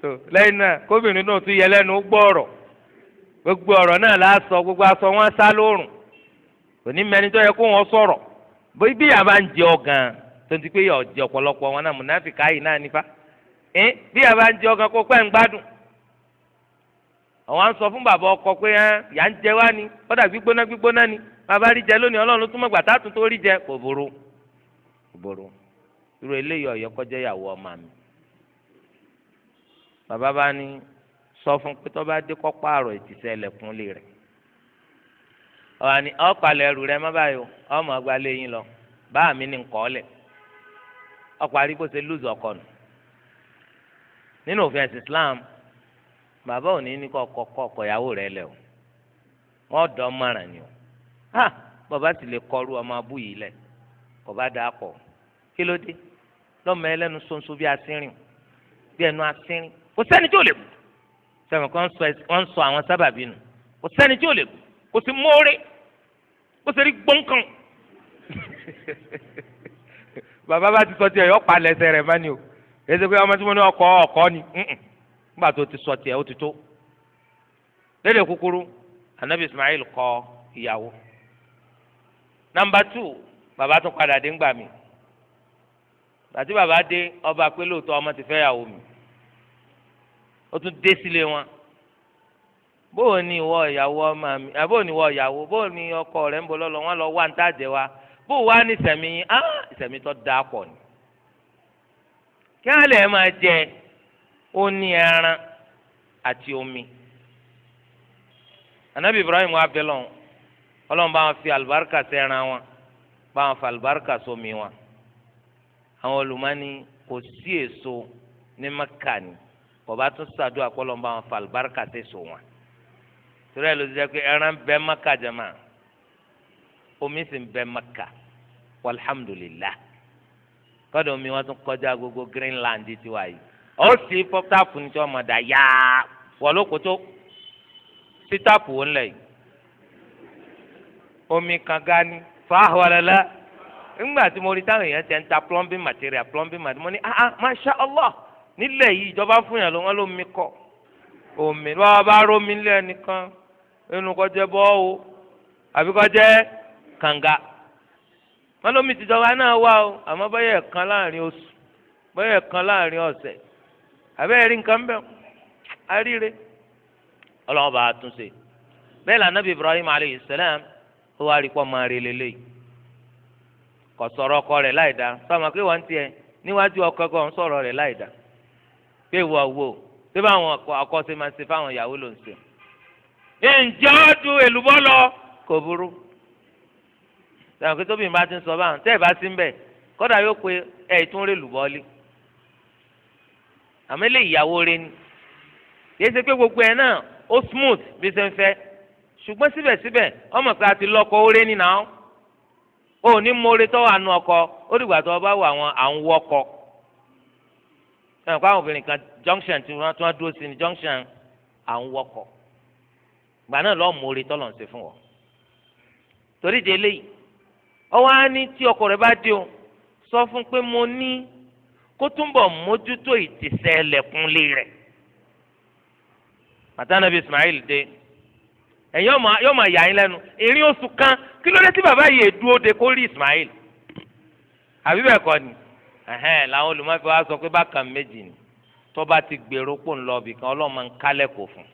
tó lẹ́yìn náà kóbìnrin náà tún yẹ lẹ́nu gbọ́ ọ̀rọ̀ gbogbo ọ̀rọ̀ náà la sọ gbogbo aṣọ wọn sá lóòrùn kò ní mẹni tó yẹ kó wọn sọ̀rọ̀ bí yàrá ń jẹ ọ̀gàn tó ti pé yà wọn náà yìí náà àwọn à ń sọ fún bàbá ọkọ pé ẹ yà ń ni kọ́dà gbígbóná gbígbóná ni bàbá rí jẹ lónìí ọlọ́run túmọ̀ gbàtà tó rí jẹ kò burú kò burú irú eléyìí ọ̀yọ́ kọjá ọmọ bàbá bá ní sọ fún pé bá dé ìtìsẹ́ rẹ̀ ọ̀hà ni rẹ̀ má báyìí ọmọ ọgbà lọ mi ní ṣe lùzọ̀ nínú òfin ẹ̀sìn bàbá òní ní kọkọ kọkọ ìyàwó rẹ lẹ o wọn dọ mọràn ni o ha bàbá ti lè kọrú ọmọ abú yìí lẹ bàbá dà á pọ kí ló dé lọmọ ẹlẹnu sọnsọ bí asínrìn bí ẹnu asínrìn kò sẹ́ni tí ò lè bù sẹmi kan wọn sọ àwọn sábàbí nù kò sẹ́ni tí ò lè bù kò sí mọ́ọ́rẹ́ kò sí rí bàbá bá ti sọ tiẹ̀ yọ pa lẹ́sẹ̀ rẹ̀ bá ní o èsì pé ọmọ tí mo ní ọkọ ọkọ ni nígbà tó ti sọ tiẹ̀ ó ti tó lédè kúkúrú anabi ismail kọ ìyàwó nàmbà tù bàbá tún padà dé ńgbà mi bàtí bàbá dé ọba pé lóòótọ́ ọmọ ti fẹ́ yàwó mi ó tún dé sílé wọn bóò ní ìwọ ìyàwó ọmọ mi àbóò ní ìwọ ìyàwó bóò ní ọkọ rẹ ń bọ lọlọ wọn lọ wá ń tàjẹ wa bóò wá ní ìsẹ̀mí yín ìsẹ̀mí tó dáa pọ̀ ni kí á lè máa jẹ ó ní ẹran àti omi anabi ibrahim wa bẹ lọ́wọ́ ọlọ́run bá wọn fi àlùbáríkà sẹ́ran wọn bá wọn fi àlùbáríkà sómi wọn àwọn olùmọ́ni kò sí èso ní maka ni bọ̀bá tún ṣàdúrà pé ọlọ́run bá wọn fi àlùbáríkà sẹ́so wọn torí ẹ̀ ló ti jẹ́ pé ẹran bẹ maka jẹ̀mọ́ omi sì ń bẹ maka walhamdulillah kọ́dọ̀ omi wọn tún kọjá gbogbo greenland tiwa yìí ó sì pọ́táàpù ní tí wọ́n mọ̀ dá yáa wọ́n ló kótó sítàpù wọn lẹ̀ yìí omi kankan ni fáwọn ọ̀lẹ́lẹ́ ńgbà tí mo rí táwọn èèyàn ti ń ta plumbing material plumbing material mo ní ah ah masha allah nílẹ̀ yìí ìjọba fún yàn ló wọ́n lómi kọ́ omi wọ́n bá rómi nílẹ̀ nìkan inú kọ́ jẹ́ bọ́ọ̀ àbí kọ́ jẹ́ kànga wọ́n lómi tìjọba náà wà o àmọ́ bọ́yẹ̀ kan láàrin oṣù bọ́yẹ̀ kan láàrin ọ̀sẹ̀ àbẹ́rẹ́ rí nǹkan bẹ́ẹ̀ àríire ọlọ́run bá a tún ṣe bẹ́ẹ̀ lànà bí Ibrahim alayhi salam ó wá rí pọ́ máa rí lélẹ́yìí kò sọ̀rọ̀ ọkọ rẹ̀ láì dá sọ́mọ pé wọ́n ti ẹ̀ níwájú ọkọ ẹ̀kọ́ ń sọ̀rọ̀ rẹ̀ láì dá pé wọ́n wò ó pé báwọn ọkọ ṣe máa ṣe fáwọn ìyàwó ló ń ṣe. ǹjẹ́ ó du èlùbọ́ lọ kò ti ń sọ báwọn tẹ́ ẹ̀ bá sí ń bẹ̀ kọ́dà pe ẹ̀ tún rí èlùbọ́ lé àmọ́ ilé ìyàwó rẹ ni kìí ṣe pé gbogbo ẹ̀ náà ó smooth bí ṣe ń fẹ́ ṣùgbọ́n síbẹ̀síbẹ̀ ọmọ pé a ti lọ́kọ ó rẹ nínà ó ò ní mórè tó wà nù ọkọ ó dìgbà tó bá wà wọn à ń wọkọ àwọn obìnrin kan junction tí wọ́n dúró sí ni junction à ń wọkọ gbà náà lọ́ọ́ mórè tọ́lọ̀ ń ṣe fún wọn torí de eléyìí ọwọ́ á ní tí ọkọ rẹ bá dé o sọ fún pé mo ní kó túnbọ̀ mójútó ìtìsẹ́ lẹ̀kúnlé rẹ̀ màtánà bíi Ismail dé ẹ̀yin yóò máa yà yín lẹ́nu ìrìn oṣù kan kí ló dé tí bàbá yìí dúró de kó rí Ismail àbí bẹ́ẹ̀ kọ́ ni làwọn olùmọ̀fẹ́ wa sọ pé bákan méjì ni tó bá ti gbèrò pò ń lọ ibì kan ọlọ́run máa ń kálẹ̀ kò fún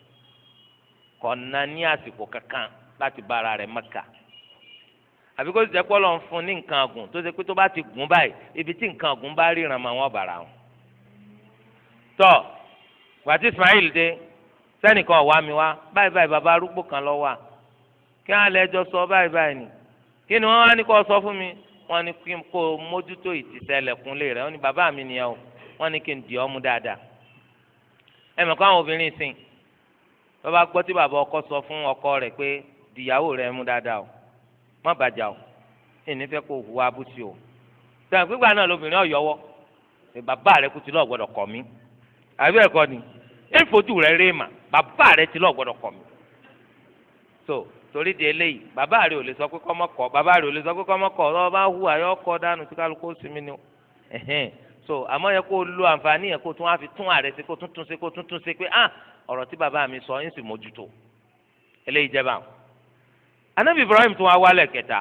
kọ̀ọ̀nà ní àsìkò kankan láti bára rẹ̀ mọ́ka àbí kó jẹ́ pọ́ lọ́n fún ní nǹkan ọ̀gùn tó ṣe pé tó bá ti gùn báyìí ibi tí nǹkan ọ̀gùn bá ríran mà wọ́n bàrà wọn. tọ́ gbàtí Ismail dé sẹ́nìkan ọ̀wá mi wá báyìí báyìí bàbá arúgbó kan lọ wà kí wọ́n á lẹ́jọ́ sọ báyìí báyìí ni kí ni wọ́n wá ní kó sọ fún mi wọ́n ní kí n kó mójútó ìtìsẹ́lẹ̀kúnlé rẹ̀ wọ́n ní bàbá mi nìyẹn o wọ́n ní kí n dì ọ́ dáadáa ẹ má bàjá o ẹni fẹ́ kó hùwà abúsí o sẹ́yìn gbígbà náà lóbìnrin ọ̀yọ́wọ́ bàbá rẹ kú ti lọ́ọ̀ gbọ́dọ̀ kọ̀ mí àbí ẹ̀kọ́ ni èfojú rẹ rí mà bàbá rẹ ti lọ́ọ̀ gbọ́dọ̀ kọ̀ mí so torí di eléyìí bàbá rẹ ò lè sọ pé kọ́mọ kọ̀ bàbá rẹ ò lè sọ pé kọ́mọ kọ̀ lọ́ọ́ bá hùwà yọ kọ́ dànù tí kálukú sinmi ni ẹ̀hìn so àmọ́ yẹ kó lo àǹfààní yẹ kó tún wá fi tún ààrẹ sí kó tún tún sí kó tún tún sí pé ah ọ̀rọ̀ tí bàbá mi sọ ń sì mójútó eléyìí jẹ́ báwọn anabi ibrahim tún wá wálẹ̀ kẹta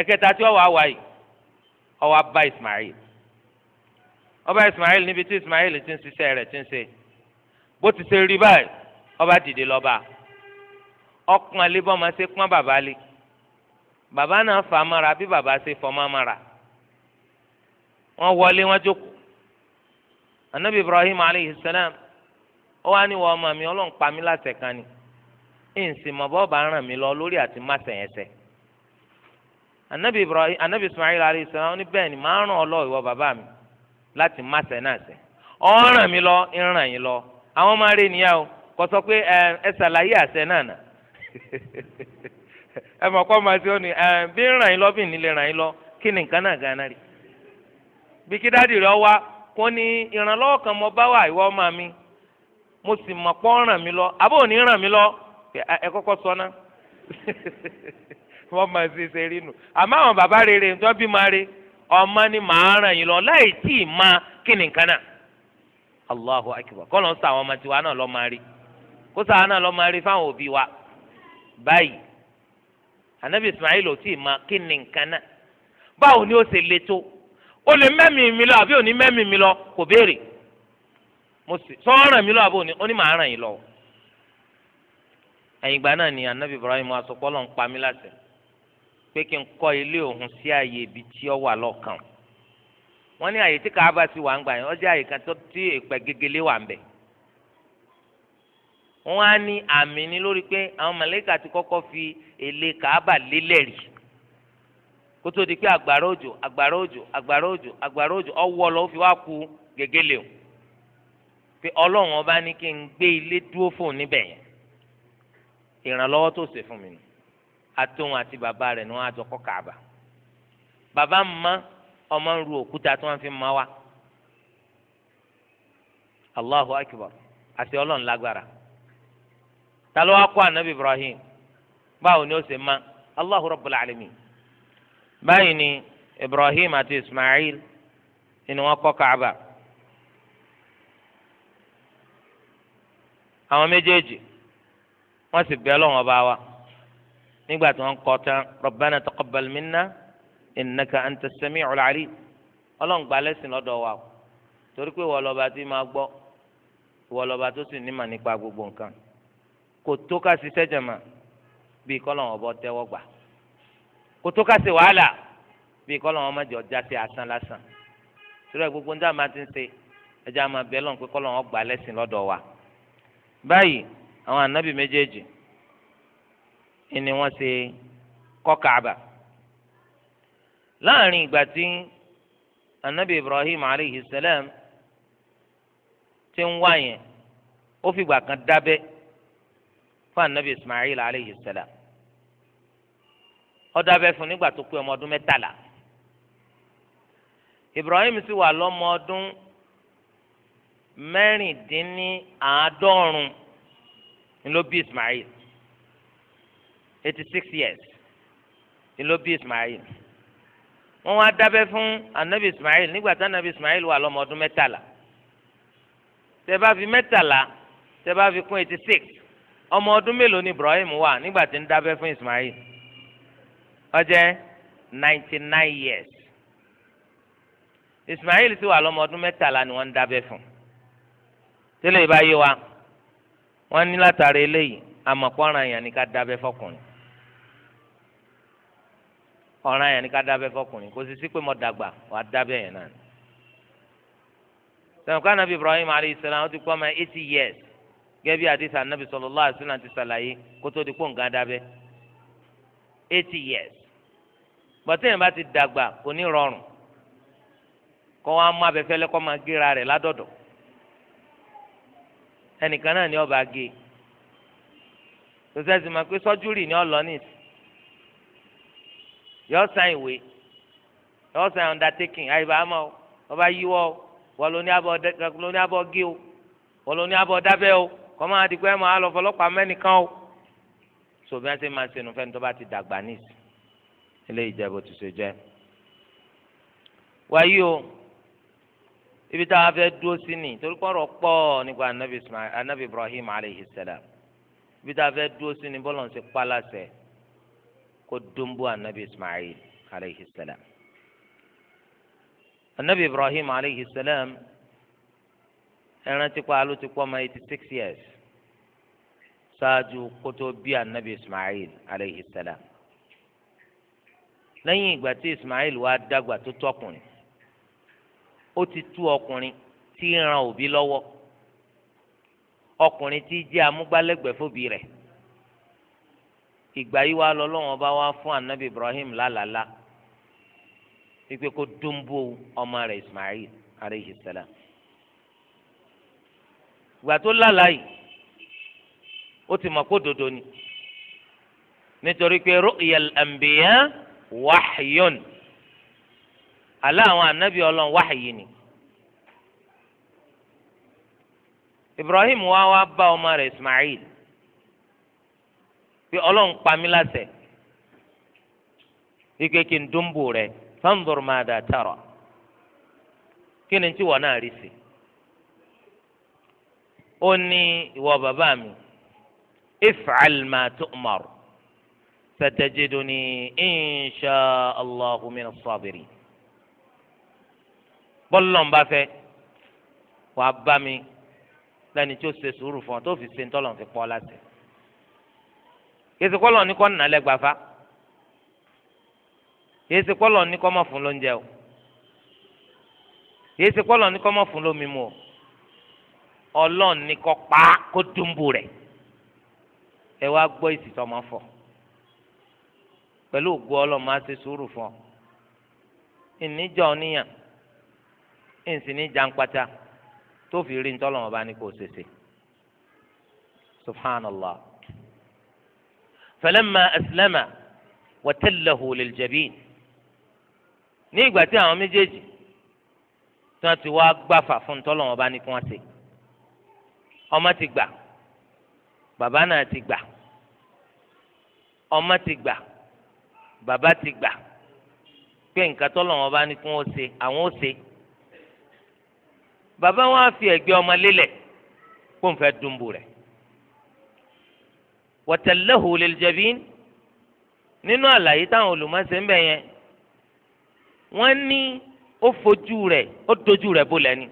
ẹ̀kẹta tí wọ́n wá wá yìí ismail ó ismail níbi tí ismail ti ń ṣiṣẹ́ rẹ̀ ti ń ṣe bó ti ṣe rí báyìí ó bá dìde lọ bá ọkùn alébọ́ máa ṣe pọ́n bàbá lé bàbá náà fà á mára bí bàbá ṣe fọmọ́ mára wọ́n wọlé wọ́n jókòó anabi ibrahim aleyhi salam ó wá ní wọ́n ọmọ mi ọlọ́run pa mí láṣẹ kan ni. ẹ̀ǹsì mọ̀ bọ́ bá ràn mi lọ lórí àti má sẹ̀yẹsẹ̀ anabi ibrahim anabi ismail alayhi salam bẹẹ ní bẹ́ẹ̀ ni máa ràn lọ ìwọ bàbá mi láti má sẹ̀ náà sẹ̀ ọ́ ràn mí lọ ń yín lọ àwọn máa rí o kò sọ pé ẹ ṣàlàyé àṣẹ náà nà ẹ mọ̀ kọ́ máa ṣe ó ní bí ń ràn yín lọ bí ń nílé ràn yín lọ kí ni nǹkan náà gan-an rí bí kí dáàdì rẹ wá kó ní ìrànlọ́wọ́ kan ìwọ ọmọ mi mo sì mọ̀ pọ́ ràn mí lọ àbó ní ràn mí lọ Ah, ẹ kọ́kọ́ sọ ná wọ́n máa ṣe ṣe rí nu àmọ́ àwọn bàbá rere ń tọ́bí máa re ọmọ ni màá ràn yín lọ láì tí ì máa kí ni allahu akbar kọ́ ló ń sa àwọn ọmọ tiwa náà lọ́ọ́ máa rí kó sáà náà lọ́ọ́ máa rí fáwọn òbí wa báyìí anabi ismail ò tí ì máa kí ni nǹkan náà báwo ni ó ṣe le tó o lè mẹ́mìí mi lọ àbí ò ní mẹ́mìí mi lọ kò béèrè mo sì sọ ọ́ ràn mí lọ àbí ò ní màá ràn yín lọ. ẹ̀yìn ìgbà náà ni anabi ibrahim asopọlọ ń pami láṣẹ pé kí n kọ́ ilé òun sí ààyè ibi tí ó wà lọ́kàn wọn ní àyè tí kaaba sì wà ń gbà yẹn ó àyè kan tó tí èpè gegele wà ń bẹ̀ wọ́n á ní àmì ní lórí pé àwọn màlàíkà ti kọkọ fi èlé kaaba lélẹ̀ rí kótó di pé àgbàrá òjò àgbàrá òjò àgbàrá òjò àgbàrá òjò ọwọ́ lọ fi wá ku gegele o pé ọlọ́run ọba ní kí n gbé ilé dúró fóun níbẹ̀ yẹn ìrànlọ́wọ́ tó ṣe fún mi nù atóhun àti bàbá rẹ̀ ni wọ́n á jọ kọ́ kàbà bàbá mma ọmọ ń ru òkúta tí wọ́n fi mma wa allahu akibar àti ọlọ́run lágbára ta ló wá kó anabi ibrahim báwo ni ó ṣe ma allahu rabbul alamin báyìí ni ibrahim àti ismail ni wọ́n kọ́ kàbà àwọn méjèèjì. wọ́n sì bẹ Ọlọ́run ọba wa nígbà tí wọ́n kọ tán Rabbana taqabbal minna innaka anta as-sami'ul 'alim Ọlọ́run gba lẹ́sìn lọ́dọ̀ wa o torí pé wọ́n lọ́ba tí máa gbọ́ wọ́n lọ́ba tó sì nímọ̀ nípa gbogbo nǹkan kò tó ká ṣiṣẹ́ jẹ̀mọ́ bíi kọ́lọ́run ọba tẹ́wọ́ gbà kò tó ká ṣe wàhálà bíi kọ́lọ́run ọmọdé ọjà ṣe asán lásán torí gbogbo ń dá máa ti ń ṣe ẹjẹ́ àmọ́ bẹ́ẹ̀ lọ́n pé kọ́lọ́run àwọn anabi méjèèjì ni wọ́n ṣe kọ́ kaaba láàrin ìgbà tí anabi ibrahim aleyhi salam ti ń wá yẹn ó fìgbà kan dábẹ́ fún anabi ismail aleyhi salam ó dábẹ́ fún nígbà tó pé ọmọ ọdún mẹ́tàlá ibrahim sì wà lọ́mọ ọdún mẹ́rìndínláàádọ́rùn ńlọ bí Ismail eighty six years ńlọ bí Ismail wọ́n wá dábẹ́ fún anabi Ismail nígbà tí anabi Ismail wà lọ́mọ ọdún mẹ́tàlá tẹ́ bá fi mẹ́tàlá tẹ́ bá fi kún eighty six ọmọ ọdún mélòó ni Ibrahim wà nígbà tí ń dábẹ́ fún Ismail ó ninety nine years Ismail ti wà lọ́mọ ọdún ni wọ́n ń dábẹ́ fún tẹ́lẹ̀ ìbá yé wa wọ́n ní látara eléyìí àmọ̀pọ̀ràn àyàn ni ká dábẹ́ fọkùnrin ọ̀ràn àyàn ni ká dábẹ́ fọkùnrin kò sì sí pé mo dàgbà wàá dábẹ́ yẹn náà sọ̀rọ̀ ká nàbí Ibrahim alayhi salam ó ti kọ́ ọmọ eighty years gẹ́gẹ́ bí àdìsá nàbí sallallahu alaihi wasallam ti sàlàyé kó tó di pò nǹkan dábẹ́ eighty years gbọ̀tẹ́yìn bá ti dàgbà kò ní rọrùn kọ́ wọn á mú abẹ́fẹ́lẹ́ kọ́ máa gíra rẹ̀ ládọ̀dọ̀ ẹnìkan náà ni ọba gé tòṣẹ́sì máa pé sọ́júrì ni ọlọ́nìs yọ san ìwé yọ san undertaking àyíbá àmọ́ ọba yíwọ́ wọ́n ló ní abọ́ gé o wọ́n ló ní abọ́ dábẹ́ o kọ́ máa di pé ẹ o sòbí ṣe máa ṣe nùfẹ́ nítorí bá ti dàgbà níìsì eléyìí jẹ́ bó ti ṣe jẹ́ wáyé o ibi tá a fẹ́ dúró sí ni torí kọ́rọ̀ pọ̀ nípa anabi ismail anabi ibrahim alayhi salam ibi tá a fẹ́ dúró sí ni bọ́lá ń ṣe pálásẹ̀ kó dúnbó anabi ismail alayhi salam anabi ibrahim alayhi salam ẹran ti pa ló ti pọ̀ ọmọ eighty six years ṣáájú kótó bí anabi ismail alayhi salam lẹ́yìn ìgbà tí ismail wá dàgbà tó tọkùnrin ó ti tú ọkùnrin tí ń ran òbí lọ́wọ́ ọkùnrin tí jẹ́ amúgbálẹ́gbẹ̀ẹ́ fòbí rẹ̀ ìgbà yìí wá lọ́lọ́wọ́n bá wá fún anabi Ibrahim lálàlá wípé kó dúnbó ọmọ rẹ̀ Ismail aleyhi salam ìgbà tó lálàá yìí ó ti mọ̀ kó dodo ni nítorí pé ru'yal anbiya wahyun àlá àwọn ànábì ọlọ́run wáhìyí ni Ibrahim wá wá bá ọmọ rẹ̀ Ismail pé ọlọ́run pa mí láṣẹ ike kí n dúnbò rẹ̀ fanzur mada tara kí ni tí wọ́n náà rí sí ó ní ìwọ bàbá mi if'al ma tu'mar satajiduni insha Allahu min sabirin bọ́lọ́n bá fẹ́ wàá bá mi lẹ́ni tí ó ṣe sùúrù fún ọ tó fi ṣe ń tọ́lọ̀ fi pọ́ láti. kìsìkọ́lọ̀ ní kọ́ nàlẹ́ gbàfa kìsìkọ́lọ̀ ní kọ́ mọ̀ fún lóúnjẹ o kìsìkọ́lọ̀ ní kọ́ mọ̀ fún lómi mu o ọlọ́ọ̀n ní kọ́ pa kó dùnbù rẹ̀ ẹ wá gbọ́ ìsìtọ́ ọmọ fọ pẹ̀lú ògo ọlọ́ọ̀ máa ṣe sùúrù fún ọ ìníjọ́ níyàn ǹsìn ní jankpata tó fi rí ntọ́lọ́wọ́n bá ní kó sèse subhanallah falamma aslama watallahu liljabin ní ìgbà tí àwọn méjèèjì tí wọ́n ti wá gbàfà fún ntọ́lọ́wọ́n bá ní kó wọ́n ṣe ọmọ ti gbà bàbá náà ti gbà ọmọ ti gbà bàbá ti gbà pé nǹkan tọ́lọ́wọ́n bá ní kó wọ́n ṣe àwọn ó ṣe bàbá wọn á fi ẹ̀gbẹ́ ọmọ lélẹ̀ kó n fẹ́ dùnbù rẹ̀ wọ́tẹ̀lẹ́hù lẹ́lẹ́jẹ̀bín nínú àlàyé táwọn olùmọ̀ọ́sẹ̀ ń bẹ̀ yẹn wọ́n ní ó fojú rẹ̀ ó dojú rẹ̀ bó lẹ́ni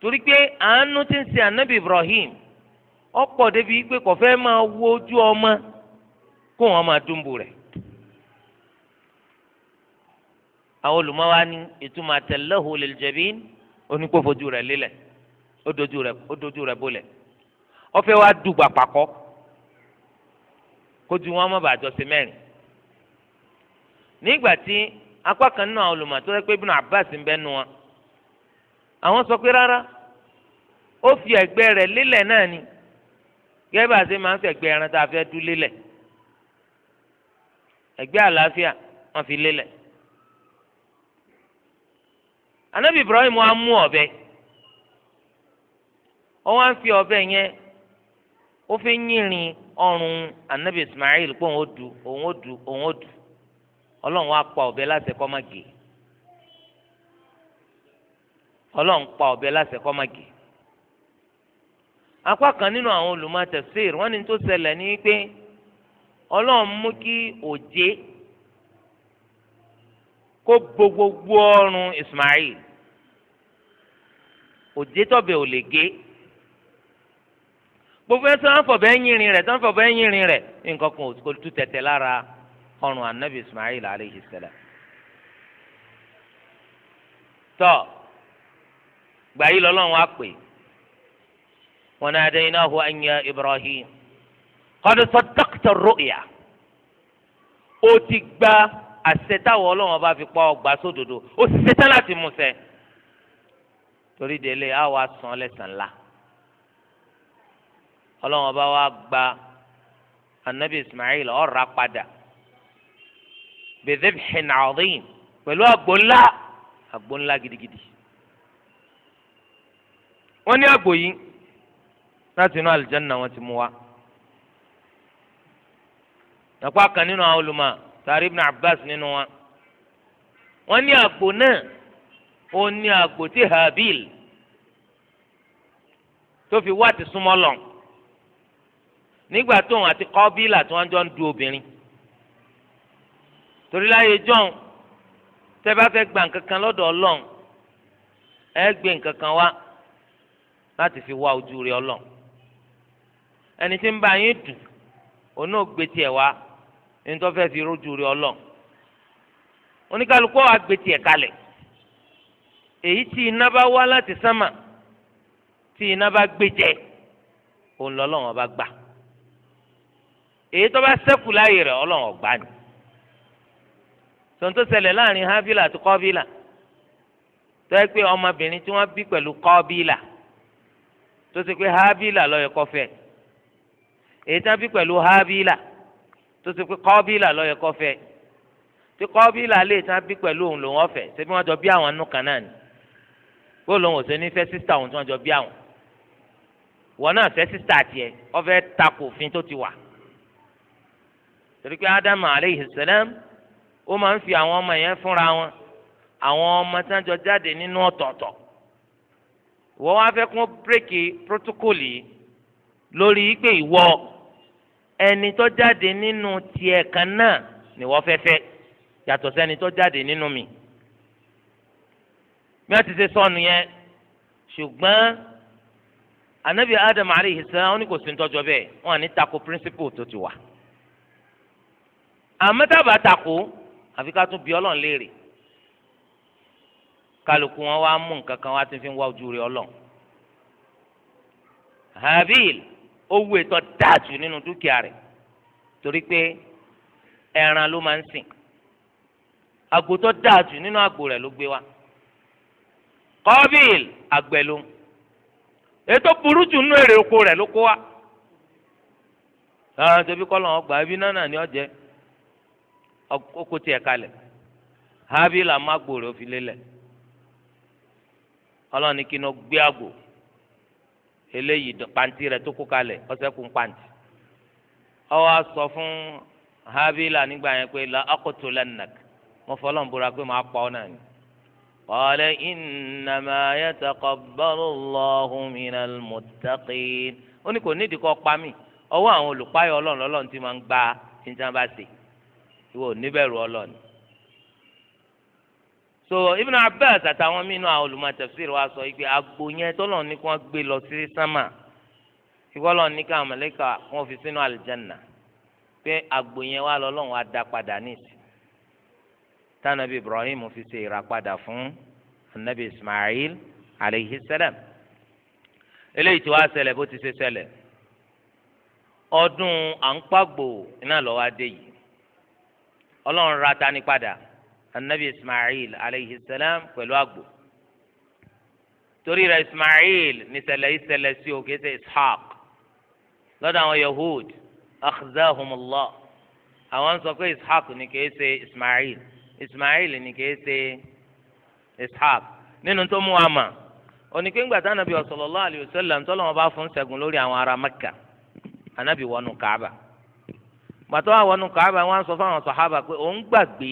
torí pé àánú ti ń ṣe ànábì Ibrahim ọ̀pọ̀ débi pé kò fẹ́ máa wo ojú ọmọ kó wọn máa dùnbù rẹ̀ àwọn olùmọ̀ọ́ wa ní ìtumọ̀ àtẹ̀lẹ́hù lẹ́lẹ́jẹ̀bín oníkó fojú rẹ̀ lélẹ̀ ó dojú rẹ̀ ó dojú rẹ̀ bolẹ̀ ọfẹ́ wa dùgbà pàkọ́ kójú wọn mọ̀ bàjọ́ sí mẹ́rin nígbà tí apá kan nínú àwọn olùmọ̀ tó rẹ́ pé Ibn Abbas ń bẹ́nu wọn àwọn sọ pé rárá ó fi ẹ̀gbẹ́ rẹ̀ lélẹ̀ náà ni gẹ́gẹ́ bá a ṣe máa ń fẹ̀gbẹ́ ẹran tá a fẹ́ dú lélẹ̀ ẹ̀gbẹ́ àlàáfíà wọ́n fi lélẹ̀ anabi ibrahim wa mú ọ̀bẹ ó wá ń fi ọ̀bẹ yẹn ó fi ń yìnrìn ọrùn anabi ismail pé òun ó du òun ó du òun ó du ọlọ́run wa pa ọ̀bẹ láṣẹ kó má gé ọlọ́run pa ọ̀bẹ láṣẹ kó má gé apá kan nínú àwọn olùmọ̀ tafsir wọ́n tó ṣẹlẹ̀ ní pé ọlọ́run mú kí òjé kó bo ọrùn ismail òjé tọ̀bẹ̀ ò lè gé gbogbo ẹsẹ̀ wọn fọ̀bẹ̀ ẹ̀yìnrin rẹ̀ tán fọ̀bẹ̀ ẹ̀yìnrin rẹ̀ nǹkan kan kò tú tẹ̀tẹ̀ lára ọrùn anabi ismail aleyhi sẹlẹ̀ tọ́ gbàyí lọ́lọ́run á pè wọn náà dé iná hu anya ibrahim qad saddaqta ar-ru'ya ó ti gba àṣẹ ọlọ́run bá fi pa ọgbà sódodo ó ṣetán láti mú ṣẹ torí délé á wá san lẹ́sàn la ọlọ́run ọba wa gba anabi ismail ọ̀rá padà bidhibhin adhim pẹ̀lú àgbò ńlá àgbò ńlá gidigidi wọ́n ní àgbò yìí láti inú alìjánná wọ́n ti mú wa nàpá kan nínú àwọn olùmọ̀ tàrí ibn abbas nínú wa wọ́n ní àgbò náà ó ní àgbò tí habil tó fi wá ti súnmọ́ lọ nígbà tóun àti kọ́bílà tí wọ́n jọ ń du obìnrin torí láyé john tẹ́ bá fẹ́ gba nǹkan kan lọ́dọ̀ ọlọ́run ẹ gbé nǹkan kan wá láti fi wá ojú rẹ ọlọ́run ẹni tí ń bá yín dùn òun náà gbé tiẹ̀ wá ẹni tó fẹ́ fi rójú rẹ ọlọ́run oníkálukú wa gbé kalẹ̀ èyí tí iná bá wá láti sánmà tí iná bá gbé jẹ òun lọ́lọ́run ọba gbà èyí tó bá ṣẹ́kù láàyè rẹ̀ ọlọ́run ọgbà ni tòǹtò ṣẹlẹ̀ láàrin hábílà àti kọ́bílà tó yẹ pé ọmọbìnrin tí wọ́n bí pẹ̀lú kọ́bílà tó ṣe pé hábílà lọ́yẹ kọfẹ́ èyí tí wọ́n bí pẹ̀lú hábílà tó ṣe pé kọ́bílà lọ́yẹ kọfẹ́ tí kọ́bílà lè tí wọ́n bí pẹ̀lú òun lòun ọ̀fẹ́ ṣé bí wọ́n jọ bí àwọn nù kan náà ni bó lóun ò ṣe ní fẹ́ sísítà òun tí wọ́n jọ bí àwọn wọn náà fẹ́ sísítà tiẹ̀ ó fẹ́ takò òfin tó ti wà torí pé ádámù aleyhi sẹlẹm ó máa ń fi àwọn ọmọ yẹn fúnra wọn àwọn ọmọ tí wọ́n jọ jáde nínú ọ̀tọ̀ọ̀tọ̀ wọ́n wá fẹ́ kún bírèkì prótókòlì lórí pé ìwọ ẹni tó jáde nínú tiẹ̀ kan náà ni wọ́n fẹ́ fẹ́ yàtọ̀ sẹ́ni tó jáde nínú mi bí wọ́n ti ṣe sọnù yẹn ṣùgbọ́n anabi adam alayhi salam wọ́n ní kò sí ntọ́jọ́ bẹ́ẹ̀ wọ́n ní tako principle tó ti wà àmọ́tàbà tako àfi ká tún bí ọlọ́run léèrè kálukú wọn wá mú nǹkan kan wá ti fi ń wá ojú rẹ ọlọ́run habil owó ètò dáàtú nínú dúkìá rẹ̀ torí pé ẹran ló máa ń sìn àgbò tó dáàtú nínú àgbò rẹ̀ ló gbé wá. Qabil àgbẹ̀lú ètò burú jù nínú èrè oko rẹ̀ ló kó wa ah, kọlọ ọgbà ibi náà ni ọjẹ oko tiẹ̀ kalẹ̀ Habil amagboro fi ọlọ́ni gbé eléyìí pàǹtí rẹ̀ tó kó kalẹ̀ pàǹtí ọwọ́ sọ fún Habil yẹn pé la pé màá pa ọ́ náà قال إنما يتقبل الله من المتقين ó ní kò nídìí kọ́ pa mí ọwọ́ àwọn olùpáyọ̀ ọlọ́run lọ́lọ́run ti máa ń gba tíntàn bá ṣe ìwọ níbẹ̀rù ọlọ́run. so Ibn Abbas àtàwọn mínú àwọn olùmọ̀tẹ̀fsìrì wa sọ pé agbo yẹn tọ́lọ̀ ní kí wọ́n gbé lọ sí sámà ìwọ́lọ̀ ní káwọn mọ̀lẹ́kà wọ́n fi sínú àlìjánnà pé agbo yẹn wà lọ́lọ́run á dá padà níìsí tánàbí ibrahim fi ṣe ìràpadà fún anabi ismail alayhi salam eléyìí tí wàá ṣẹlẹ̀ bó ti ṣe ṣẹlẹ̀ ọdún à ń pàgbò iná lọ́wọ́ adé yìí ọlọ́run ra tani padà anabi ismail alayhi salam pẹ̀lú àgbò torí rẹ̀ ismail níṣẹ̀lẹ̀ ìṣẹ̀lẹ̀ sí òkè ṣe ishaq lọ́dọ̀ àwọn yahud akhzahumullah àwọn sọ pé ishaq ni kì ṣe ismail ismail ni kìí ṣe ishaq nínú tó mú wa mà oníkpé ńgbà tí anabi sallallahu sallam tó lọ́wọ́ bá fún ṣẹ́gun lórí àwọn ará mẹ́kà anabi wọnú kaaba gbàtọ́ àwọnú kaaba wọn sọ fáwọn sọ̀hábà pé òun gbàgbé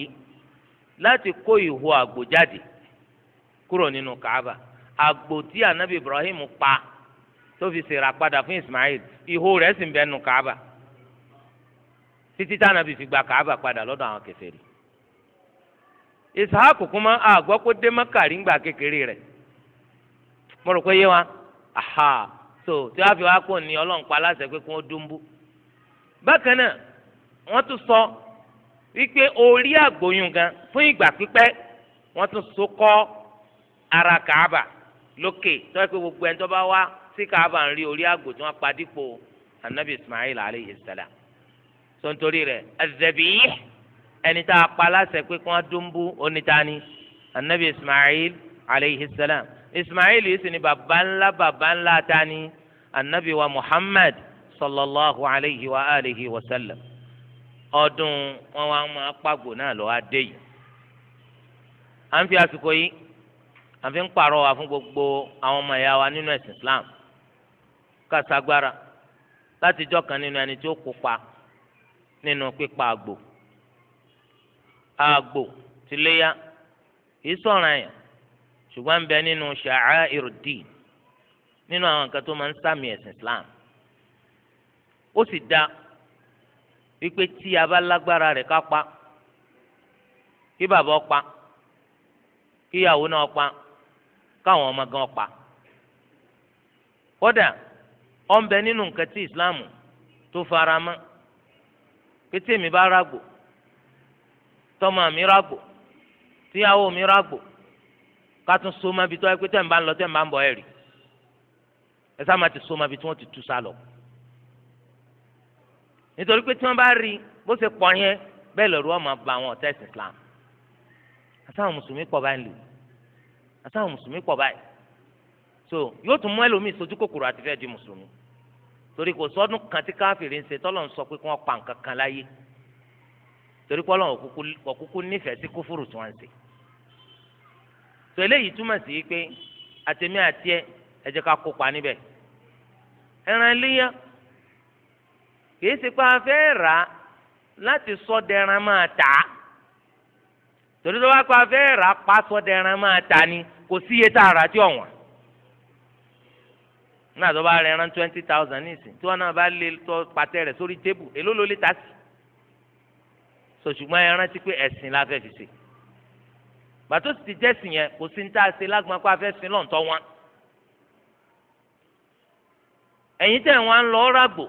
láti kó ìhó àgbò jáde kúrò nínú kaaba àgbò tí anabi ibrahim pa tó fi ṣèrà padà fún ismail ìhó rẹ̀ sì ń bẹ nù kaaba títí tí anabi fi gba kaaba padà lọ́dọ̀ àwọn kèfèrí Ishaq kuma àgbọ́ kó dé mọ́kàrí ńgbà kékeré rẹ̀ mo rò pé yé wa aha so tí wàá fi wá kó ní ọlọ́run pa aláṣẹ pé kí wọ́n dúnbú bákan náà wọ́n tún sọ wípé orí àgbóyún gan fún ìgbà pípẹ́ wọ́n tún so kọ́ ara kàába lókè tó yẹ pé gbogbo ẹni tó bá wá sí kàába ń rí orí àgbò tí wọ́n pa dípò anabi Ismail alayhi salam sọ nítorí rẹ̀ azẹbi yìí ẹni tá a pa láṣẹ pé kí wọ́n dún onítàní anabi ismail aleyhi salam ismail yìí sì ni bàbá ńlá bàbá ńlá tani anabi wa muhammad sallallahu alayhi wa alihi wa sallam ọdún wọn wá máa pàgò náà lọ adé yìí à ń fi àsìkò yìí à ń fi ń pàrọ̀ wá fún gbogbo àwọn ọmọ ìyá wa nínú ẹ̀sìn islam kásagbára láti jọ́ kan nínú ẹni tí ó kópa nínú pípa àgbò. agbo ti léyà kìí sọ̀ràn àyàn ṣùgbọ́n bẹ nínú nínú àwọn Islam ó sì da wípé tí a bá lágbára rẹ̀ ká pa kí bàbá ọ pa kíyàwó náà pa káwọn ọmọ gan pa kódà Islam tó fara mọ́ tọmọ mi rágbò tíyàwó mi rágbò kátó soma bi tó ẹ pé tẹ̀ ń bá ń lọ tẹ̀ ń bá ń bọ̀ ẹ̀ rí ẹ sá ti soma bi tí wọ́n ti tú sá nítorí pé tí wọ́n bá rí bó ṣe pọ̀ yẹn bẹ́ẹ̀ lọ́rù ọmọ bá wọn ọ̀tá ẹ̀sìn Islam àtàwọn mùsùlùmí pọ̀ báyìí lò àtàwọn mùsùlùmí pọ̀ báyìí so yóò tún mú ẹlòmíì sojú kòkòrò àti fẹ́ẹ́ di mùsùlùmí torí kò sọ́dún kan tí káfíìrì ń ṣe tọ́lọ́ ń sọ pé kí wọ́n pa nǹkan kan láyé torí pé ọlọ́run kúkú nífẹ̀ẹ́ sí kúfúrú tí wọ́n ń ṣe. tó eléyìí túmọ̀ sí pé àtẹ̀mí àti ẹ ẹ jẹ́ ká kópa níbẹ̀. ẹran iléyà kìí ṣe pé a fẹ́ rà á láti sọ́dẹ̀ran máa tà á torí tó bá pa a fẹ́ rà á pa sọ́dẹ̀ran máa tà ni kò sí iye tá a rà tí ọ̀wọ́n nígbà tó bá rẹ ẹran twenty thousand nísìnyí tí wọn náà bá lé tó patẹ rẹ sórí tébù èló ló lè ta sí so ṣùgbọ́n ẹ rántí pé ẹ̀sìn la fẹ́ fi ṣe bàtó sì ti jẹ́sìn yẹn kò sí ní tá a ṣe lágbọ́n pé a fẹ́ sin lọ́ǹtọ́ wọn. ẹ̀yin tẹ̀ wọ́n á ń lọ rágbò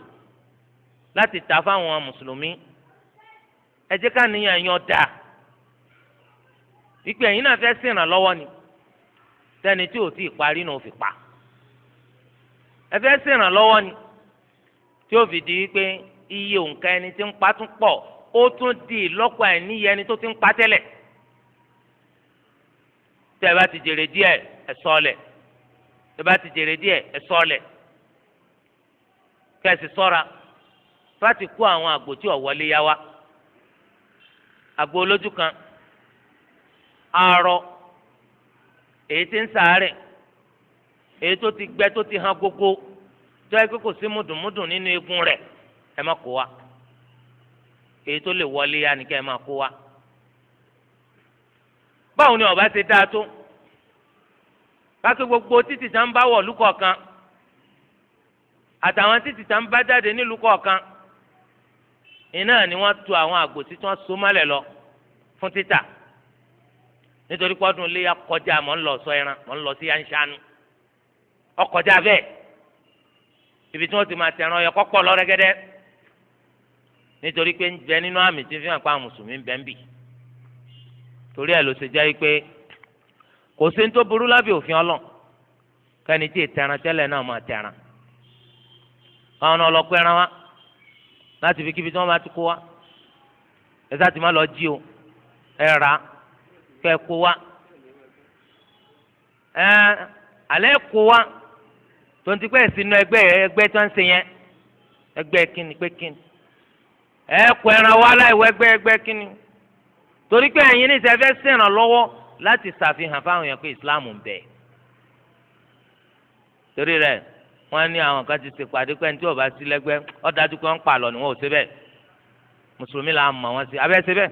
láti ta fáwọn mùsùlùmí ẹ jẹ́ ká níyàn yan dáa ìpè ẹ̀yin náà fẹ́ sìn ràn lọ́wọ́ ni tẹ́ni tí ò tí ì parí náà ò fi pa ẹ fẹ́ lọ́wọ́ ni tí ó fi di pé iye òǹkà ẹni tí ń pa pọ̀ ó tún di ìlọ́pọ̀ àìníyẹ tó ti ń pa tẹ́lẹ̀ tẹ́ ẹ bá ti jèrè díẹ̀ ẹ sọ́ọ̀lẹ̀ tẹ́ ẹ sọ́ra kó àwọn àgbò tí yá wa àgbò olójú kan arọ èyí tí ń sàárẹ̀ èyí tó ti gbẹ tó ti hàn gógó wa. èyí tó lè wọlé yá ni kẹ́ ẹ máa kó wa. báwo ni ọba ṣe dáa tó kákẹ́ gbogbo títì tá ń bá wọ̀ lúkọ̀ kan àtàwọn títì tá ń bá jáde nílùú kọ̀ọ̀kan iná ni wọ́n tu àwọn àgbò tí wọ́n so mọ́lẹ̀ lọ fún títà nítorí pọ́dún léyà kọjá mọ́ ń lọ sọ ẹran mọ́ ń lọ sí yanṣánu ọkọjá bẹ́ẹ̀ ibi tí wọ́n ti máa tẹ̀ràn ọyọ kọ́pọ̀ lọ́rẹ́gẹ́dẹ́ nítorí pé ń bẹ nínú àmì tí fi hàn pé àwọn mùsùlùmí ń bẹ ń bì torí ẹ̀ ló ṣe jẹ́ pé kò sí ní tó burú lábẹ́ òfin ọlọ́n kẹ́ni tí ìtẹran tẹ́lẹ̀ náà máa tẹran káwọn náà lọ kó ẹran wa láti fi kíbi tí wọ́n bá ti kó wa ẹ sá ti má lọ jí o ẹ rà á kẹ́ kó wa ẹ alẹ́ kó wa tontigbẹ́ sínú ẹgbẹ́ ẹgbẹ́ tó ń ṣe yẹn ẹgbẹ́ kíni pé kíni ẹ kọ ẹran wa láì wẹgbẹ kínní torí pé ẹ̀yin ní sẹfẹ láti ṣàfihàn fáwọn yẹn pé ìsìláàmù ń bẹ torí rẹ̀ wọ́n ní àwọn kan ti pé tí sí lẹ́gbẹ́ ó dájú pé ń ni wọn bẹ́ẹ̀ mùsùlùmí là ń mọ wọn sí abẹ bẹ́ẹ̀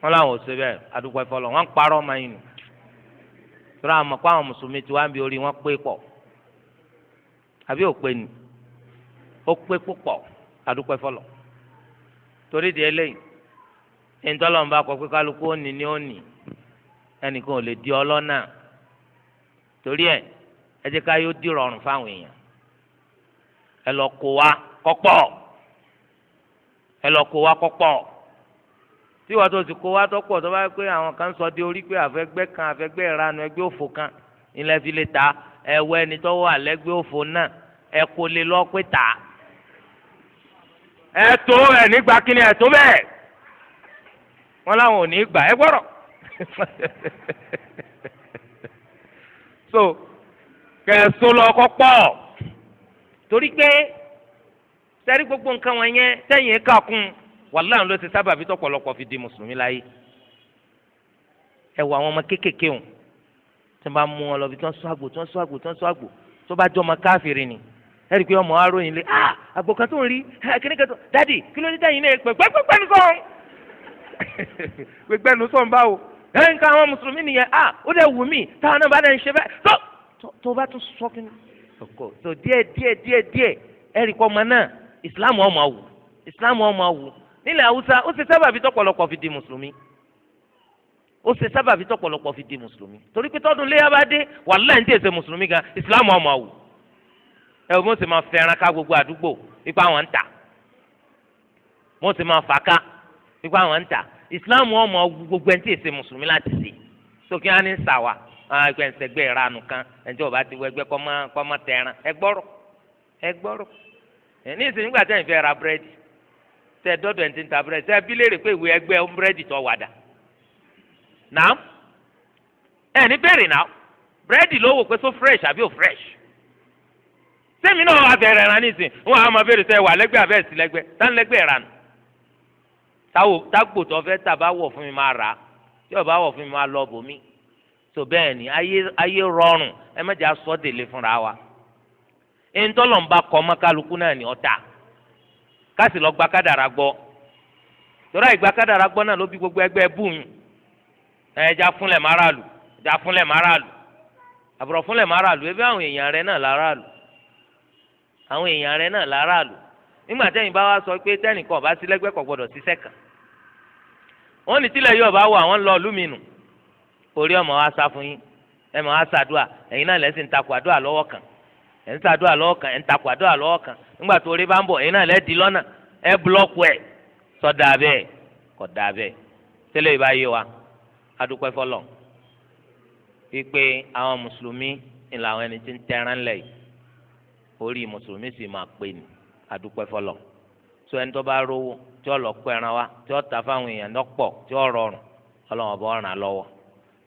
wọ́n làwọn ò ṣe bẹ́ẹ̀ àdúgbò ìfọlọ wọ́n ń ọmọ yìí nù ó pé púpọ̀ adúpẹ́ fọlọ̀ torí di eléyìí ìtọ́lọ́mù bá kọ pé kálukú òní ni òní ẹnìkan ò lè di ọlọ́nà torí ẹ ẹ jẹ́ ká yóò di rọrùn fáwọn èèyàn ẹ lọ kó wa kọ́pọ̀ ẹ lọ kó wa kọ́pọ̀ tí wàá tó ti kó wa tọ́pọ̀ tó bá pé àwọn kan sọ di orí pé àfẹ́gbẹ́ kan àfẹ́gbẹ́ ìranu ẹgbẹ́ òfò kan ilẹ̀ fi lè ta ẹ̀wọ́ ẹni tọ́wọ́ àlẹ́gbẹ́ òfò náà ẹ kò lè lọ pé tà ẹ̀tọ́ ẹ̀ nígbà kínní ẹ̀tọ́ bẹ́ẹ̀ wọ́n láwọn ò ní gbà ẹ gbọ́rọ̀ so kẹ̀sùn lọ kọ́ pọ̀ torí pé sẹ́rí gbogbo nǹkan wọn yẹn sẹ́yìn ẹ̀ka kún wàhálà ló ti sábà fi tọ́pọ̀lọpọ̀ fi di mùsùlùmí láyé ẹ wọ àwọn ọmọ kéékèèké wọn tí wọ́n bá mú wọn lọ bí tí wọ́n sọ àgbò tí wọ́n sọ àgbò tí wọ́n sọ àgbò tó bá jọ ọmọ káfíìrì ni ẹ̀rí pé ọmọ aróyìn lé ah àgbò kan tó ń rí eh, kíní kan tó dádì kí ló dé dáyìn náà pẹ̀ pẹ́pẹ́pẹ́nu sọ̀n pẹ́pẹ́nu sọ̀n báwo ẹ̀ ń ka àwọn mùsùlùmí nìyẹn ah ó dẹ̀ wù mí táwọn náà bá dẹ̀ ń ṣe bẹ́ẹ̀ tó tó bá tún sọ kí ni. ọkọ tó díẹ̀ díẹ̀ díẹ̀ díẹ̀ ẹ̀rí pé ọmọ náà ìsìláàmù ọmọ awù ìsìláàmù ọmọ awù nílẹ̀ haúsá ó ṣe sábàbí tọ́pọ̀lọpọ̀ fi di mùsùlùmí ó ṣe sábàbí tọ́pọ̀lọpọ̀ fi di mùsùlùmí torí pé tọ́dún léyà bá dé wàhálà ń tẹ̀sẹ̀ mùsùlùmí gan ìsìláàmù ọmọ awù ẹ wò ma máa ká gbogbo àdúgbò wípé àwọn ń tà mọ̀ọ́sì máa fà ká ń tà ìsìláàmù ọmọ gbogbo ẹni tí èsè mùsùlùmí láti sè sókè á ní ń sàwà ẹgbẹ́ ìsẹ̀gbẹ́ ìranù kan ọba ti wọ egbe kọ́mọ tẹran ẹgbọ́rọ̀ ẹgbọ́rọ̀ ní ìsìn nígbà tẹ́ ẹ̀ ra búrẹ́dì dọ́dọ̀ ẹ̀ ti ń ta búrẹ́dì bí léèrè pé ìwé ẹgbẹ́ búrẹ́dì wà dà náà sẹ́mi náà wà bẹ̀rẹ̀ ràn nísìn wọn àwọn sẹ́ wà lẹ́gbẹ́ abẹ́ sí lẹ́gbẹ́ tá lẹ́gbẹ́ ràn. tágbò tó fẹ́ tà bá wọ̀ fún mi máa rà á tí ò fún mi máa lọ bòmí. tó bẹ́ẹ̀ ni ayé rọrùn ẹ mẹ́jẹ̀ aṣọ délé fúnra wa. ẹni tọ́lọ̀ bá kọ́ mọ́ kálukú náà ní ọ̀tá káàsì lọ gba kádàrà gbọ́ tọ́lá ìgbà kádàrà gbọ́ náà ló bí gbogbo ẹgbẹ́ bùn fúnlẹ̀ lù àwọn èèyàn rẹ náà láràlú nígbà tẹ́yìn bá wá sọ pé tẹ́nìkan ọba sí lẹ́gbẹ́ kò gbọ́dọ̀ ṣiṣẹ́ kan wọ́n ní tílẹ̀ yóò bá wọ àwọn lọ lúmìnù orí ọmọ wa sá fún yín ẹ mọ̀ wá sàdúà ẹ̀yin náà lẹ́sìn takò kan ẹ̀ ń kan ẹ̀ ń takò àdúà lọ́wọ́ kan nígbà tó orí bá ń bọ̀ ẹ̀yin náà lọ́nà ẹ ẹ̀ bẹ́ẹ̀ bẹ́ẹ̀ tẹ́lẹ̀ orí mùsùlùmí sì máa pè ní adúpẹ́ fọlọ́ tó ẹni tó bá rówó tí ó lọ kó ẹran wa tí ó ta fáwọn èèyàn lọ́pọ̀ tí ó rọrùn ọlọ́run ọba ọ̀ràn lọ́wọ́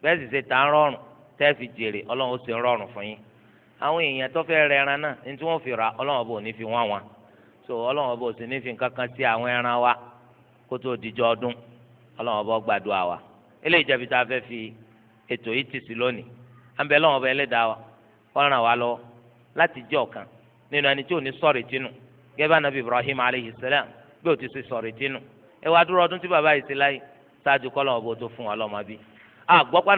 bẹ́ẹ̀ sì ṣe ta ń rọrùn tẹ́ fi jèrè ọlọ́run ó sì ń àwọn èèyàn tó fẹ́ rẹ ẹran náà ní tí wọ́n fi ra ọlọ́run ọba ò ní àwọn ẹran wa kó tó dijọ́ ọdún ọlọ́run ọba gbàdúrà wa nínú ẹni tí ò ní sọ̀rì tinu gẹ́gẹ́ bá nàbí Ibrahim alayhi salam bí ó ti ṣe sọ̀rì ẹ wá dúró ọdún tí yìí ti láyé kọ́ lọ́wọ́ bó tó fún wa lọ́mọ bí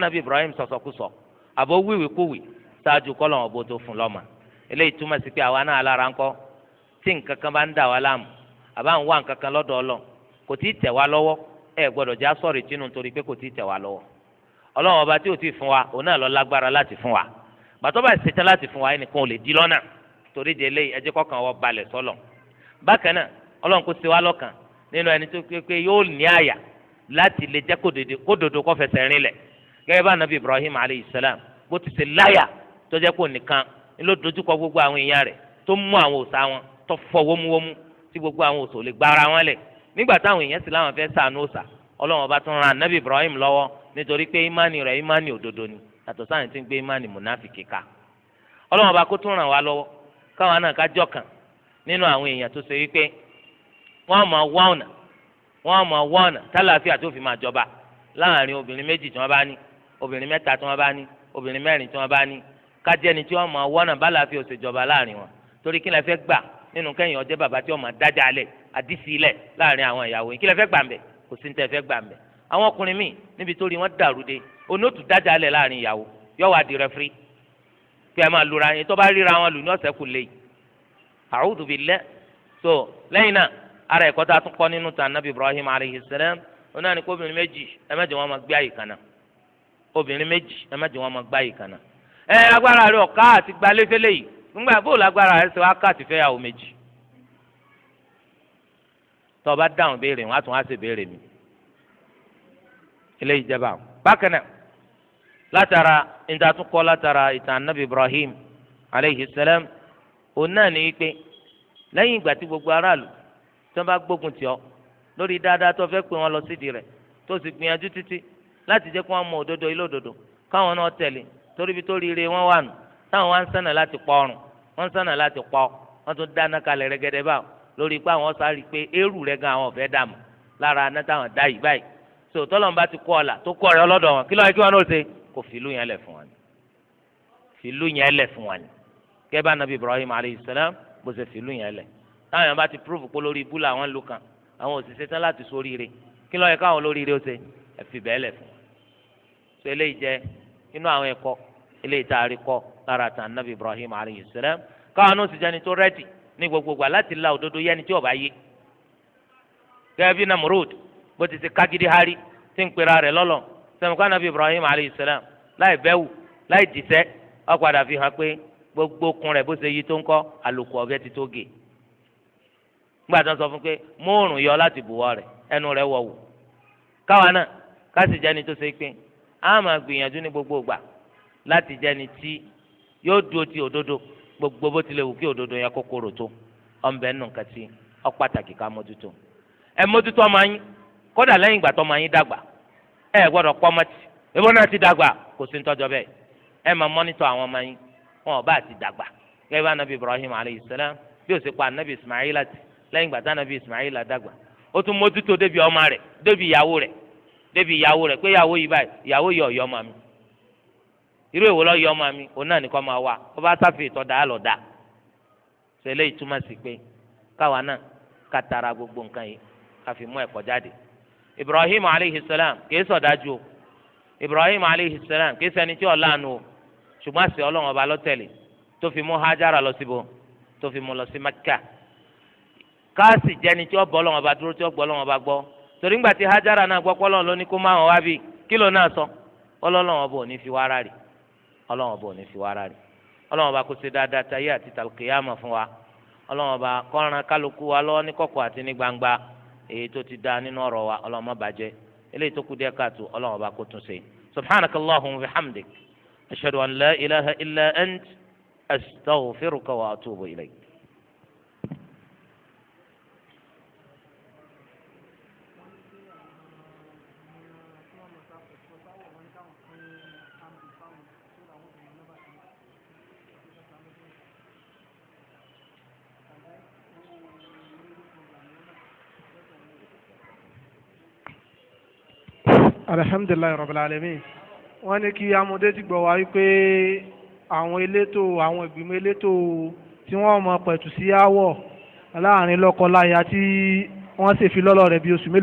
nàbí Ibrahim sọ̀sọ̀kúsọ àbó wíwìkúwì ṣáájú kọ́ lọ́wọ́ bó tó fún lọ́mọ eléyìí túmọ̀ sí pé àwa náà alára ńkọ́ tí nǹkan bá ń dà wá láàmú àbá ń wá lọ́dọ̀ ọlọ́ kò tí ì tẹ̀ wá lọ́wọ́ torí de eléyìí ẹ jẹ́ wọ balẹ̀ sọ́lọ̀ bákan náà ọlọ́run kò sí wa lọ́kàn nínú ẹni tó pé yóò ní àyà láti lè jẹ́ kódodo fẹsẹ̀ rin gẹ́gẹ́ bá nàbí Ibrahim alayhi salam bó ti láyà tó kó nìkan dojúkọ gbogbo àwọn èèyàn tó mú àwọn wọn tó fọ gbogbo àwọn ò lè gbára wọn nígbà táwọn èèyàn sì láwọn Ibrahim nítorí pé òdodo ni ti ń gbé káwọn náà kájọ kan nínú àwọn èèyàn tó ṣe wípé wọ́n á máa wá ọ̀nà wọ́n á máa wá ọ̀nà tálàáfíà tó fi máa jọba láàrin obìnrin méjì tí wọ́n bá ní obìnrin mẹ́ta tí wọ́n bá ní obìnrin mẹ́rin tí wọ́n bá ní kájẹ́ni tí wọ́n máa wá ọ̀nà bálàáfíà ó ṣe jọba láàrin wọn torí kí lẹ fẹ́ gbà nínú kẹ́yìn ọjẹ́ bàbá tí wọ́n máa dájà alẹ̀ àdìsí ilẹ̀ láàrin àwọn ìyàwó yìí kí lẹ fẹ́ gbà mbẹ̀ kò sí tẹ́ fẹ́ gbà mbẹ̀ àwọn ọkùnrin míì níbi tó rí wọn dàrú dé dájà alẹ̀ láàrin ìyàwó yọ̀wá di rẹfiri kí ẹ máa lura yín tó bá ríra wọn lù ní ọ̀sẹ̀ kù so lẹ́yìn náà ara ẹ̀kọ́ tá a tún kọ́ ta nabi ibrahim alayhi oní àná kó obìnrin méjì ẹ má jẹ́ wọn máa gbé àyè kan náà obìnrin méjì ẹ má jẹ́ wọn máa gbá àyè kan náà ẹ agbára rẹ ọ̀ká àti gbalẹ́fẹ́lẹ́ yìí ṣe látara níta tún kọ́ látara ìtàn anabi ibrahim aleyhi salam òun náà ní wípé lẹ́yìn ìgbà tí gbogbo aráàlú tí wọ́n bá gbógun tì ọ́ lórí dáadáa tó fẹ́ pé wọ́n lọ sídìí rẹ̀ tó sì gbìyànjú títí láti jẹ́ kó wọ́n mọ òdodo ilé òdodo káwọn náà tẹ̀lé torí ibi tó rire wọ́n wà nù táwọn wá ń sànà láti pọ̀ ọ̀run wọ́n ń sànà láti pọ̀ wọ́n tún dáná kalẹ̀ rẹ́gẹ́dẹ́ báwò lórí pé àwọn sáré pé eérú rẹ̀ gan àwọn ọ̀fẹ́ dààmú lára aná dá yìí báyìí so tọ́lọ́mùbá ti kọ́ ọ̀la tó kọ́ ọ̀rẹ́ ọlọ́dọ̀ wọn kí ló yẹ kí wọ́n náà ṣe kò fìlú yẹn lẹ̀ fún wa ni fìlú yẹn lẹ̀ fún wa ni kẹ́ẹ́ bá nàbí Ibrahim alayhi salam bó ṣe fìlú yẹn lẹ̀ táwọn yẹn bá ti prove pé lórí ibú làwọn lù kan àwọn òṣìṣẹ́ tán láti sóríire kí lọ́ọ́ yẹ káwọn lóríire ó ṣe ẹ̀fì bẹ́ẹ̀ lẹ̀ fún wa so eléyìí jẹ́ inú àwọn ẹ̀kọ́ eléyìí tá a rí kọ́ lára tàn nàbí Ibrahim alayhi káwọn náà sì jẹ́ni tó rẹ́dì ní gbogbogbò láti la òdodo yẹni tí ò yé gẹ́gẹ́ Namrud bó ti ṣe kágídí hárí tí ń pera rẹ̀ lọ́lọ́ọ̀ sẹ̀mùkọ́ anabi ibrahim alayhi láì bẹ́wù láì dìtẹ́ padà fi hàn pé gbogbo kun rẹ̀ bó ṣe yí tó ń kọ́ àlòkù ọ̀bẹ ti tó gè nígbà tó ń sọ fún pé yọ láti bùwọ́ rẹ̀ ẹnu rẹ̀ wọ̀ wò káwa náà káṣí jẹ́ni tó ṣe pé a gbìyànjú ní gbogbo ìgbà láti jẹ́ni tí yóò ti òdodo gbogbo bó tilẹ̀ wù kí òdodo yẹn tó ọ̀nbẹ nù kàtí ká mójútó mójútó ọmọ kódà ẹ gbọdọ pọ́ ọmọ tì ebo náà ti dàgbà kò sí ntọ́jọ́ bẹ́ẹ̀ ẹ máa mọ́nítọ̀ àwọn ọmọ yín wọn ò bá dàgbà gẹ́gẹ́ bí ibrahim aleyhisselam bí o sì pa anabi ismail àti lẹ́yìn gbàtà anabi ismail àdàgbà ó tún mójútó débi ọmọ rẹ̀ débi ìyàwó rẹ̀ débi ìyàwó rẹ̀ pé ìyàwó yìí báyìí ìyàwó yìí ọ̀yọ́ ọmọ mi irú èwo lọ́ọ́ yọ ọmọ mi òun náà nìkan máa sáfì gbogbo nǹkan yìí ká fi mú ibrahim aleyhi salam kìí o ibrahim aleyhi salam kìí ṣẹni tí ọ̀lànà o ṣùgbọ́n àṣẹ ọlọ́run ọba lọ́tẹ̀lẹ̀ tó fi mú hajara lọ síbo tó fi mú lọ sí mẹ́kà káàsì jẹni tí ó bọ́ ọlọ́run ọba dúró tí ó gbọ́ ọlọ́run ọba torí ńgbà tí hajara náà gbọ́ pọ́lọ́run ló ní kó máa wá bí kílò náà sọ ọlọ́run èyí tó ti dáa nínú ọ̀rọ̀ wa ọlọ́run má bàjẹ́ eléyìí tó kù díẹ̀ káàtó ọlọ́run ọba kó tún ṣe subhanaka allahumma wa bihamdik ashhadu an la ilaha illa ant astaghfiruka wa atubu ilayk. alhamdulilayi rabbil alamin wọ́n ní kí amúdé ti gbọ́ wá wípé àwọn elétò àwọn ìgbìmọ̀ elétò tí wọ́n mọ pẹ̀tù sí àwọ̀ láàrin lọ́kọ tí wọ́n sì fi lọ́lọ́ rẹ̀ bí oṣù mélòó.